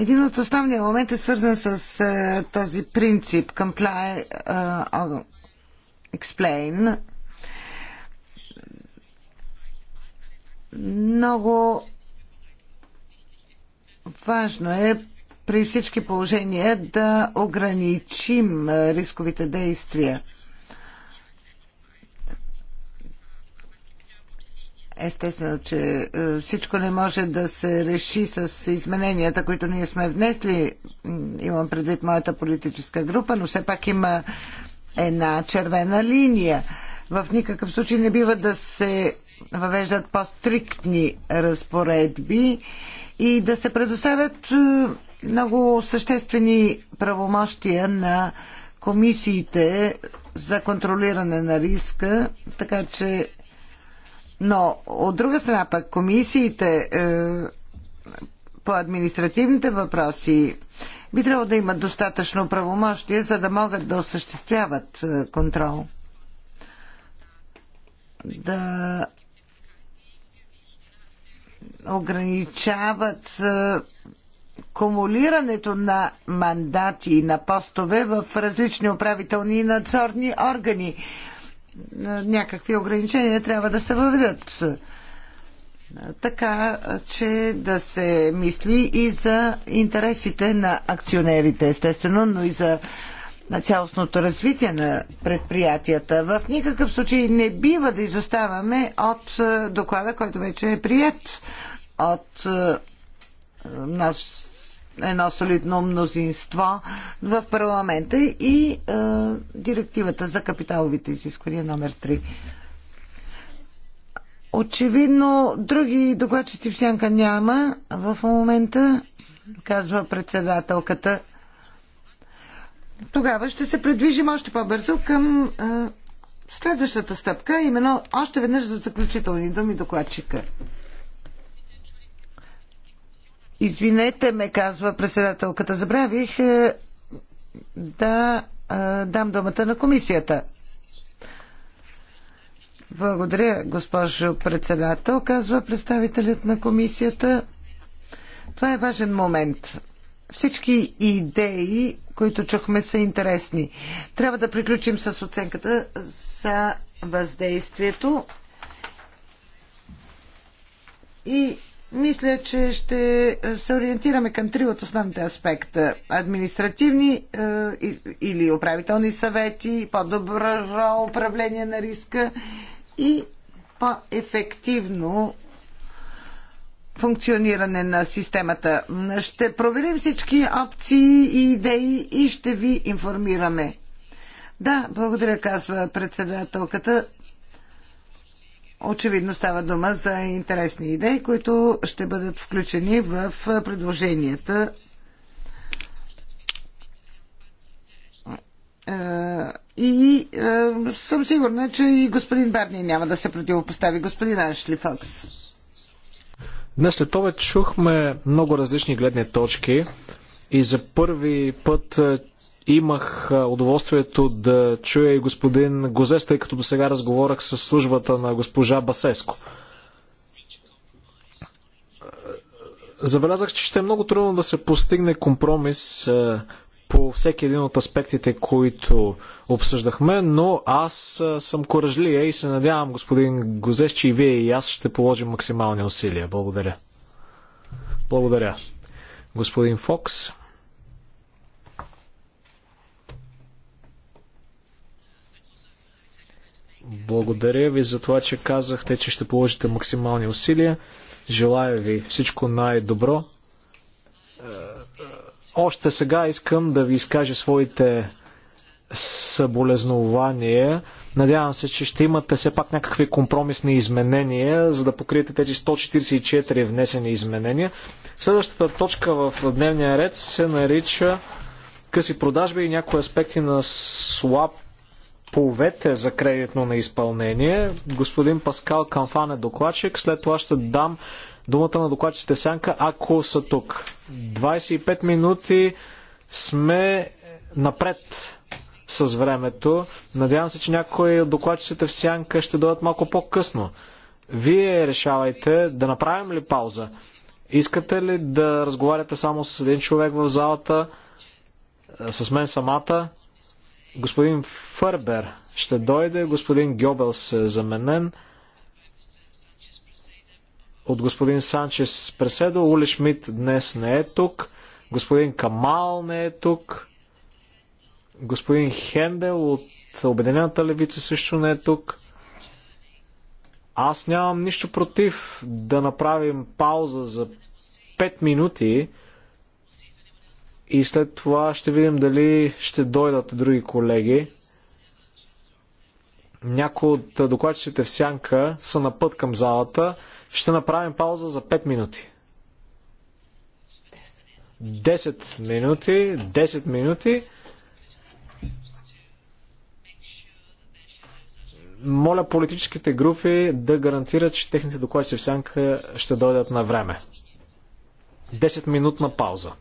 Един от основния момент е свързан с е, този принцип comply uh, explain. Много важно е при всички положения да ограничим рисковите действия – Естествено, че е, всичко не може да се реши с измененията, които ние сме внесли. Имам предвид моята политическа група, но все пак има една червена линия. В никакъв случай не бива да се въвеждат по-стриктни разпоредби и да се предоставят е, много съществени правомощия на комисиите за контролиране на риска, така че но от друга страна пък комисиите е, по административните въпроси би трябвало да имат достатъчно правомощие, за да могат да осъществяват е, контрол. Да ограничават е, кумулирането на мандати и на постове в различни управителни и надзорни органи някакви ограничения трябва да се въведат. Така, че да се мисли и за интересите на акционерите, естествено, но и за на цялостното развитие на предприятията. В никакъв случай не бива да изоставаме от е, доклада, който вече е прият от е, нас, едно солидно мнозинство в парламента и е, директивата за капиталовите изисквания номер 3. Очевидно, други докладчици в сянка няма в момента, казва председателката. Тогава ще се предвижим още по-бързо към е, следващата стъпка, именно още веднъж за заключителни думи докладчика. Извинете ме, казва председателката. Забравих е, да е, дам думата на комисията. Благодаря, госпожо председател, казва представителят на комисията. Това е важен момент. Всички идеи, които чухме, са интересни. Трябва да приключим с оценката за въздействието и мисля, че ще е, се ориентираме към три от основните аспекта. Административни е, или управителни съвети, по-добро управление на риска и по-ефективно функциониране на системата. Ще проверим всички опции и идеи и ще ви информираме. Да, благодаря, казва председателката. Очевидно става дума за интересни идеи, които ще бъдат включени в предложенията е, и е, съм сигурна, че и господин Барни няма да се противопостави. Господин Ашли Фокс. Днес след това чухме много различни гледни точки и за първи път е, Имах удоволствието да чуя и господин Гозес, тъй като до сега разговорах с службата на госпожа Басеско. Забелязах, че ще е много трудно да се постигне компромис по всеки един от аспектите, които обсъждахме, но аз съм коръжлия и се надявам, господин Гозес, че и вие и аз ще положим максимални усилия. Благодаря. Благодаря. Господин Фокс. Благодаря ви за това, че казахте, че ще положите максимални усилия. Желая ви всичко най-добро. Е, е, още сега искам да ви изкажа своите съболезнования. Надявам се, че ще имате все пак някакви компромисни изменения, за да покриете тези 144 внесени изменения. Следващата точка в дневния ред се нарича къси продажби и някои аспекти на слаб повете за кредитно на изпълнение. Господин Паскал Камфан е докладчик. След това ще дам думата на докладчите Сянка, ако са тук. 25 минути сме напред с времето. Надявам се, че някои от докладчиците в Сянка ще дойдат малко по-късно. Вие решавайте да направим ли пауза. Искате ли да разговаряте само с един човек в залата, с мен самата? Господин Фърбер ще дойде, господин Гьобелс е заменен от господин Санчес Преседо. Ули Шмидт днес не е тук. Господин Камал не е тук. Господин Хендел от Обединената левица също не е тук. Аз нямам нищо против да направим пауза за 5 минути, и след това ще видим дали ще дойдат други колеги. Някои от докладчиците в сянка са на път към залата. Ще направим пауза за 5 минути. 10 минути, 10 минути. Моля политическите групи да гарантират, че техните докладчици в сянка ще дойдат на време. 10 минутна пауза.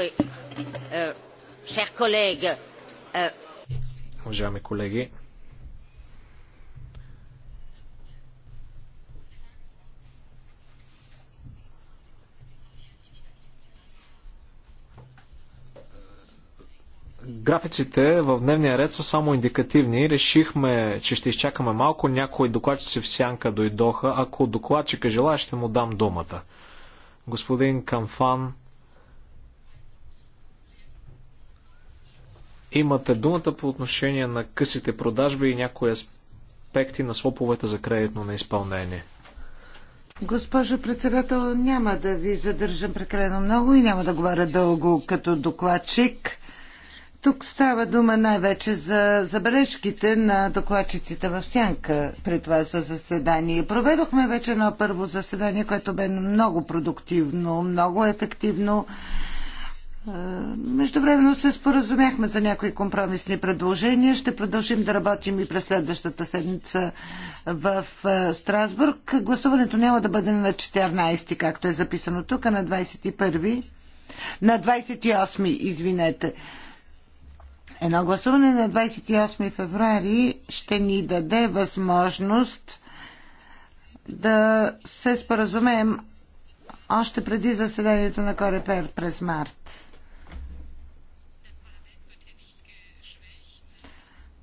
Е, е. Уважаеми колеги, графиците в дневния ред са само индикативни. Решихме, че ще изчакаме малко. Някои докладчици в сянка дойдоха. Ако докладчика желая, ще му дам думата. Господин Камфан Имате думата по отношение на късите продажби и някои аспекти на слоповете за кредитно неизпълнение. Госпожо председател, няма да ви задържам прекалено много и няма да говоря дълго като докладчик. Тук става дума най-вече за забележките на докладчиците в Сянка при това за заседание. Проведохме вече едно първо заседание, което бе много продуктивно, много ефективно. Междувременно се споразумяхме за някои компромисни предложения. Ще продължим да работим и през следващата седмица в Страсбург. Гласуването няма да бъде на 14, както е записано тук, а на 21. На 28, извинете. Едно гласуване на 28 феврари ще ни даде възможност да се споразумеем още преди заседанието на Корепер през март.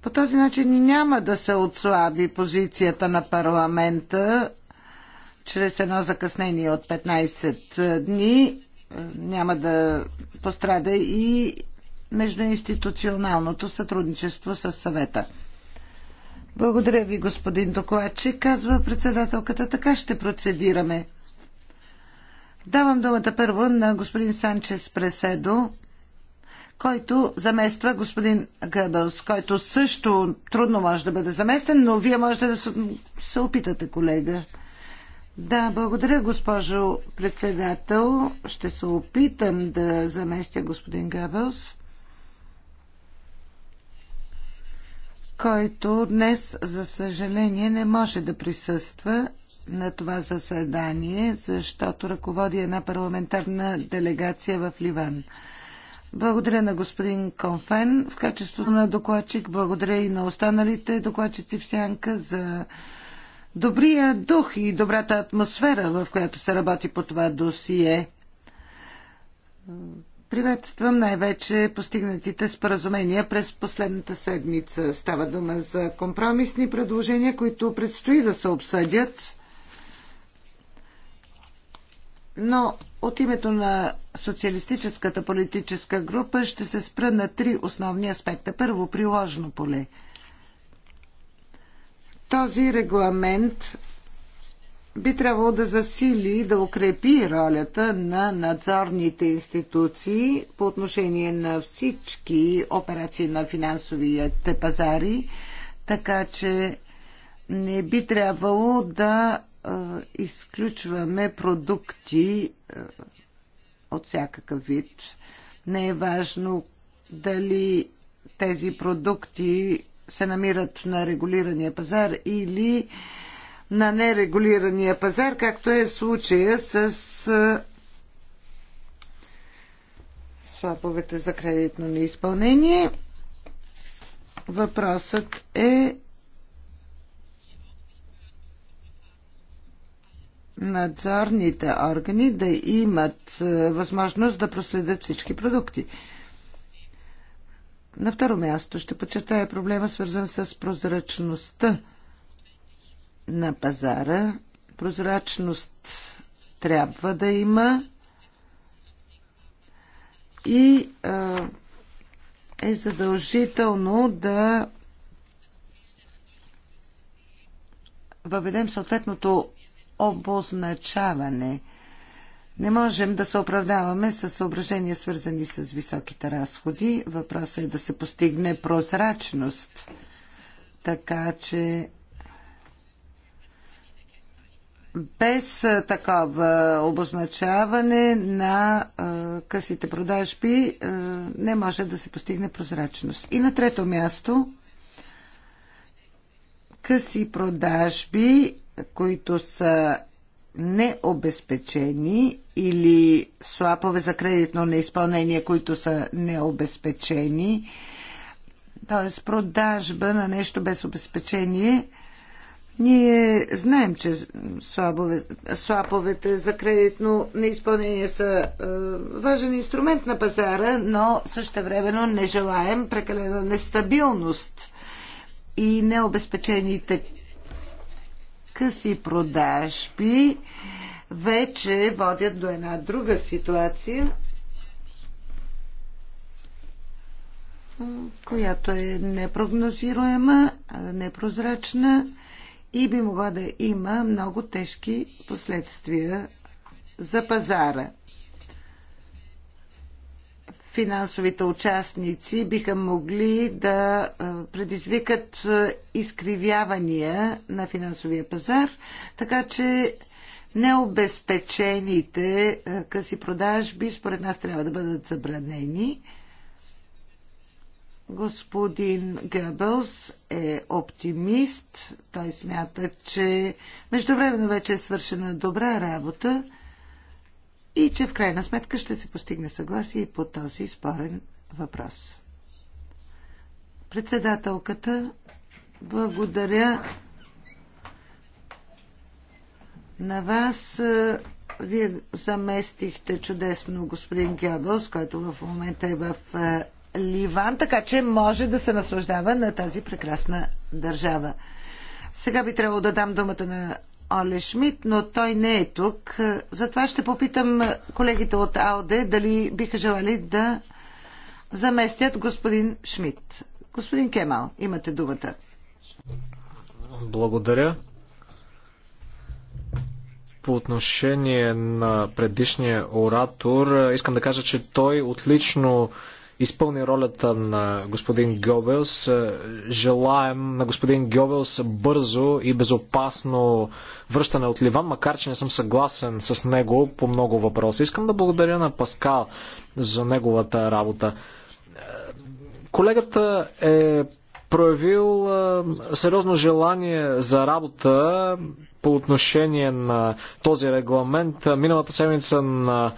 По този начин няма да се отслаби позицията на парламента чрез едно закъснение от 15 дни. Няма да пострада и междуинституционалното сътрудничество с съвета. Благодаря ви, господин докладчик, казва председателката. Така ще процедираме. Давам думата първо на господин Санчес Преседо който замества господин Гъбълс, който също трудно може да бъде заместен, но вие можете да се опитате, колега. Да, благодаря, госпожо председател. Ще се опитам да заместя господин Гъбълс, който днес, за съжаление, не може да присъства на това заседание, защото ръководи една парламентарна делегация в Ливан. Благодаря на господин Конфен в качеството на докладчик. Благодаря и на останалите докладчици в Сянка за добрия дух и добрата атмосфера, в която се работи по това досие. Приветствам най-вече постигнатите споразумения през последната седмица. Става дума за компромисни предложения, които предстои да се обсъдят. Но от името на социалистическата политическа група ще се спра на три основни аспекта. Първо, приложно поле. Този регламент би трябвало да засили да укрепи ролята на надзорните институции по отношение на всички операции на финансовите пазари, така че не би трябвало да изключваме продукти от всякакъв вид. Не е важно дали тези продукти се намират на регулирания пазар или на нерегулирания пазар, както е случая с слаповете за кредитно неизпълнение. Въпросът е надзорните органи да имат е, възможност да проследят всички продукти. На второ място ще подчертая проблема, свързан с прозрачността на пазара. Прозрачност трябва да има и е, е задължително да въведем съответното обозначаване. Не можем да се оправдаваме с съображения, свързани с високите разходи. Въпросът е да се постигне прозрачност, така че без такова обозначаване на а, късите продажби а, не може да се постигне прозрачност. И на трето място къси продажби които са необезпечени или слапове за кредитно неизпълнение, които са необезпечени, т.е. продажба на нещо без обезпечение. Ние знаем, че слабове, слаповете за кредитно неизпълнение са е, важен инструмент на пазара, но същевременно не желаем прекалена нестабилност и необезпечените къси продажби вече водят до една друга ситуация, която е непрогнозируема, непрозрачна и би могла да има много тежки последствия за пазара финансовите участници биха могли да предизвикат изкривявания на финансовия пазар, така че необезпечените къси продажби според нас трябва да бъдат забранени. Господин Гебелс е оптимист. Той смята, че междувременно вече е свършена добра работа и че в крайна сметка ще се постигне съгласие и по този спорен въпрос. Председателката, благодаря на вас. Вие заместихте чудесно господин Геодос, който в момента е в е, Ливан, така че може да се наслаждава на тази прекрасна държава. Сега би трябвало да дам думата на Оле Шмидт, но той не е тук. Затова ще попитам колегите от АОД дали биха желали да заместят господин Шмидт. Господин Кемал, имате думата. Благодаря. По отношение на предишния оратор, искам да кажа, че той отлично изпълни ролята на господин Гобелс. Е, желаем на господин Гобелс бързо и безопасно връщане от Ливан, макар че не съм съгласен с него по много въпроси. Искам да благодаря на Паскал за неговата работа. Е, колегата е проявил е, сериозно желание за работа по отношение на този регламент. Миналата седмица на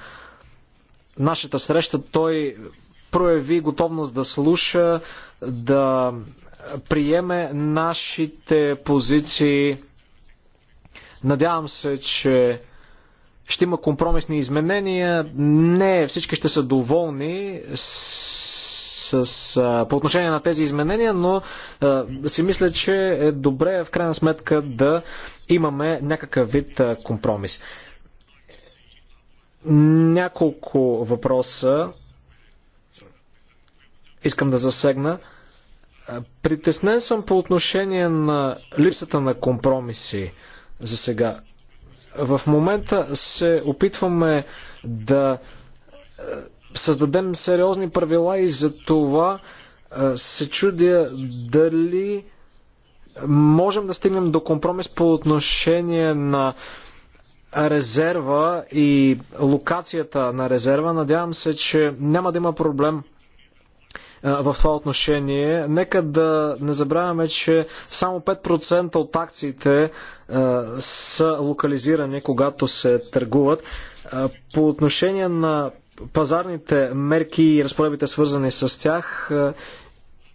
нашата среща той прояви готовност да слуша, да приеме нашите позиции. Надявам се, че ще има компромисни изменения. Не всички ще са доволни с, с, по отношение на тези изменения, но а, си мисля, че е добре в крайна сметка да имаме някакъв вид а, компромис. Няколко въпроса искам да засегна. Е, притеснен съм по отношение на липсата на компромиси за сега. В момента се опитваме да е, създадем сериозни правила и за това е, се чудя дали можем да стигнем до компромис по отношение на резерва и локацията на резерва. Надявам се, че няма да има проблем в това отношение. Нека да не забравяме, че само 5% от акциите са локализирани, когато се търгуват. По отношение на пазарните мерки и разпоредбите свързани с тях,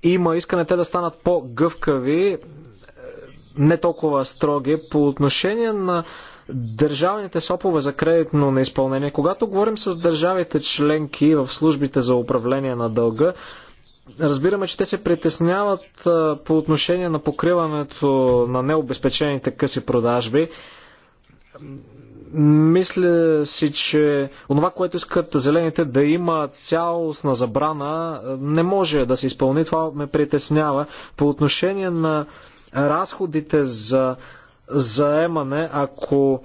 има искане те да станат по-гъвкави, не толкова строги. По отношение на държавните сопове за кредитно неизпълнение, когато говорим с държавите членки в службите за управление на дълга, Разбираме, че те се притесняват по отношение на покриването на необезпечените къси продажби. Мисля си, че онова, което искат зелените да има цялостна забрана, не може да се изпълни. Това ме притеснява. По отношение на разходите за заемане, ако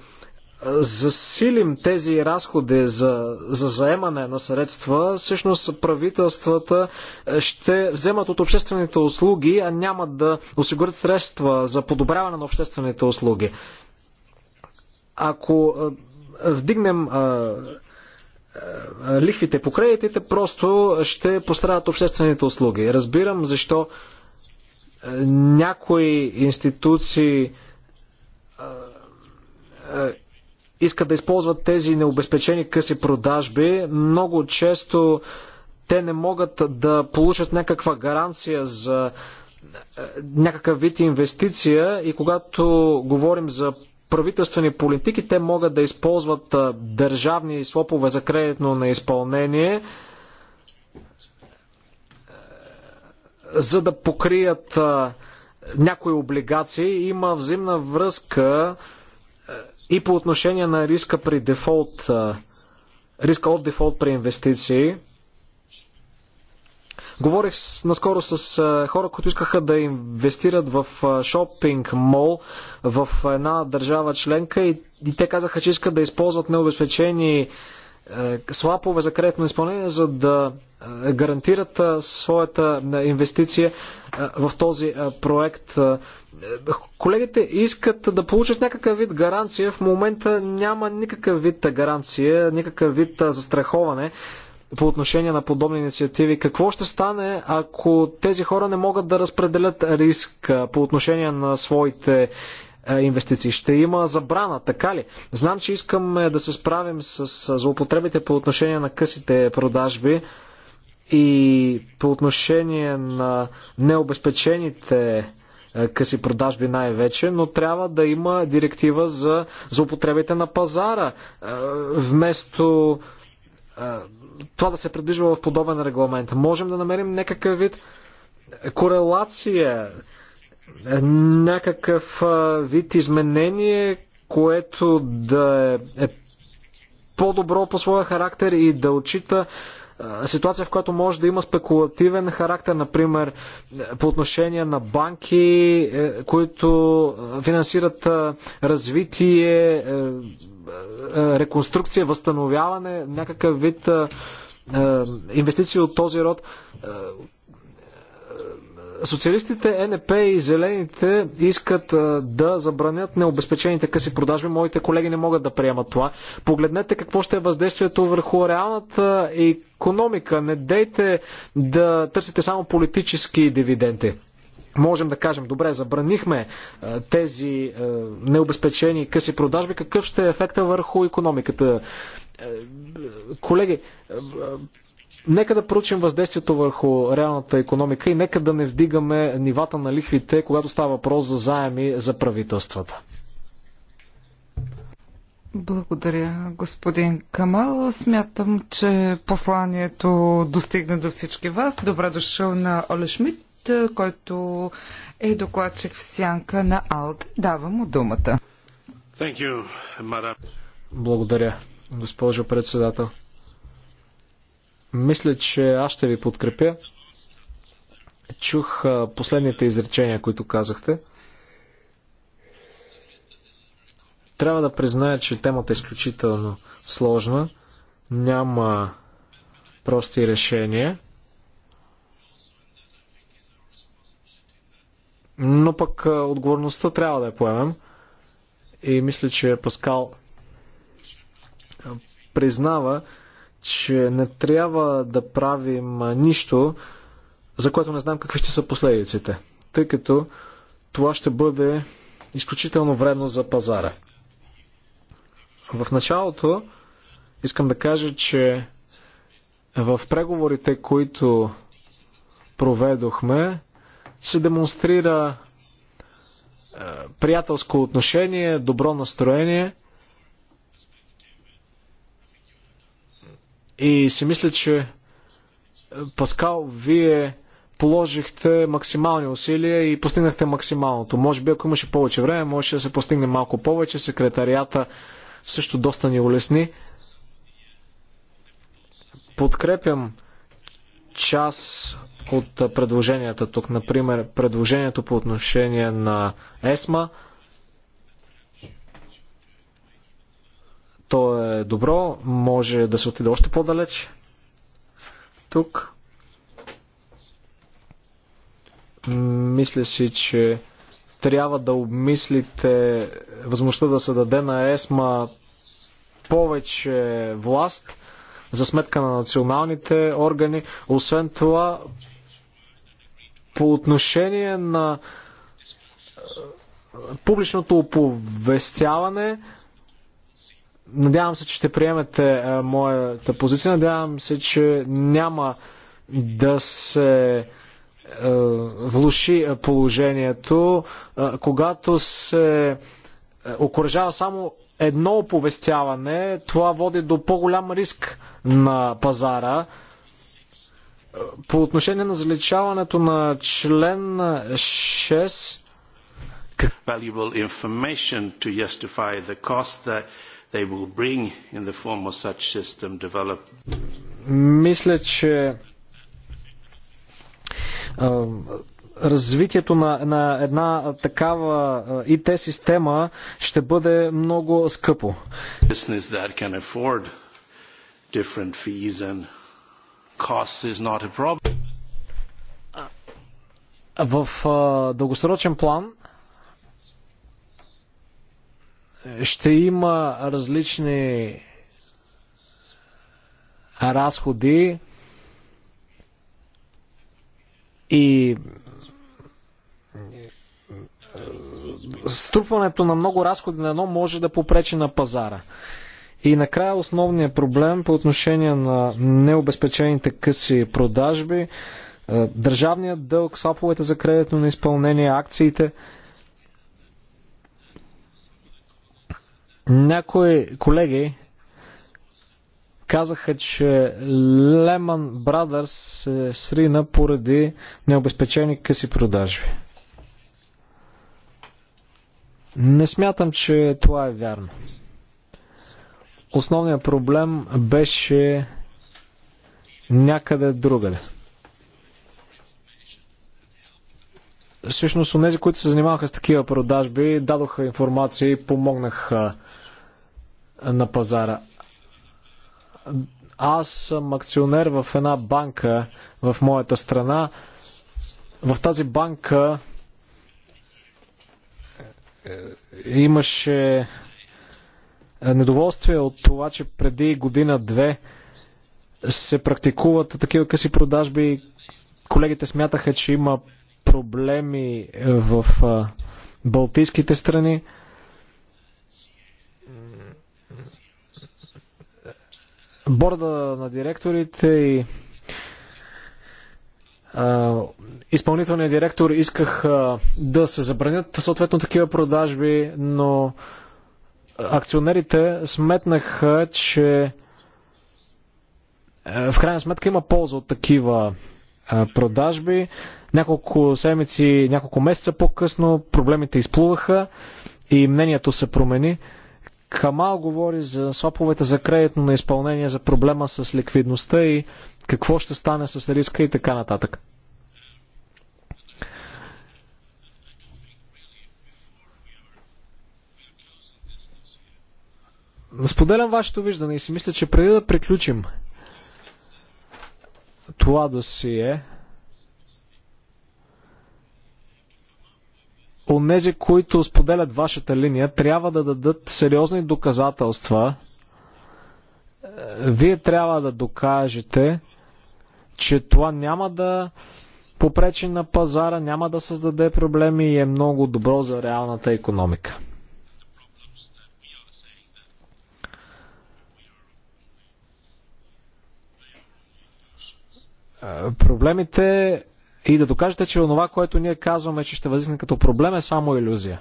засилим тези разходи за, за заемане на средства, всъщност правителствата е, ще вземат от обществените услуги, а няма да осигурят средства за подобряване на обществените услуги. Ако е, вдигнем е, лихвите по кредитите, просто ще пострадат обществените услуги. Разбирам защо някои институции искат да използват тези необезпечени къси продажби. Много често те не могат да получат някаква гаранция за е, някакъв вид инвестиция и когато говорим за правителствени политики, те могат да използват е, държавни слопове за кредитно на изпълнение, е, за да покрият някои облигации. Има взаимна връзка и по отношение на риска при дефолт, риска от дефолт при инвестиции. Говорих наскоро с хора, които искаха да инвестират в шопинг мол в една държава членка и, и те казаха, че искат да използват необезпечени е, слапове за кредитно изпълнение, за да е, гарантират е, своята инвестиция в този проект. Колегите искат да получат някакъв вид гаранция. В момента няма никакъв вид гаранция, никакъв вид застраховане по отношение на подобни инициативи. Какво ще стане, ако тези хора не могат да разпределят риск по отношение на своите е, инвестиции. Ще има забрана, така ли? Знам, че искаме да се справим с злоупотребите по отношение на късите продажби и по отношение на необезпечените е, къси продажби най-вече, но трябва да има директива за злоупотребите на пазара, е, вместо това да се предвижва в подобен регламент. Можем да намерим някакъв вид корелация някакъв вид изменение, което да е, е по-добро по своя характер и да отчита ситуация, в която може да има спекулативен характер, например по отношение на банки, е, които финансират развитие, е, реконструкция, възстановяване, някакъв вид инвестиции от този род. Социалистите, НП и Зелените искат да забранят необезпечените къси продажби. Моите колеги не могат да приемат това. Погледнете какво ще е въздействието върху реалната економика. Не дейте да търсите само политически дивиденти можем да кажем, добре, забранихме тези необезпечени къси продажби, какъв ще е ефекта върху економиката? Колеги, Нека да проучим въздействието върху реалната економика и нека да не вдигаме нивата на лихвите, когато става въпрос за заеми за правителствата. Благодаря, господин Камал. Смятам, че посланието достигна до всички вас. Добре дошъл на Оле Шмидт, който е докладчик в сянка на АЛД. Давам му думата. You, Благодаря, госпожо председател. Мисля, че аз ще ви подкрепя. Чух последните изречения, които казахте. Трябва да призная, че темата е изключително сложна. Няма прости решения. Но пък отговорността трябва да я поемем. И мисля, че Паскал признава, че не трябва да правим нищо, за което не знам какви ще са последиците, тъй като това ще бъде изключително вредно за пазара. В началото искам да кажа, че в преговорите, които проведохме, се демонстрира приятелско отношение, добро настроение – И си мисля, че е, Паскал, вие положихте максимални усилия и постигнахте максималното. Може би ако имаше повече време, можеше да се постигне малко повече. Секретарията също доста ни улесни. Подкрепям част от предложенията тук. Например, предложението по отношение на ЕСМА – То е добро, може да се отиде още по-далеч. Тук мисля си, че трябва да обмислите възможността да се даде на ЕСМА повече власт за сметка на националните органи. Освен това, по отношение на публичното оповестяване, Надявам се, че ще приемете е, моята позиция. Надявам се, че няма да се е, влуши положението, е, когато се окоръжава само едно оповестяване, това води до по-голям риск на пазара. По отношение на заличаването на член 6, valuable information to justify the cost that they will bring in the form of such system develop? Мисля, че развитието на, на една такава ИТ система ще бъде много скъпо. В дългосрочен план ще има различни разходи и е, струпването на много разходи на едно може да попречи на пазара. И накрая основният проблем по отношение на необезпечените къси продажби, е, държавният дълг, саповете за кредитно на изпълнение, акциите – Някои колеги казаха, че Lehman Brothers се срина поради необезпечени къси продажби. Не смятам, че това е вярно. Основният проблем беше някъде другаде. Всъщност, онези, които се занимаваха с такива продажби, дадоха информация и помогнаха на пазара. Аз съм акционер в една банка в моята страна. В тази банка е, имаше е, недоволствие от това, че преди година-две се практикуват такива къси продажби. Колегите смятаха, че има проблеми в е, Балтийските страни. борда на директорите и изпълнителният директор исках да се забранят съответно такива продажби, но акционерите сметнаха, че в крайна сметка има полза от такива продажби. Няколко седмици, няколко месеца по-късно проблемите изплуваха и мнението се промени. Камал говори за слаповете за кредитно на изпълнение, за проблема с ликвидността и какво ще стане с риска и така нататък. Споделям вашето виждане и си мисля, че преди да приключим това досие, онези, които споделят вашата линия, трябва да дадат сериозни доказателства. Е, вие трябва да докажете, че това няма да попречи на пазара, няма да създаде проблеми и е много добро за реалната економика. Е, проблемите и да докажете, че онова, което ние казваме, че ще възникне като проблем е само иллюзия.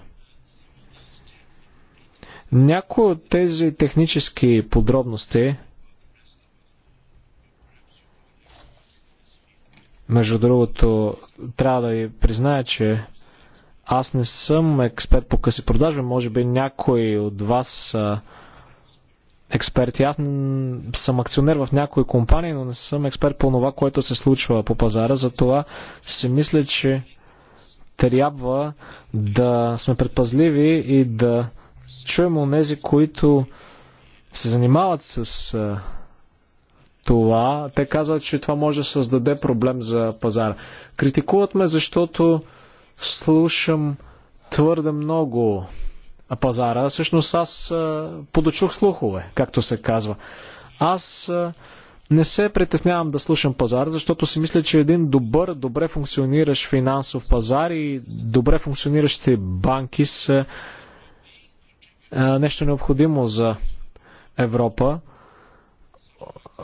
Някои от тези технически подробности, между другото, трябва да ви призная, че аз не съм експерт по къси продажби, може би някои от вас а, експерти. Аз съм акционер в някои компании, но не съм експерт по това, което се случва по пазара. Затова си мисля, че трябва да сме предпазливи и да чуем онези, които се занимават с това. Те казват, че това може да създаде проблем за пазара. Критикуват ме, защото слушам твърде много пазара. Всъщност аз подочух слухове, както се казва. Аз не се притеснявам да слушам пазар, защото си мисля, че един добър, добре функциониращ финансов пазар и добре функциониращи банки са нещо необходимо за Европа.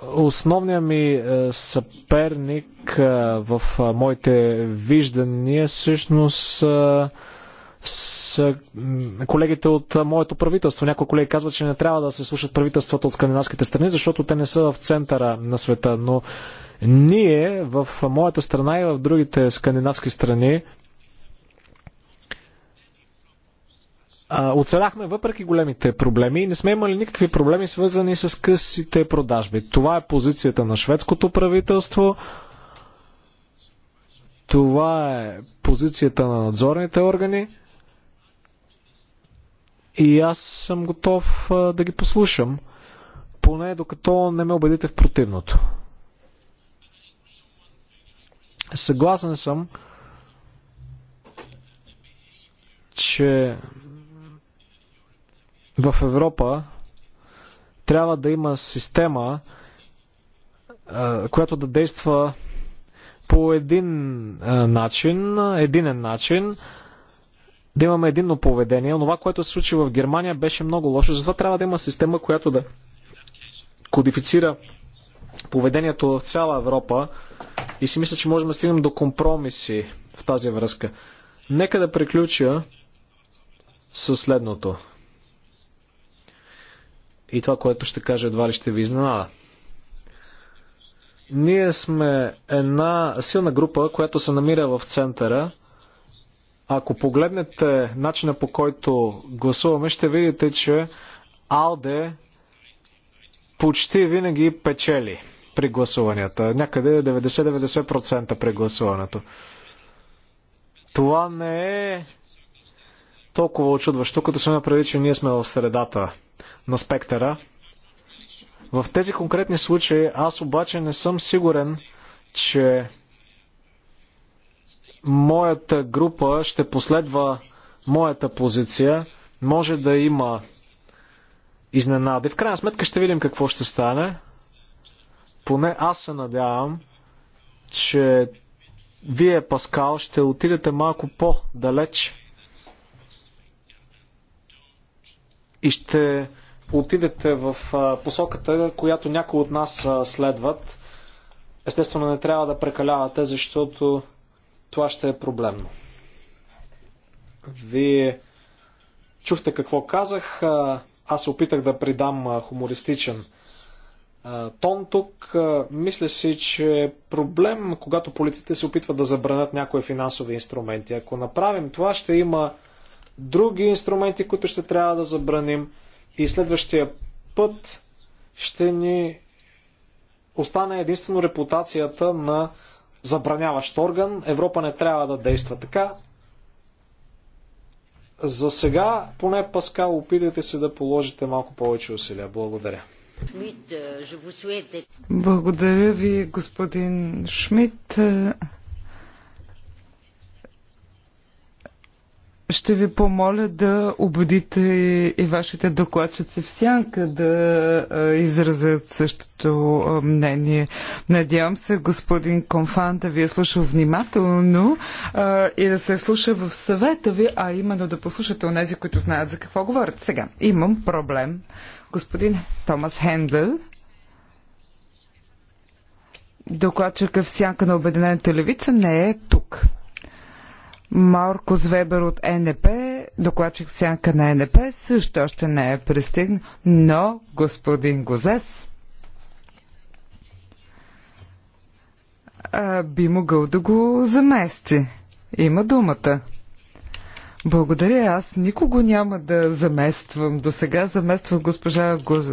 Основният ми съперник в моите виждания всъщност са с колегите от моето правителство. Някои колеги казват, че не трябва да се слушат правителствата от скандинавските страни, защото те не са в центъра на света. Но ние в моята страна и в другите скандинавски страни оцеляхме въпреки големите проблеми и не сме имали никакви проблеми свързани с късите продажби. Това е позицията на шведското правителство. Това е позицията на надзорните органи. И аз съм готов да ги послушам, поне докато не ме убедите в противното. Съгласен съм, че в Европа трябва да има система, която да действа по един начин, единен начин, да имаме единно поведение. Това, което се случи в Германия, беше много лошо. Затова трябва да има система, която да кодифицира поведението в цяла Европа и си мисля, че можем да стигнем до компромиси в тази връзка. Нека да приключа със следното. И това, което ще кажа, едва ли ще ви изненада. Ние сме една силна група, която се намира в центъра – ако погледнете начина по който гласуваме, ще видите, че Алде почти винаги печели при гласуванията. Някъде 90-90% при гласуването. Това не е толкова очудващо, като се направи, че ние сме в средата на спектъра. В тези конкретни случаи аз обаче не съм сигурен, че моята група ще последва моята позиция. Може да има изненади. В крайна сметка ще видим какво ще стане. Поне аз се надявам, че вие, Паскал, ще отидете малко по-далеч и ще отидете в посоката, която някои от нас следват. Естествено, не трябва да прекалявате, защото това ще е проблемно. Вие чухте какво казах. Аз се опитах да придам хумористичен тон тук. Мисля си, че е проблем, когато полиците се опитват да забранят някои финансови инструменти. Ако направим това, ще има други инструменти, които ще трябва да забраним и следващия път ще ни остане единствено репутацията на забраняващ орган. Европа не трябва да действа така. За сега, поне Паскал, опитайте се да положите малко повече усилия. Благодаря. Е, Благодаря ви, господин Шмидт. Ще ви помоля да убедите и вашите докладчици в сянка да изразят същото мнение. Надявам се, господин Конфан, да ви е слушал внимателно а, и да се слуша в съвета ви, а именно да послушате онези, които знаят за какво говорят. Сега, имам проблем. Господин Томас Хендъл, докладчика в сянка на Обединената левица, не е тук. Марко Звебер от НП, докладчик сянка на НП, също още не е пристигнал, но господин Гозес а, би могъл да го замести. Има думата. Благодаря, аз никого няма да замествам. До сега замествах госпожа, Гоз...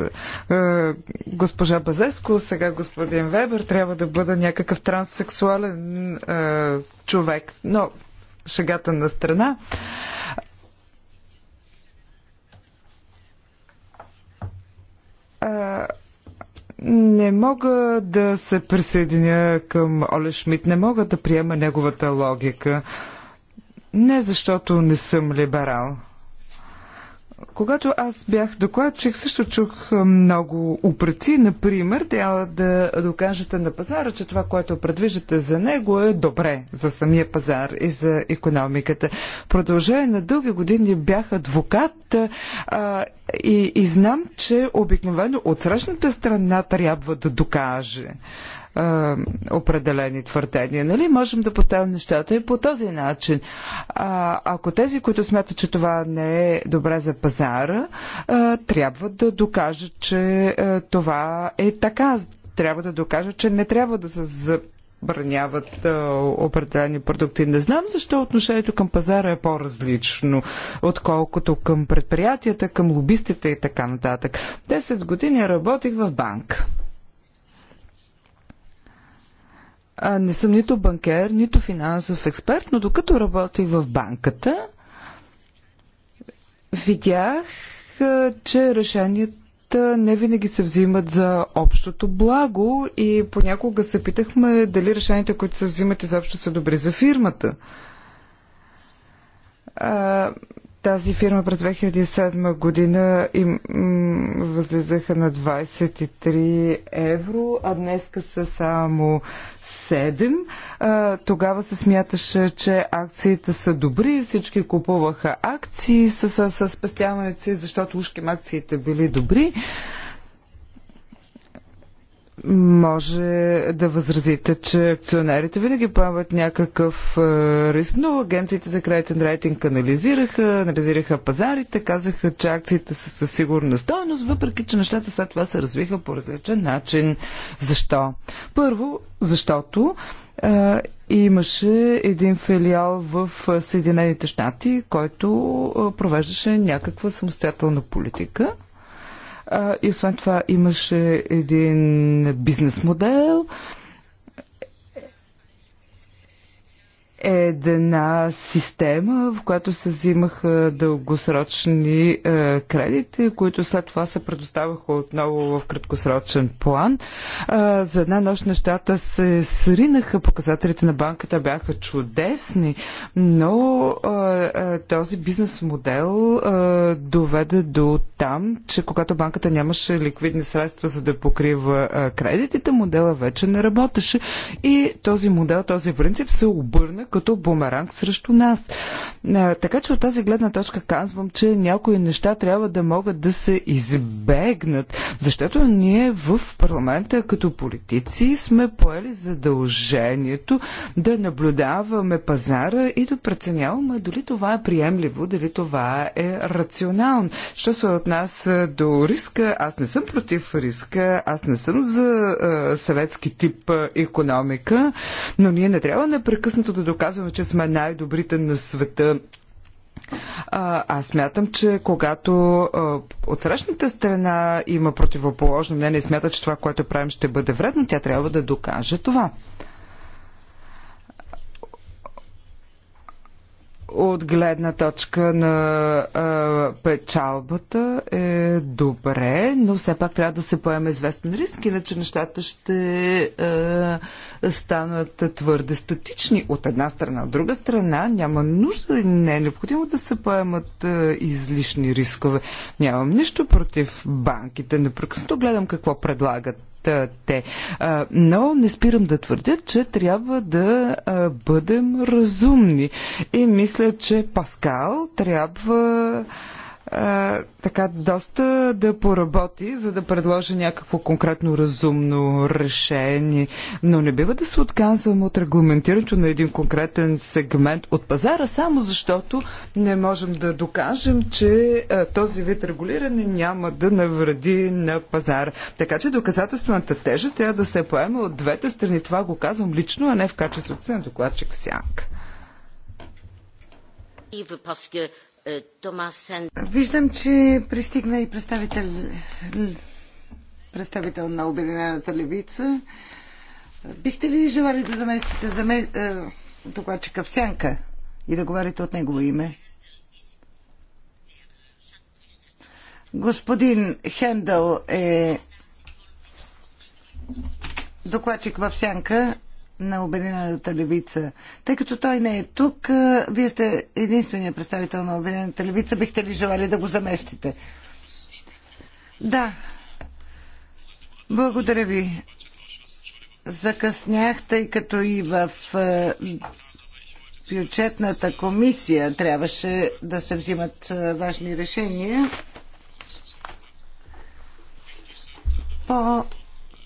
госпожа Базеско, сега господин Вебер. Трябва да бъда някакъв транссексуален е, човек. Но шегата на страна. не мога да се присъединя към Оле Шмидт, не мога да приема неговата логика. Не защото не съм либерал. Когато аз бях докладчик, също чух много упреци. Например, трябва да докажете на пазара, че това, което предвиждате за него е добре за самия пазар и за економиката. Продължение на дълги години бях адвокат а, и, и знам, че обикновено от срещната страна трябва да докаже а, е, определени твърдения. Нали? Можем да поставим нещата и по този начин. А, ако тези, които смятат, че това не е добре за пазара, а, е, трябва да докажат, че а, е, това е така. Трябва да докажат, че не трябва да се забраняват а, определени продукти. Не знам защо отношението към пазара е по-различно, отколкото към предприятията, към лобистите и така нататък. Десет години работих в банка. не съм нито банкер, нито финансов експерт, но докато работих в банката, видях, че решенията не винаги се взимат за общото благо и понякога се питахме дали решенията, които се взимат изобщо са добри за фирмата. Тази фирма през 2007 година им, възлизаха на 23 евро, а днеска са само 7. А, тогава се смяташе, че акциите са добри, всички купуваха акции с, с, с спестяването си, защото ушким акциите били добри може да възразите, че акционерите винаги поемат някакъв е, риск, но агенциите за кредитен рейтинг анализираха, анализираха пазарите, казаха, че акциите са със сигурна стойност, въпреки, че нещата след това се развиха по различен начин. Защо? Първо, защото а, е, имаше един филиал в е, Съединените щати, който провеждаше някаква самостоятелна политика и освен това имаше един бизнес модел, една система, в която се взимаха дългосрочни е, кредити, които след това се предоставяха отново в краткосрочен план. Е, за една нощ нещата се сринаха, показателите на банката бяха чудесни, но е, е, този бизнес модел е, доведе до там, че когато банката нямаше ликвидни средства за да покрива е, кредитите, модела вече не работеше и този модел, този принцип се обърна като бумеранг срещу нас. Така че от тази гледна точка казвам, че някои неща трябва да могат да се избегнат, защото ние в парламента като политици сме поели задължението да наблюдаваме пазара и да преценяваме дали това е приемливо, дали това е рационално. Що се отнася до риска, аз не съм против риска, аз не съм за съветски тип економика, но ние не трябва непрекъснато да доказваме казваме, че сме най-добрите на света. Аз мятам, че когато от срещната страна има противоположно мнение и смята, че това, което правим ще бъде вредно, тя трябва да докаже това. от гледна точка на а, печалбата е добре, но все пак трябва да се поеме известен риск, иначе нещата ще а, станат твърде статични от една страна. От друга страна няма нужда, не е необходимо да се поемат а, излишни рискове. Нямам нищо против банките. Непрекъснато гледам какво предлагат те. Но не спирам да твърдя, че трябва да бъдем разумни. И мисля, че Паскал трябва е, така доста да поработи, за да предложи някакво конкретно разумно решение. Но не бива да се отказвам от регламентирането на един конкретен сегмент от пазара, само защото не можем да докажем, че а, е, този вид регулиране няма да навреди на пазара. Така че доказателствената тежест трябва да се поема от двете страни. Това го казвам лично, а не в качеството си на докладчик в сянка. Виждам, че пристигна и представител, представител на Обединената левица. Бихте ли желали да заместите заме, е, докладчика в сянка и да говорите от негово име? Господин Хендъл е докладчик в сянка на Обединената левица. Тъй като той не е тук, вие сте единствения представител на Обединената левица. Бихте ли желали да го заместите? Да. Благодаря ви. Закъснях, тъй като и в бюджетната комисия трябваше да се взимат важни решения по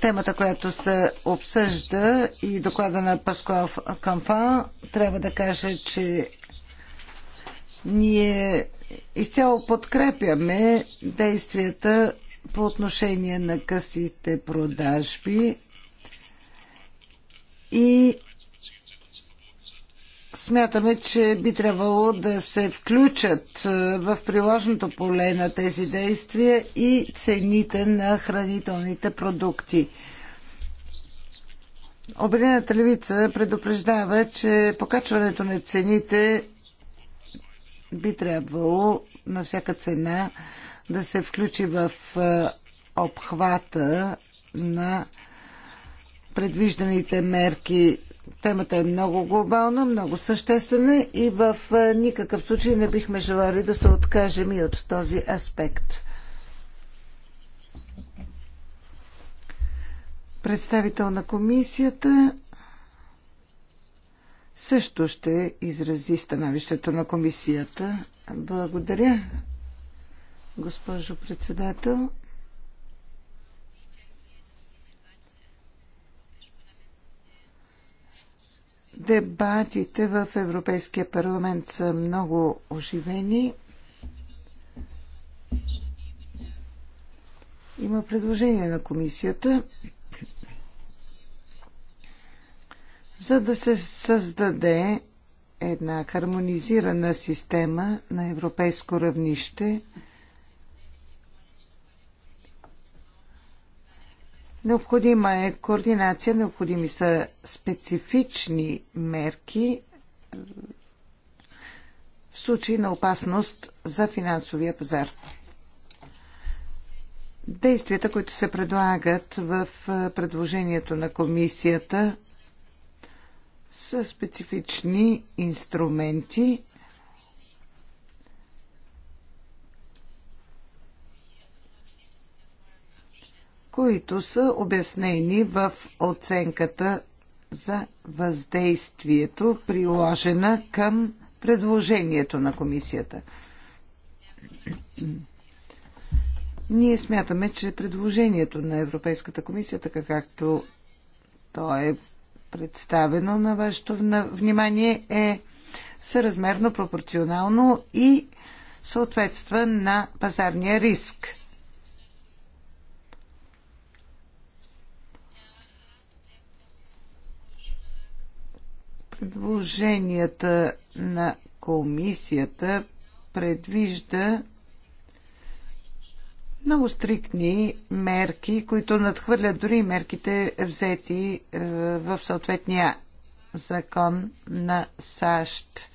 темата, която се обсъжда и доклада на Пасков Камфан, трябва да кажа, че ние изцяло подкрепяме действията по отношение на късите продажби и смятаме, че би трябвало да се включат е, в приложното поле на тези действия и цените на хранителните продукти. Обединената левица предупреждава, че покачването на цените би трябвало на всяка цена да се включи в е, обхвата на предвижданите мерки Темата е много глобална, много съществена и в никакъв случай не бихме желали да се откажем и от този аспект. Представител на комисията също ще изрази становището на комисията. Благодаря, госпожо председател. Дебатите в Европейския парламент са много оживени. Има предложение на комисията за да се създаде една хармонизирана система на европейско равнище – Необходима е координация, необходими са специфични мерки е, в случай на опасност за финансовия пазар. Действията, които се предлагат в е, предложението на комисията, са специфични инструменти, които са обяснени в оценката за въздействието, приложена към предложението на комисията. Ние смятаме, че предложението на Европейската комисия, така както то е представено на вашето внимание, е съразмерно, пропорционално и съответства на пазарния риск – Предложенията на комисията предвижда много стриктни мерки, които надхвърлят дори мерките взети е, в съответния закон на САЩ.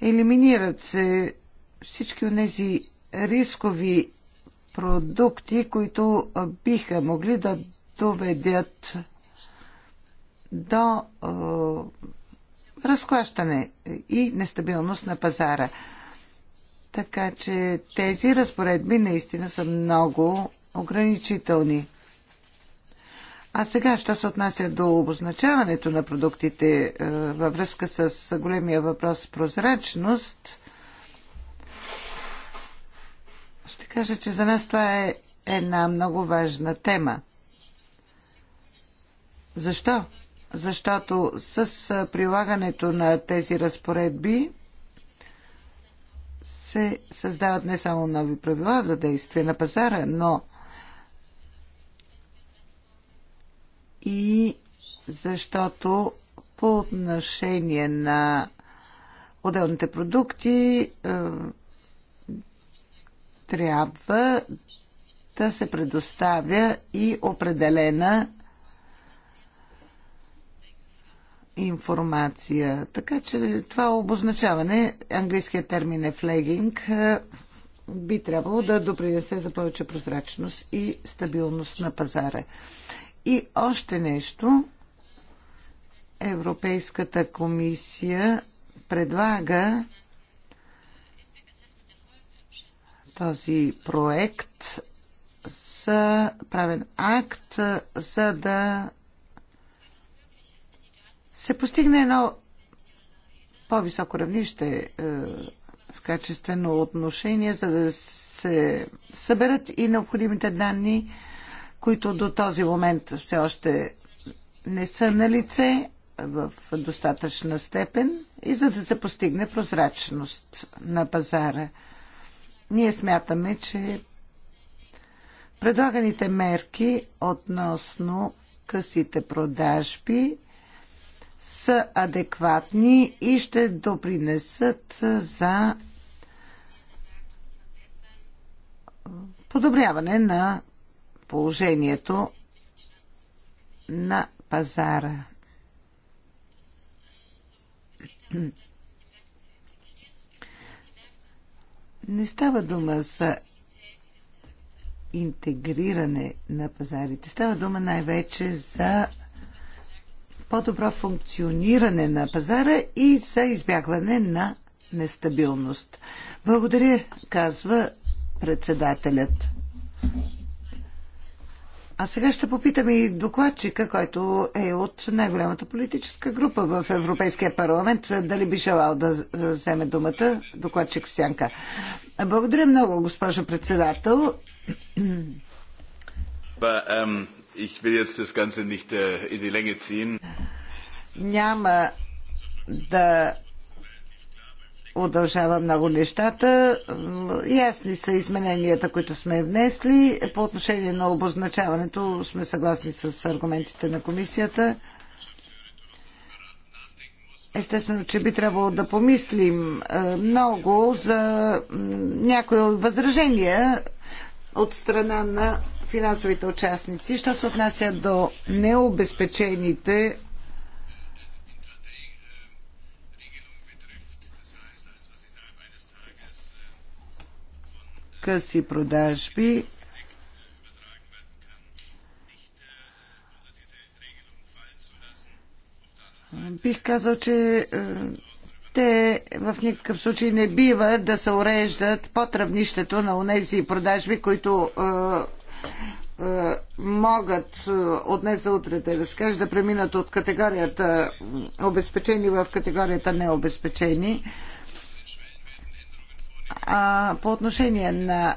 Елиминират се всички от тези рискови продукти, които биха могли да доведят до е, разклащане и нестабилност на пазара. Така че тези разпоредби наистина са много ограничителни. А сега, що се отнася до обозначаването на продуктите е, във връзка с големия въпрос прозрачност, ще кажа, че за нас това е една много важна тема. Защо? защото с прилагането на тези разпоредби се създават не само нови правила за действие на пазара, но и защото по отношение на отделните продукти трябва да се предоставя и определена информация. Така че това обозначаване, английският термин е флегинг, би трябвало да допринесе за повече прозрачност и стабилност на пазара. И още нещо. Европейската комисия предлага този проект за правен акт, за да се постигне едно по-високо равнище е, в качествено отношение, за да се съберат и необходимите данни, които до този момент все още не са на лице в достатъчна степен и за да се постигне прозрачност на пазара. Ние смятаме, че предлаганите мерки относно късите продажби са адекватни и ще допринесат за подобряване на положението на пазара. Не става дума за интегриране на пазарите. Става дума най-вече за по-добро функциониране на пазара и за избягване на нестабилност. Благодаря, казва председателят. А сега ще попитам и докладчика, който е от най-голямата политическа група в Европейския парламент, дали би желал да е, вземе думата докладчик сянка. Благодаря много, госпожо председател. But, um, Ich will jetzt das Ganze nicht äh, in die Länge ziehen. Няма да удължава много нещата. Ясни са измененията, които сме внесли. По отношение на обозначаването сме съгласни с аргументите на комисията. Естествено, че би трябвало да помислим е, много за някои възражения от страна на финансовите участници. Що се отнася до необезпечените къси продажби, бих казал, че е, те в никакъв случай не бива да се уреждат под равнището на онези продажби, които е, е, могат е, от днес за утре да разкажат да преминат от категорията обезпечени в категорията необезпечени. А по отношение на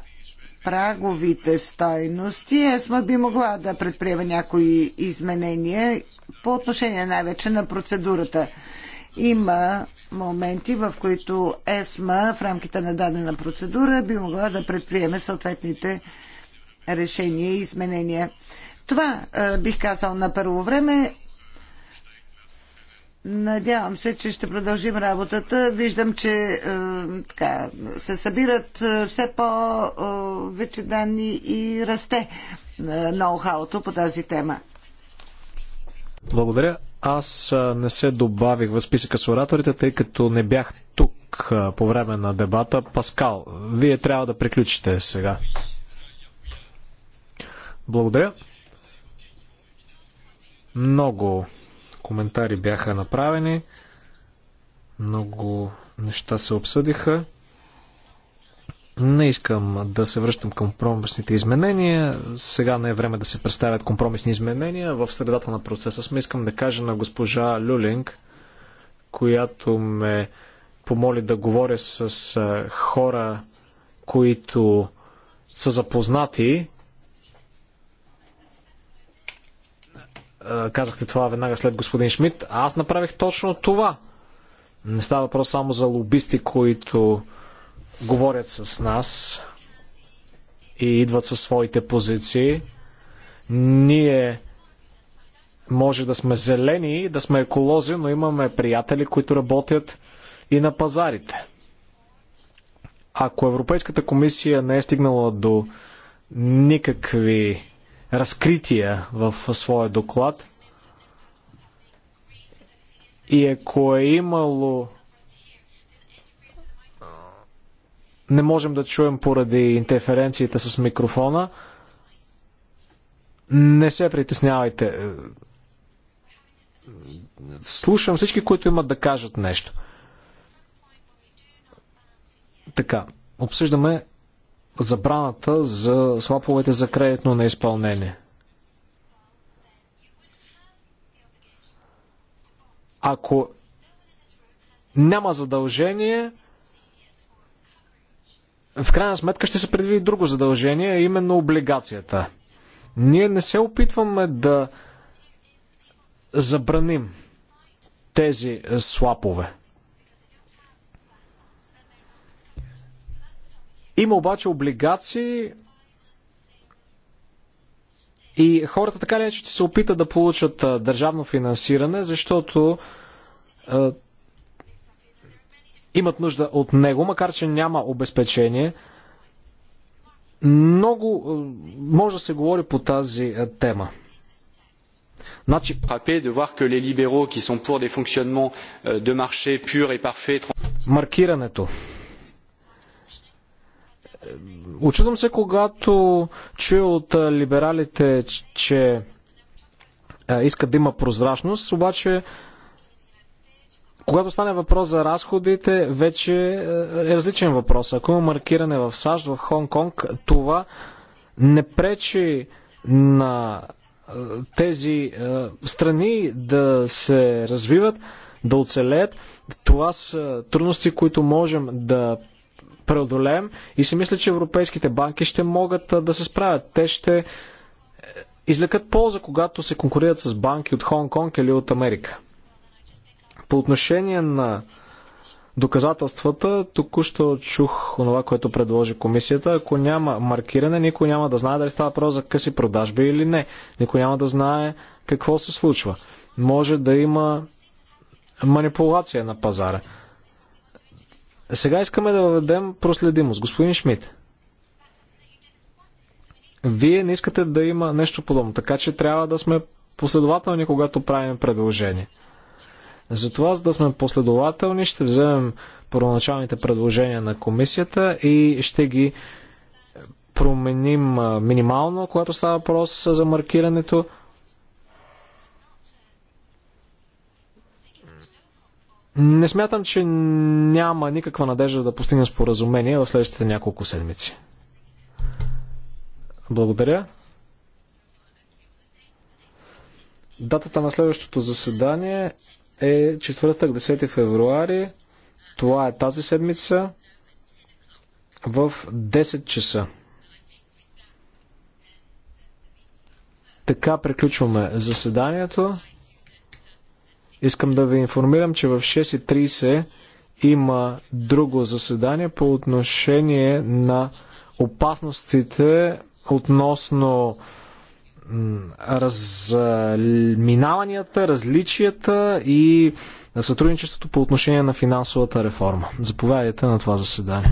праговите стойности, ЕСМА би могла да предприема някои изменения по отношение най-вече на процедурата. Има моменти, в които ЕСМА в рамките на дадена процедура би могла да предприеме съответните решения и изменения. Това бих казал на първо време. Надявам се, че ще продължим работата. Виждам, че а, така, се събират все по-вече данни и расте ноу-хауто по тази тема. Благодаря. Аз не се добавих в списъка с ораторите, тъй като не бях тук по време на дебата. Паскал, вие трябва да приключите сега. Благодаря. Много коментари бяха направени. Много неща се обсъдиха. Не искам да се връщам към компромисните изменения. Сега не е време да се представят компромисни изменения. В средата на процеса сме искам да кажа на госпожа Люлинг, която ме помоли да говоря с хора, които са запознати Е, казахте това веднага след господин Шмидт. А аз направих точно това. Не става въпрос само за лобисти, които говорят с нас и идват със своите позиции. Ние може да сме зелени, да сме еколози, но имаме приятели, които работят и на пазарите. Ако Европейската комисия не е стигнала до никакви разкрития в своя доклад. И ако е имало не можем да чуем поради интерференцията с микрофона. Не се притеснявайте. Слушам всички, които имат да кажат нещо. Така, обсъждаме забраната за слаповете за кредитно неизпълнение. Ако няма задължение, в крайна сметка ще се предвиди друго задължение, а именно облигацията. Ние не се опитваме да забраним тези слапове. Има обаче облигации и хората така ли ще се опитат да получат държавно финансиране, защото е, имат нужда от него, макар че няма обезпечение. Много е, може да се говори по тази е, тема. Значи... de voir que les libéraux qui sont pour des fonctionnements euh, de marché pur et parfait... Маркирането. Очудвам се, когато чуя от либералите, че искат да има прозрачност, обаче когато стане въпрос за разходите, вече е различен въпрос. Ако има маркиране в САЩ, в Хонг-Конг, това не пречи на тези страни да се развиват, да оцелеят. Това са трудности, които можем да преодолеем и си мисля, че европейските банки ще могат да се справят. Те ще е, извлекат полза, когато се конкурират с банки от Хонг-Конг или от Америка. По отношение на доказателствата, току-що чух онова, което предложи комисията. Ако няма маркиране, никой няма да знае дали става въпрос за къси продажби или не. Никой няма да знае какво се случва. Може да има манипулация на пазара. Сега искаме да въведем проследимост. Господин Шмидт, вие не искате да има нещо подобно, така че трябва да сме последователни, когато правим предложение. Затова, за да сме последователни, ще вземем първоначалните предложения на комисията и ще ги променим минимално, когато става въпрос за маркирането. Не смятам, че няма никаква надежда да постигнем споразумение в следващите няколко седмици. Благодаря. Датата на следващото заседание е четвъртък, 10 февруари. Това е тази седмица в 10 часа. Така приключваме заседанието. Искам да ви информирам, че в 6.30 има друго заседание по отношение на опасностите относно разминаванията, различията и сътрудничеството по отношение на финансовата реформа. Заповядайте на това заседание.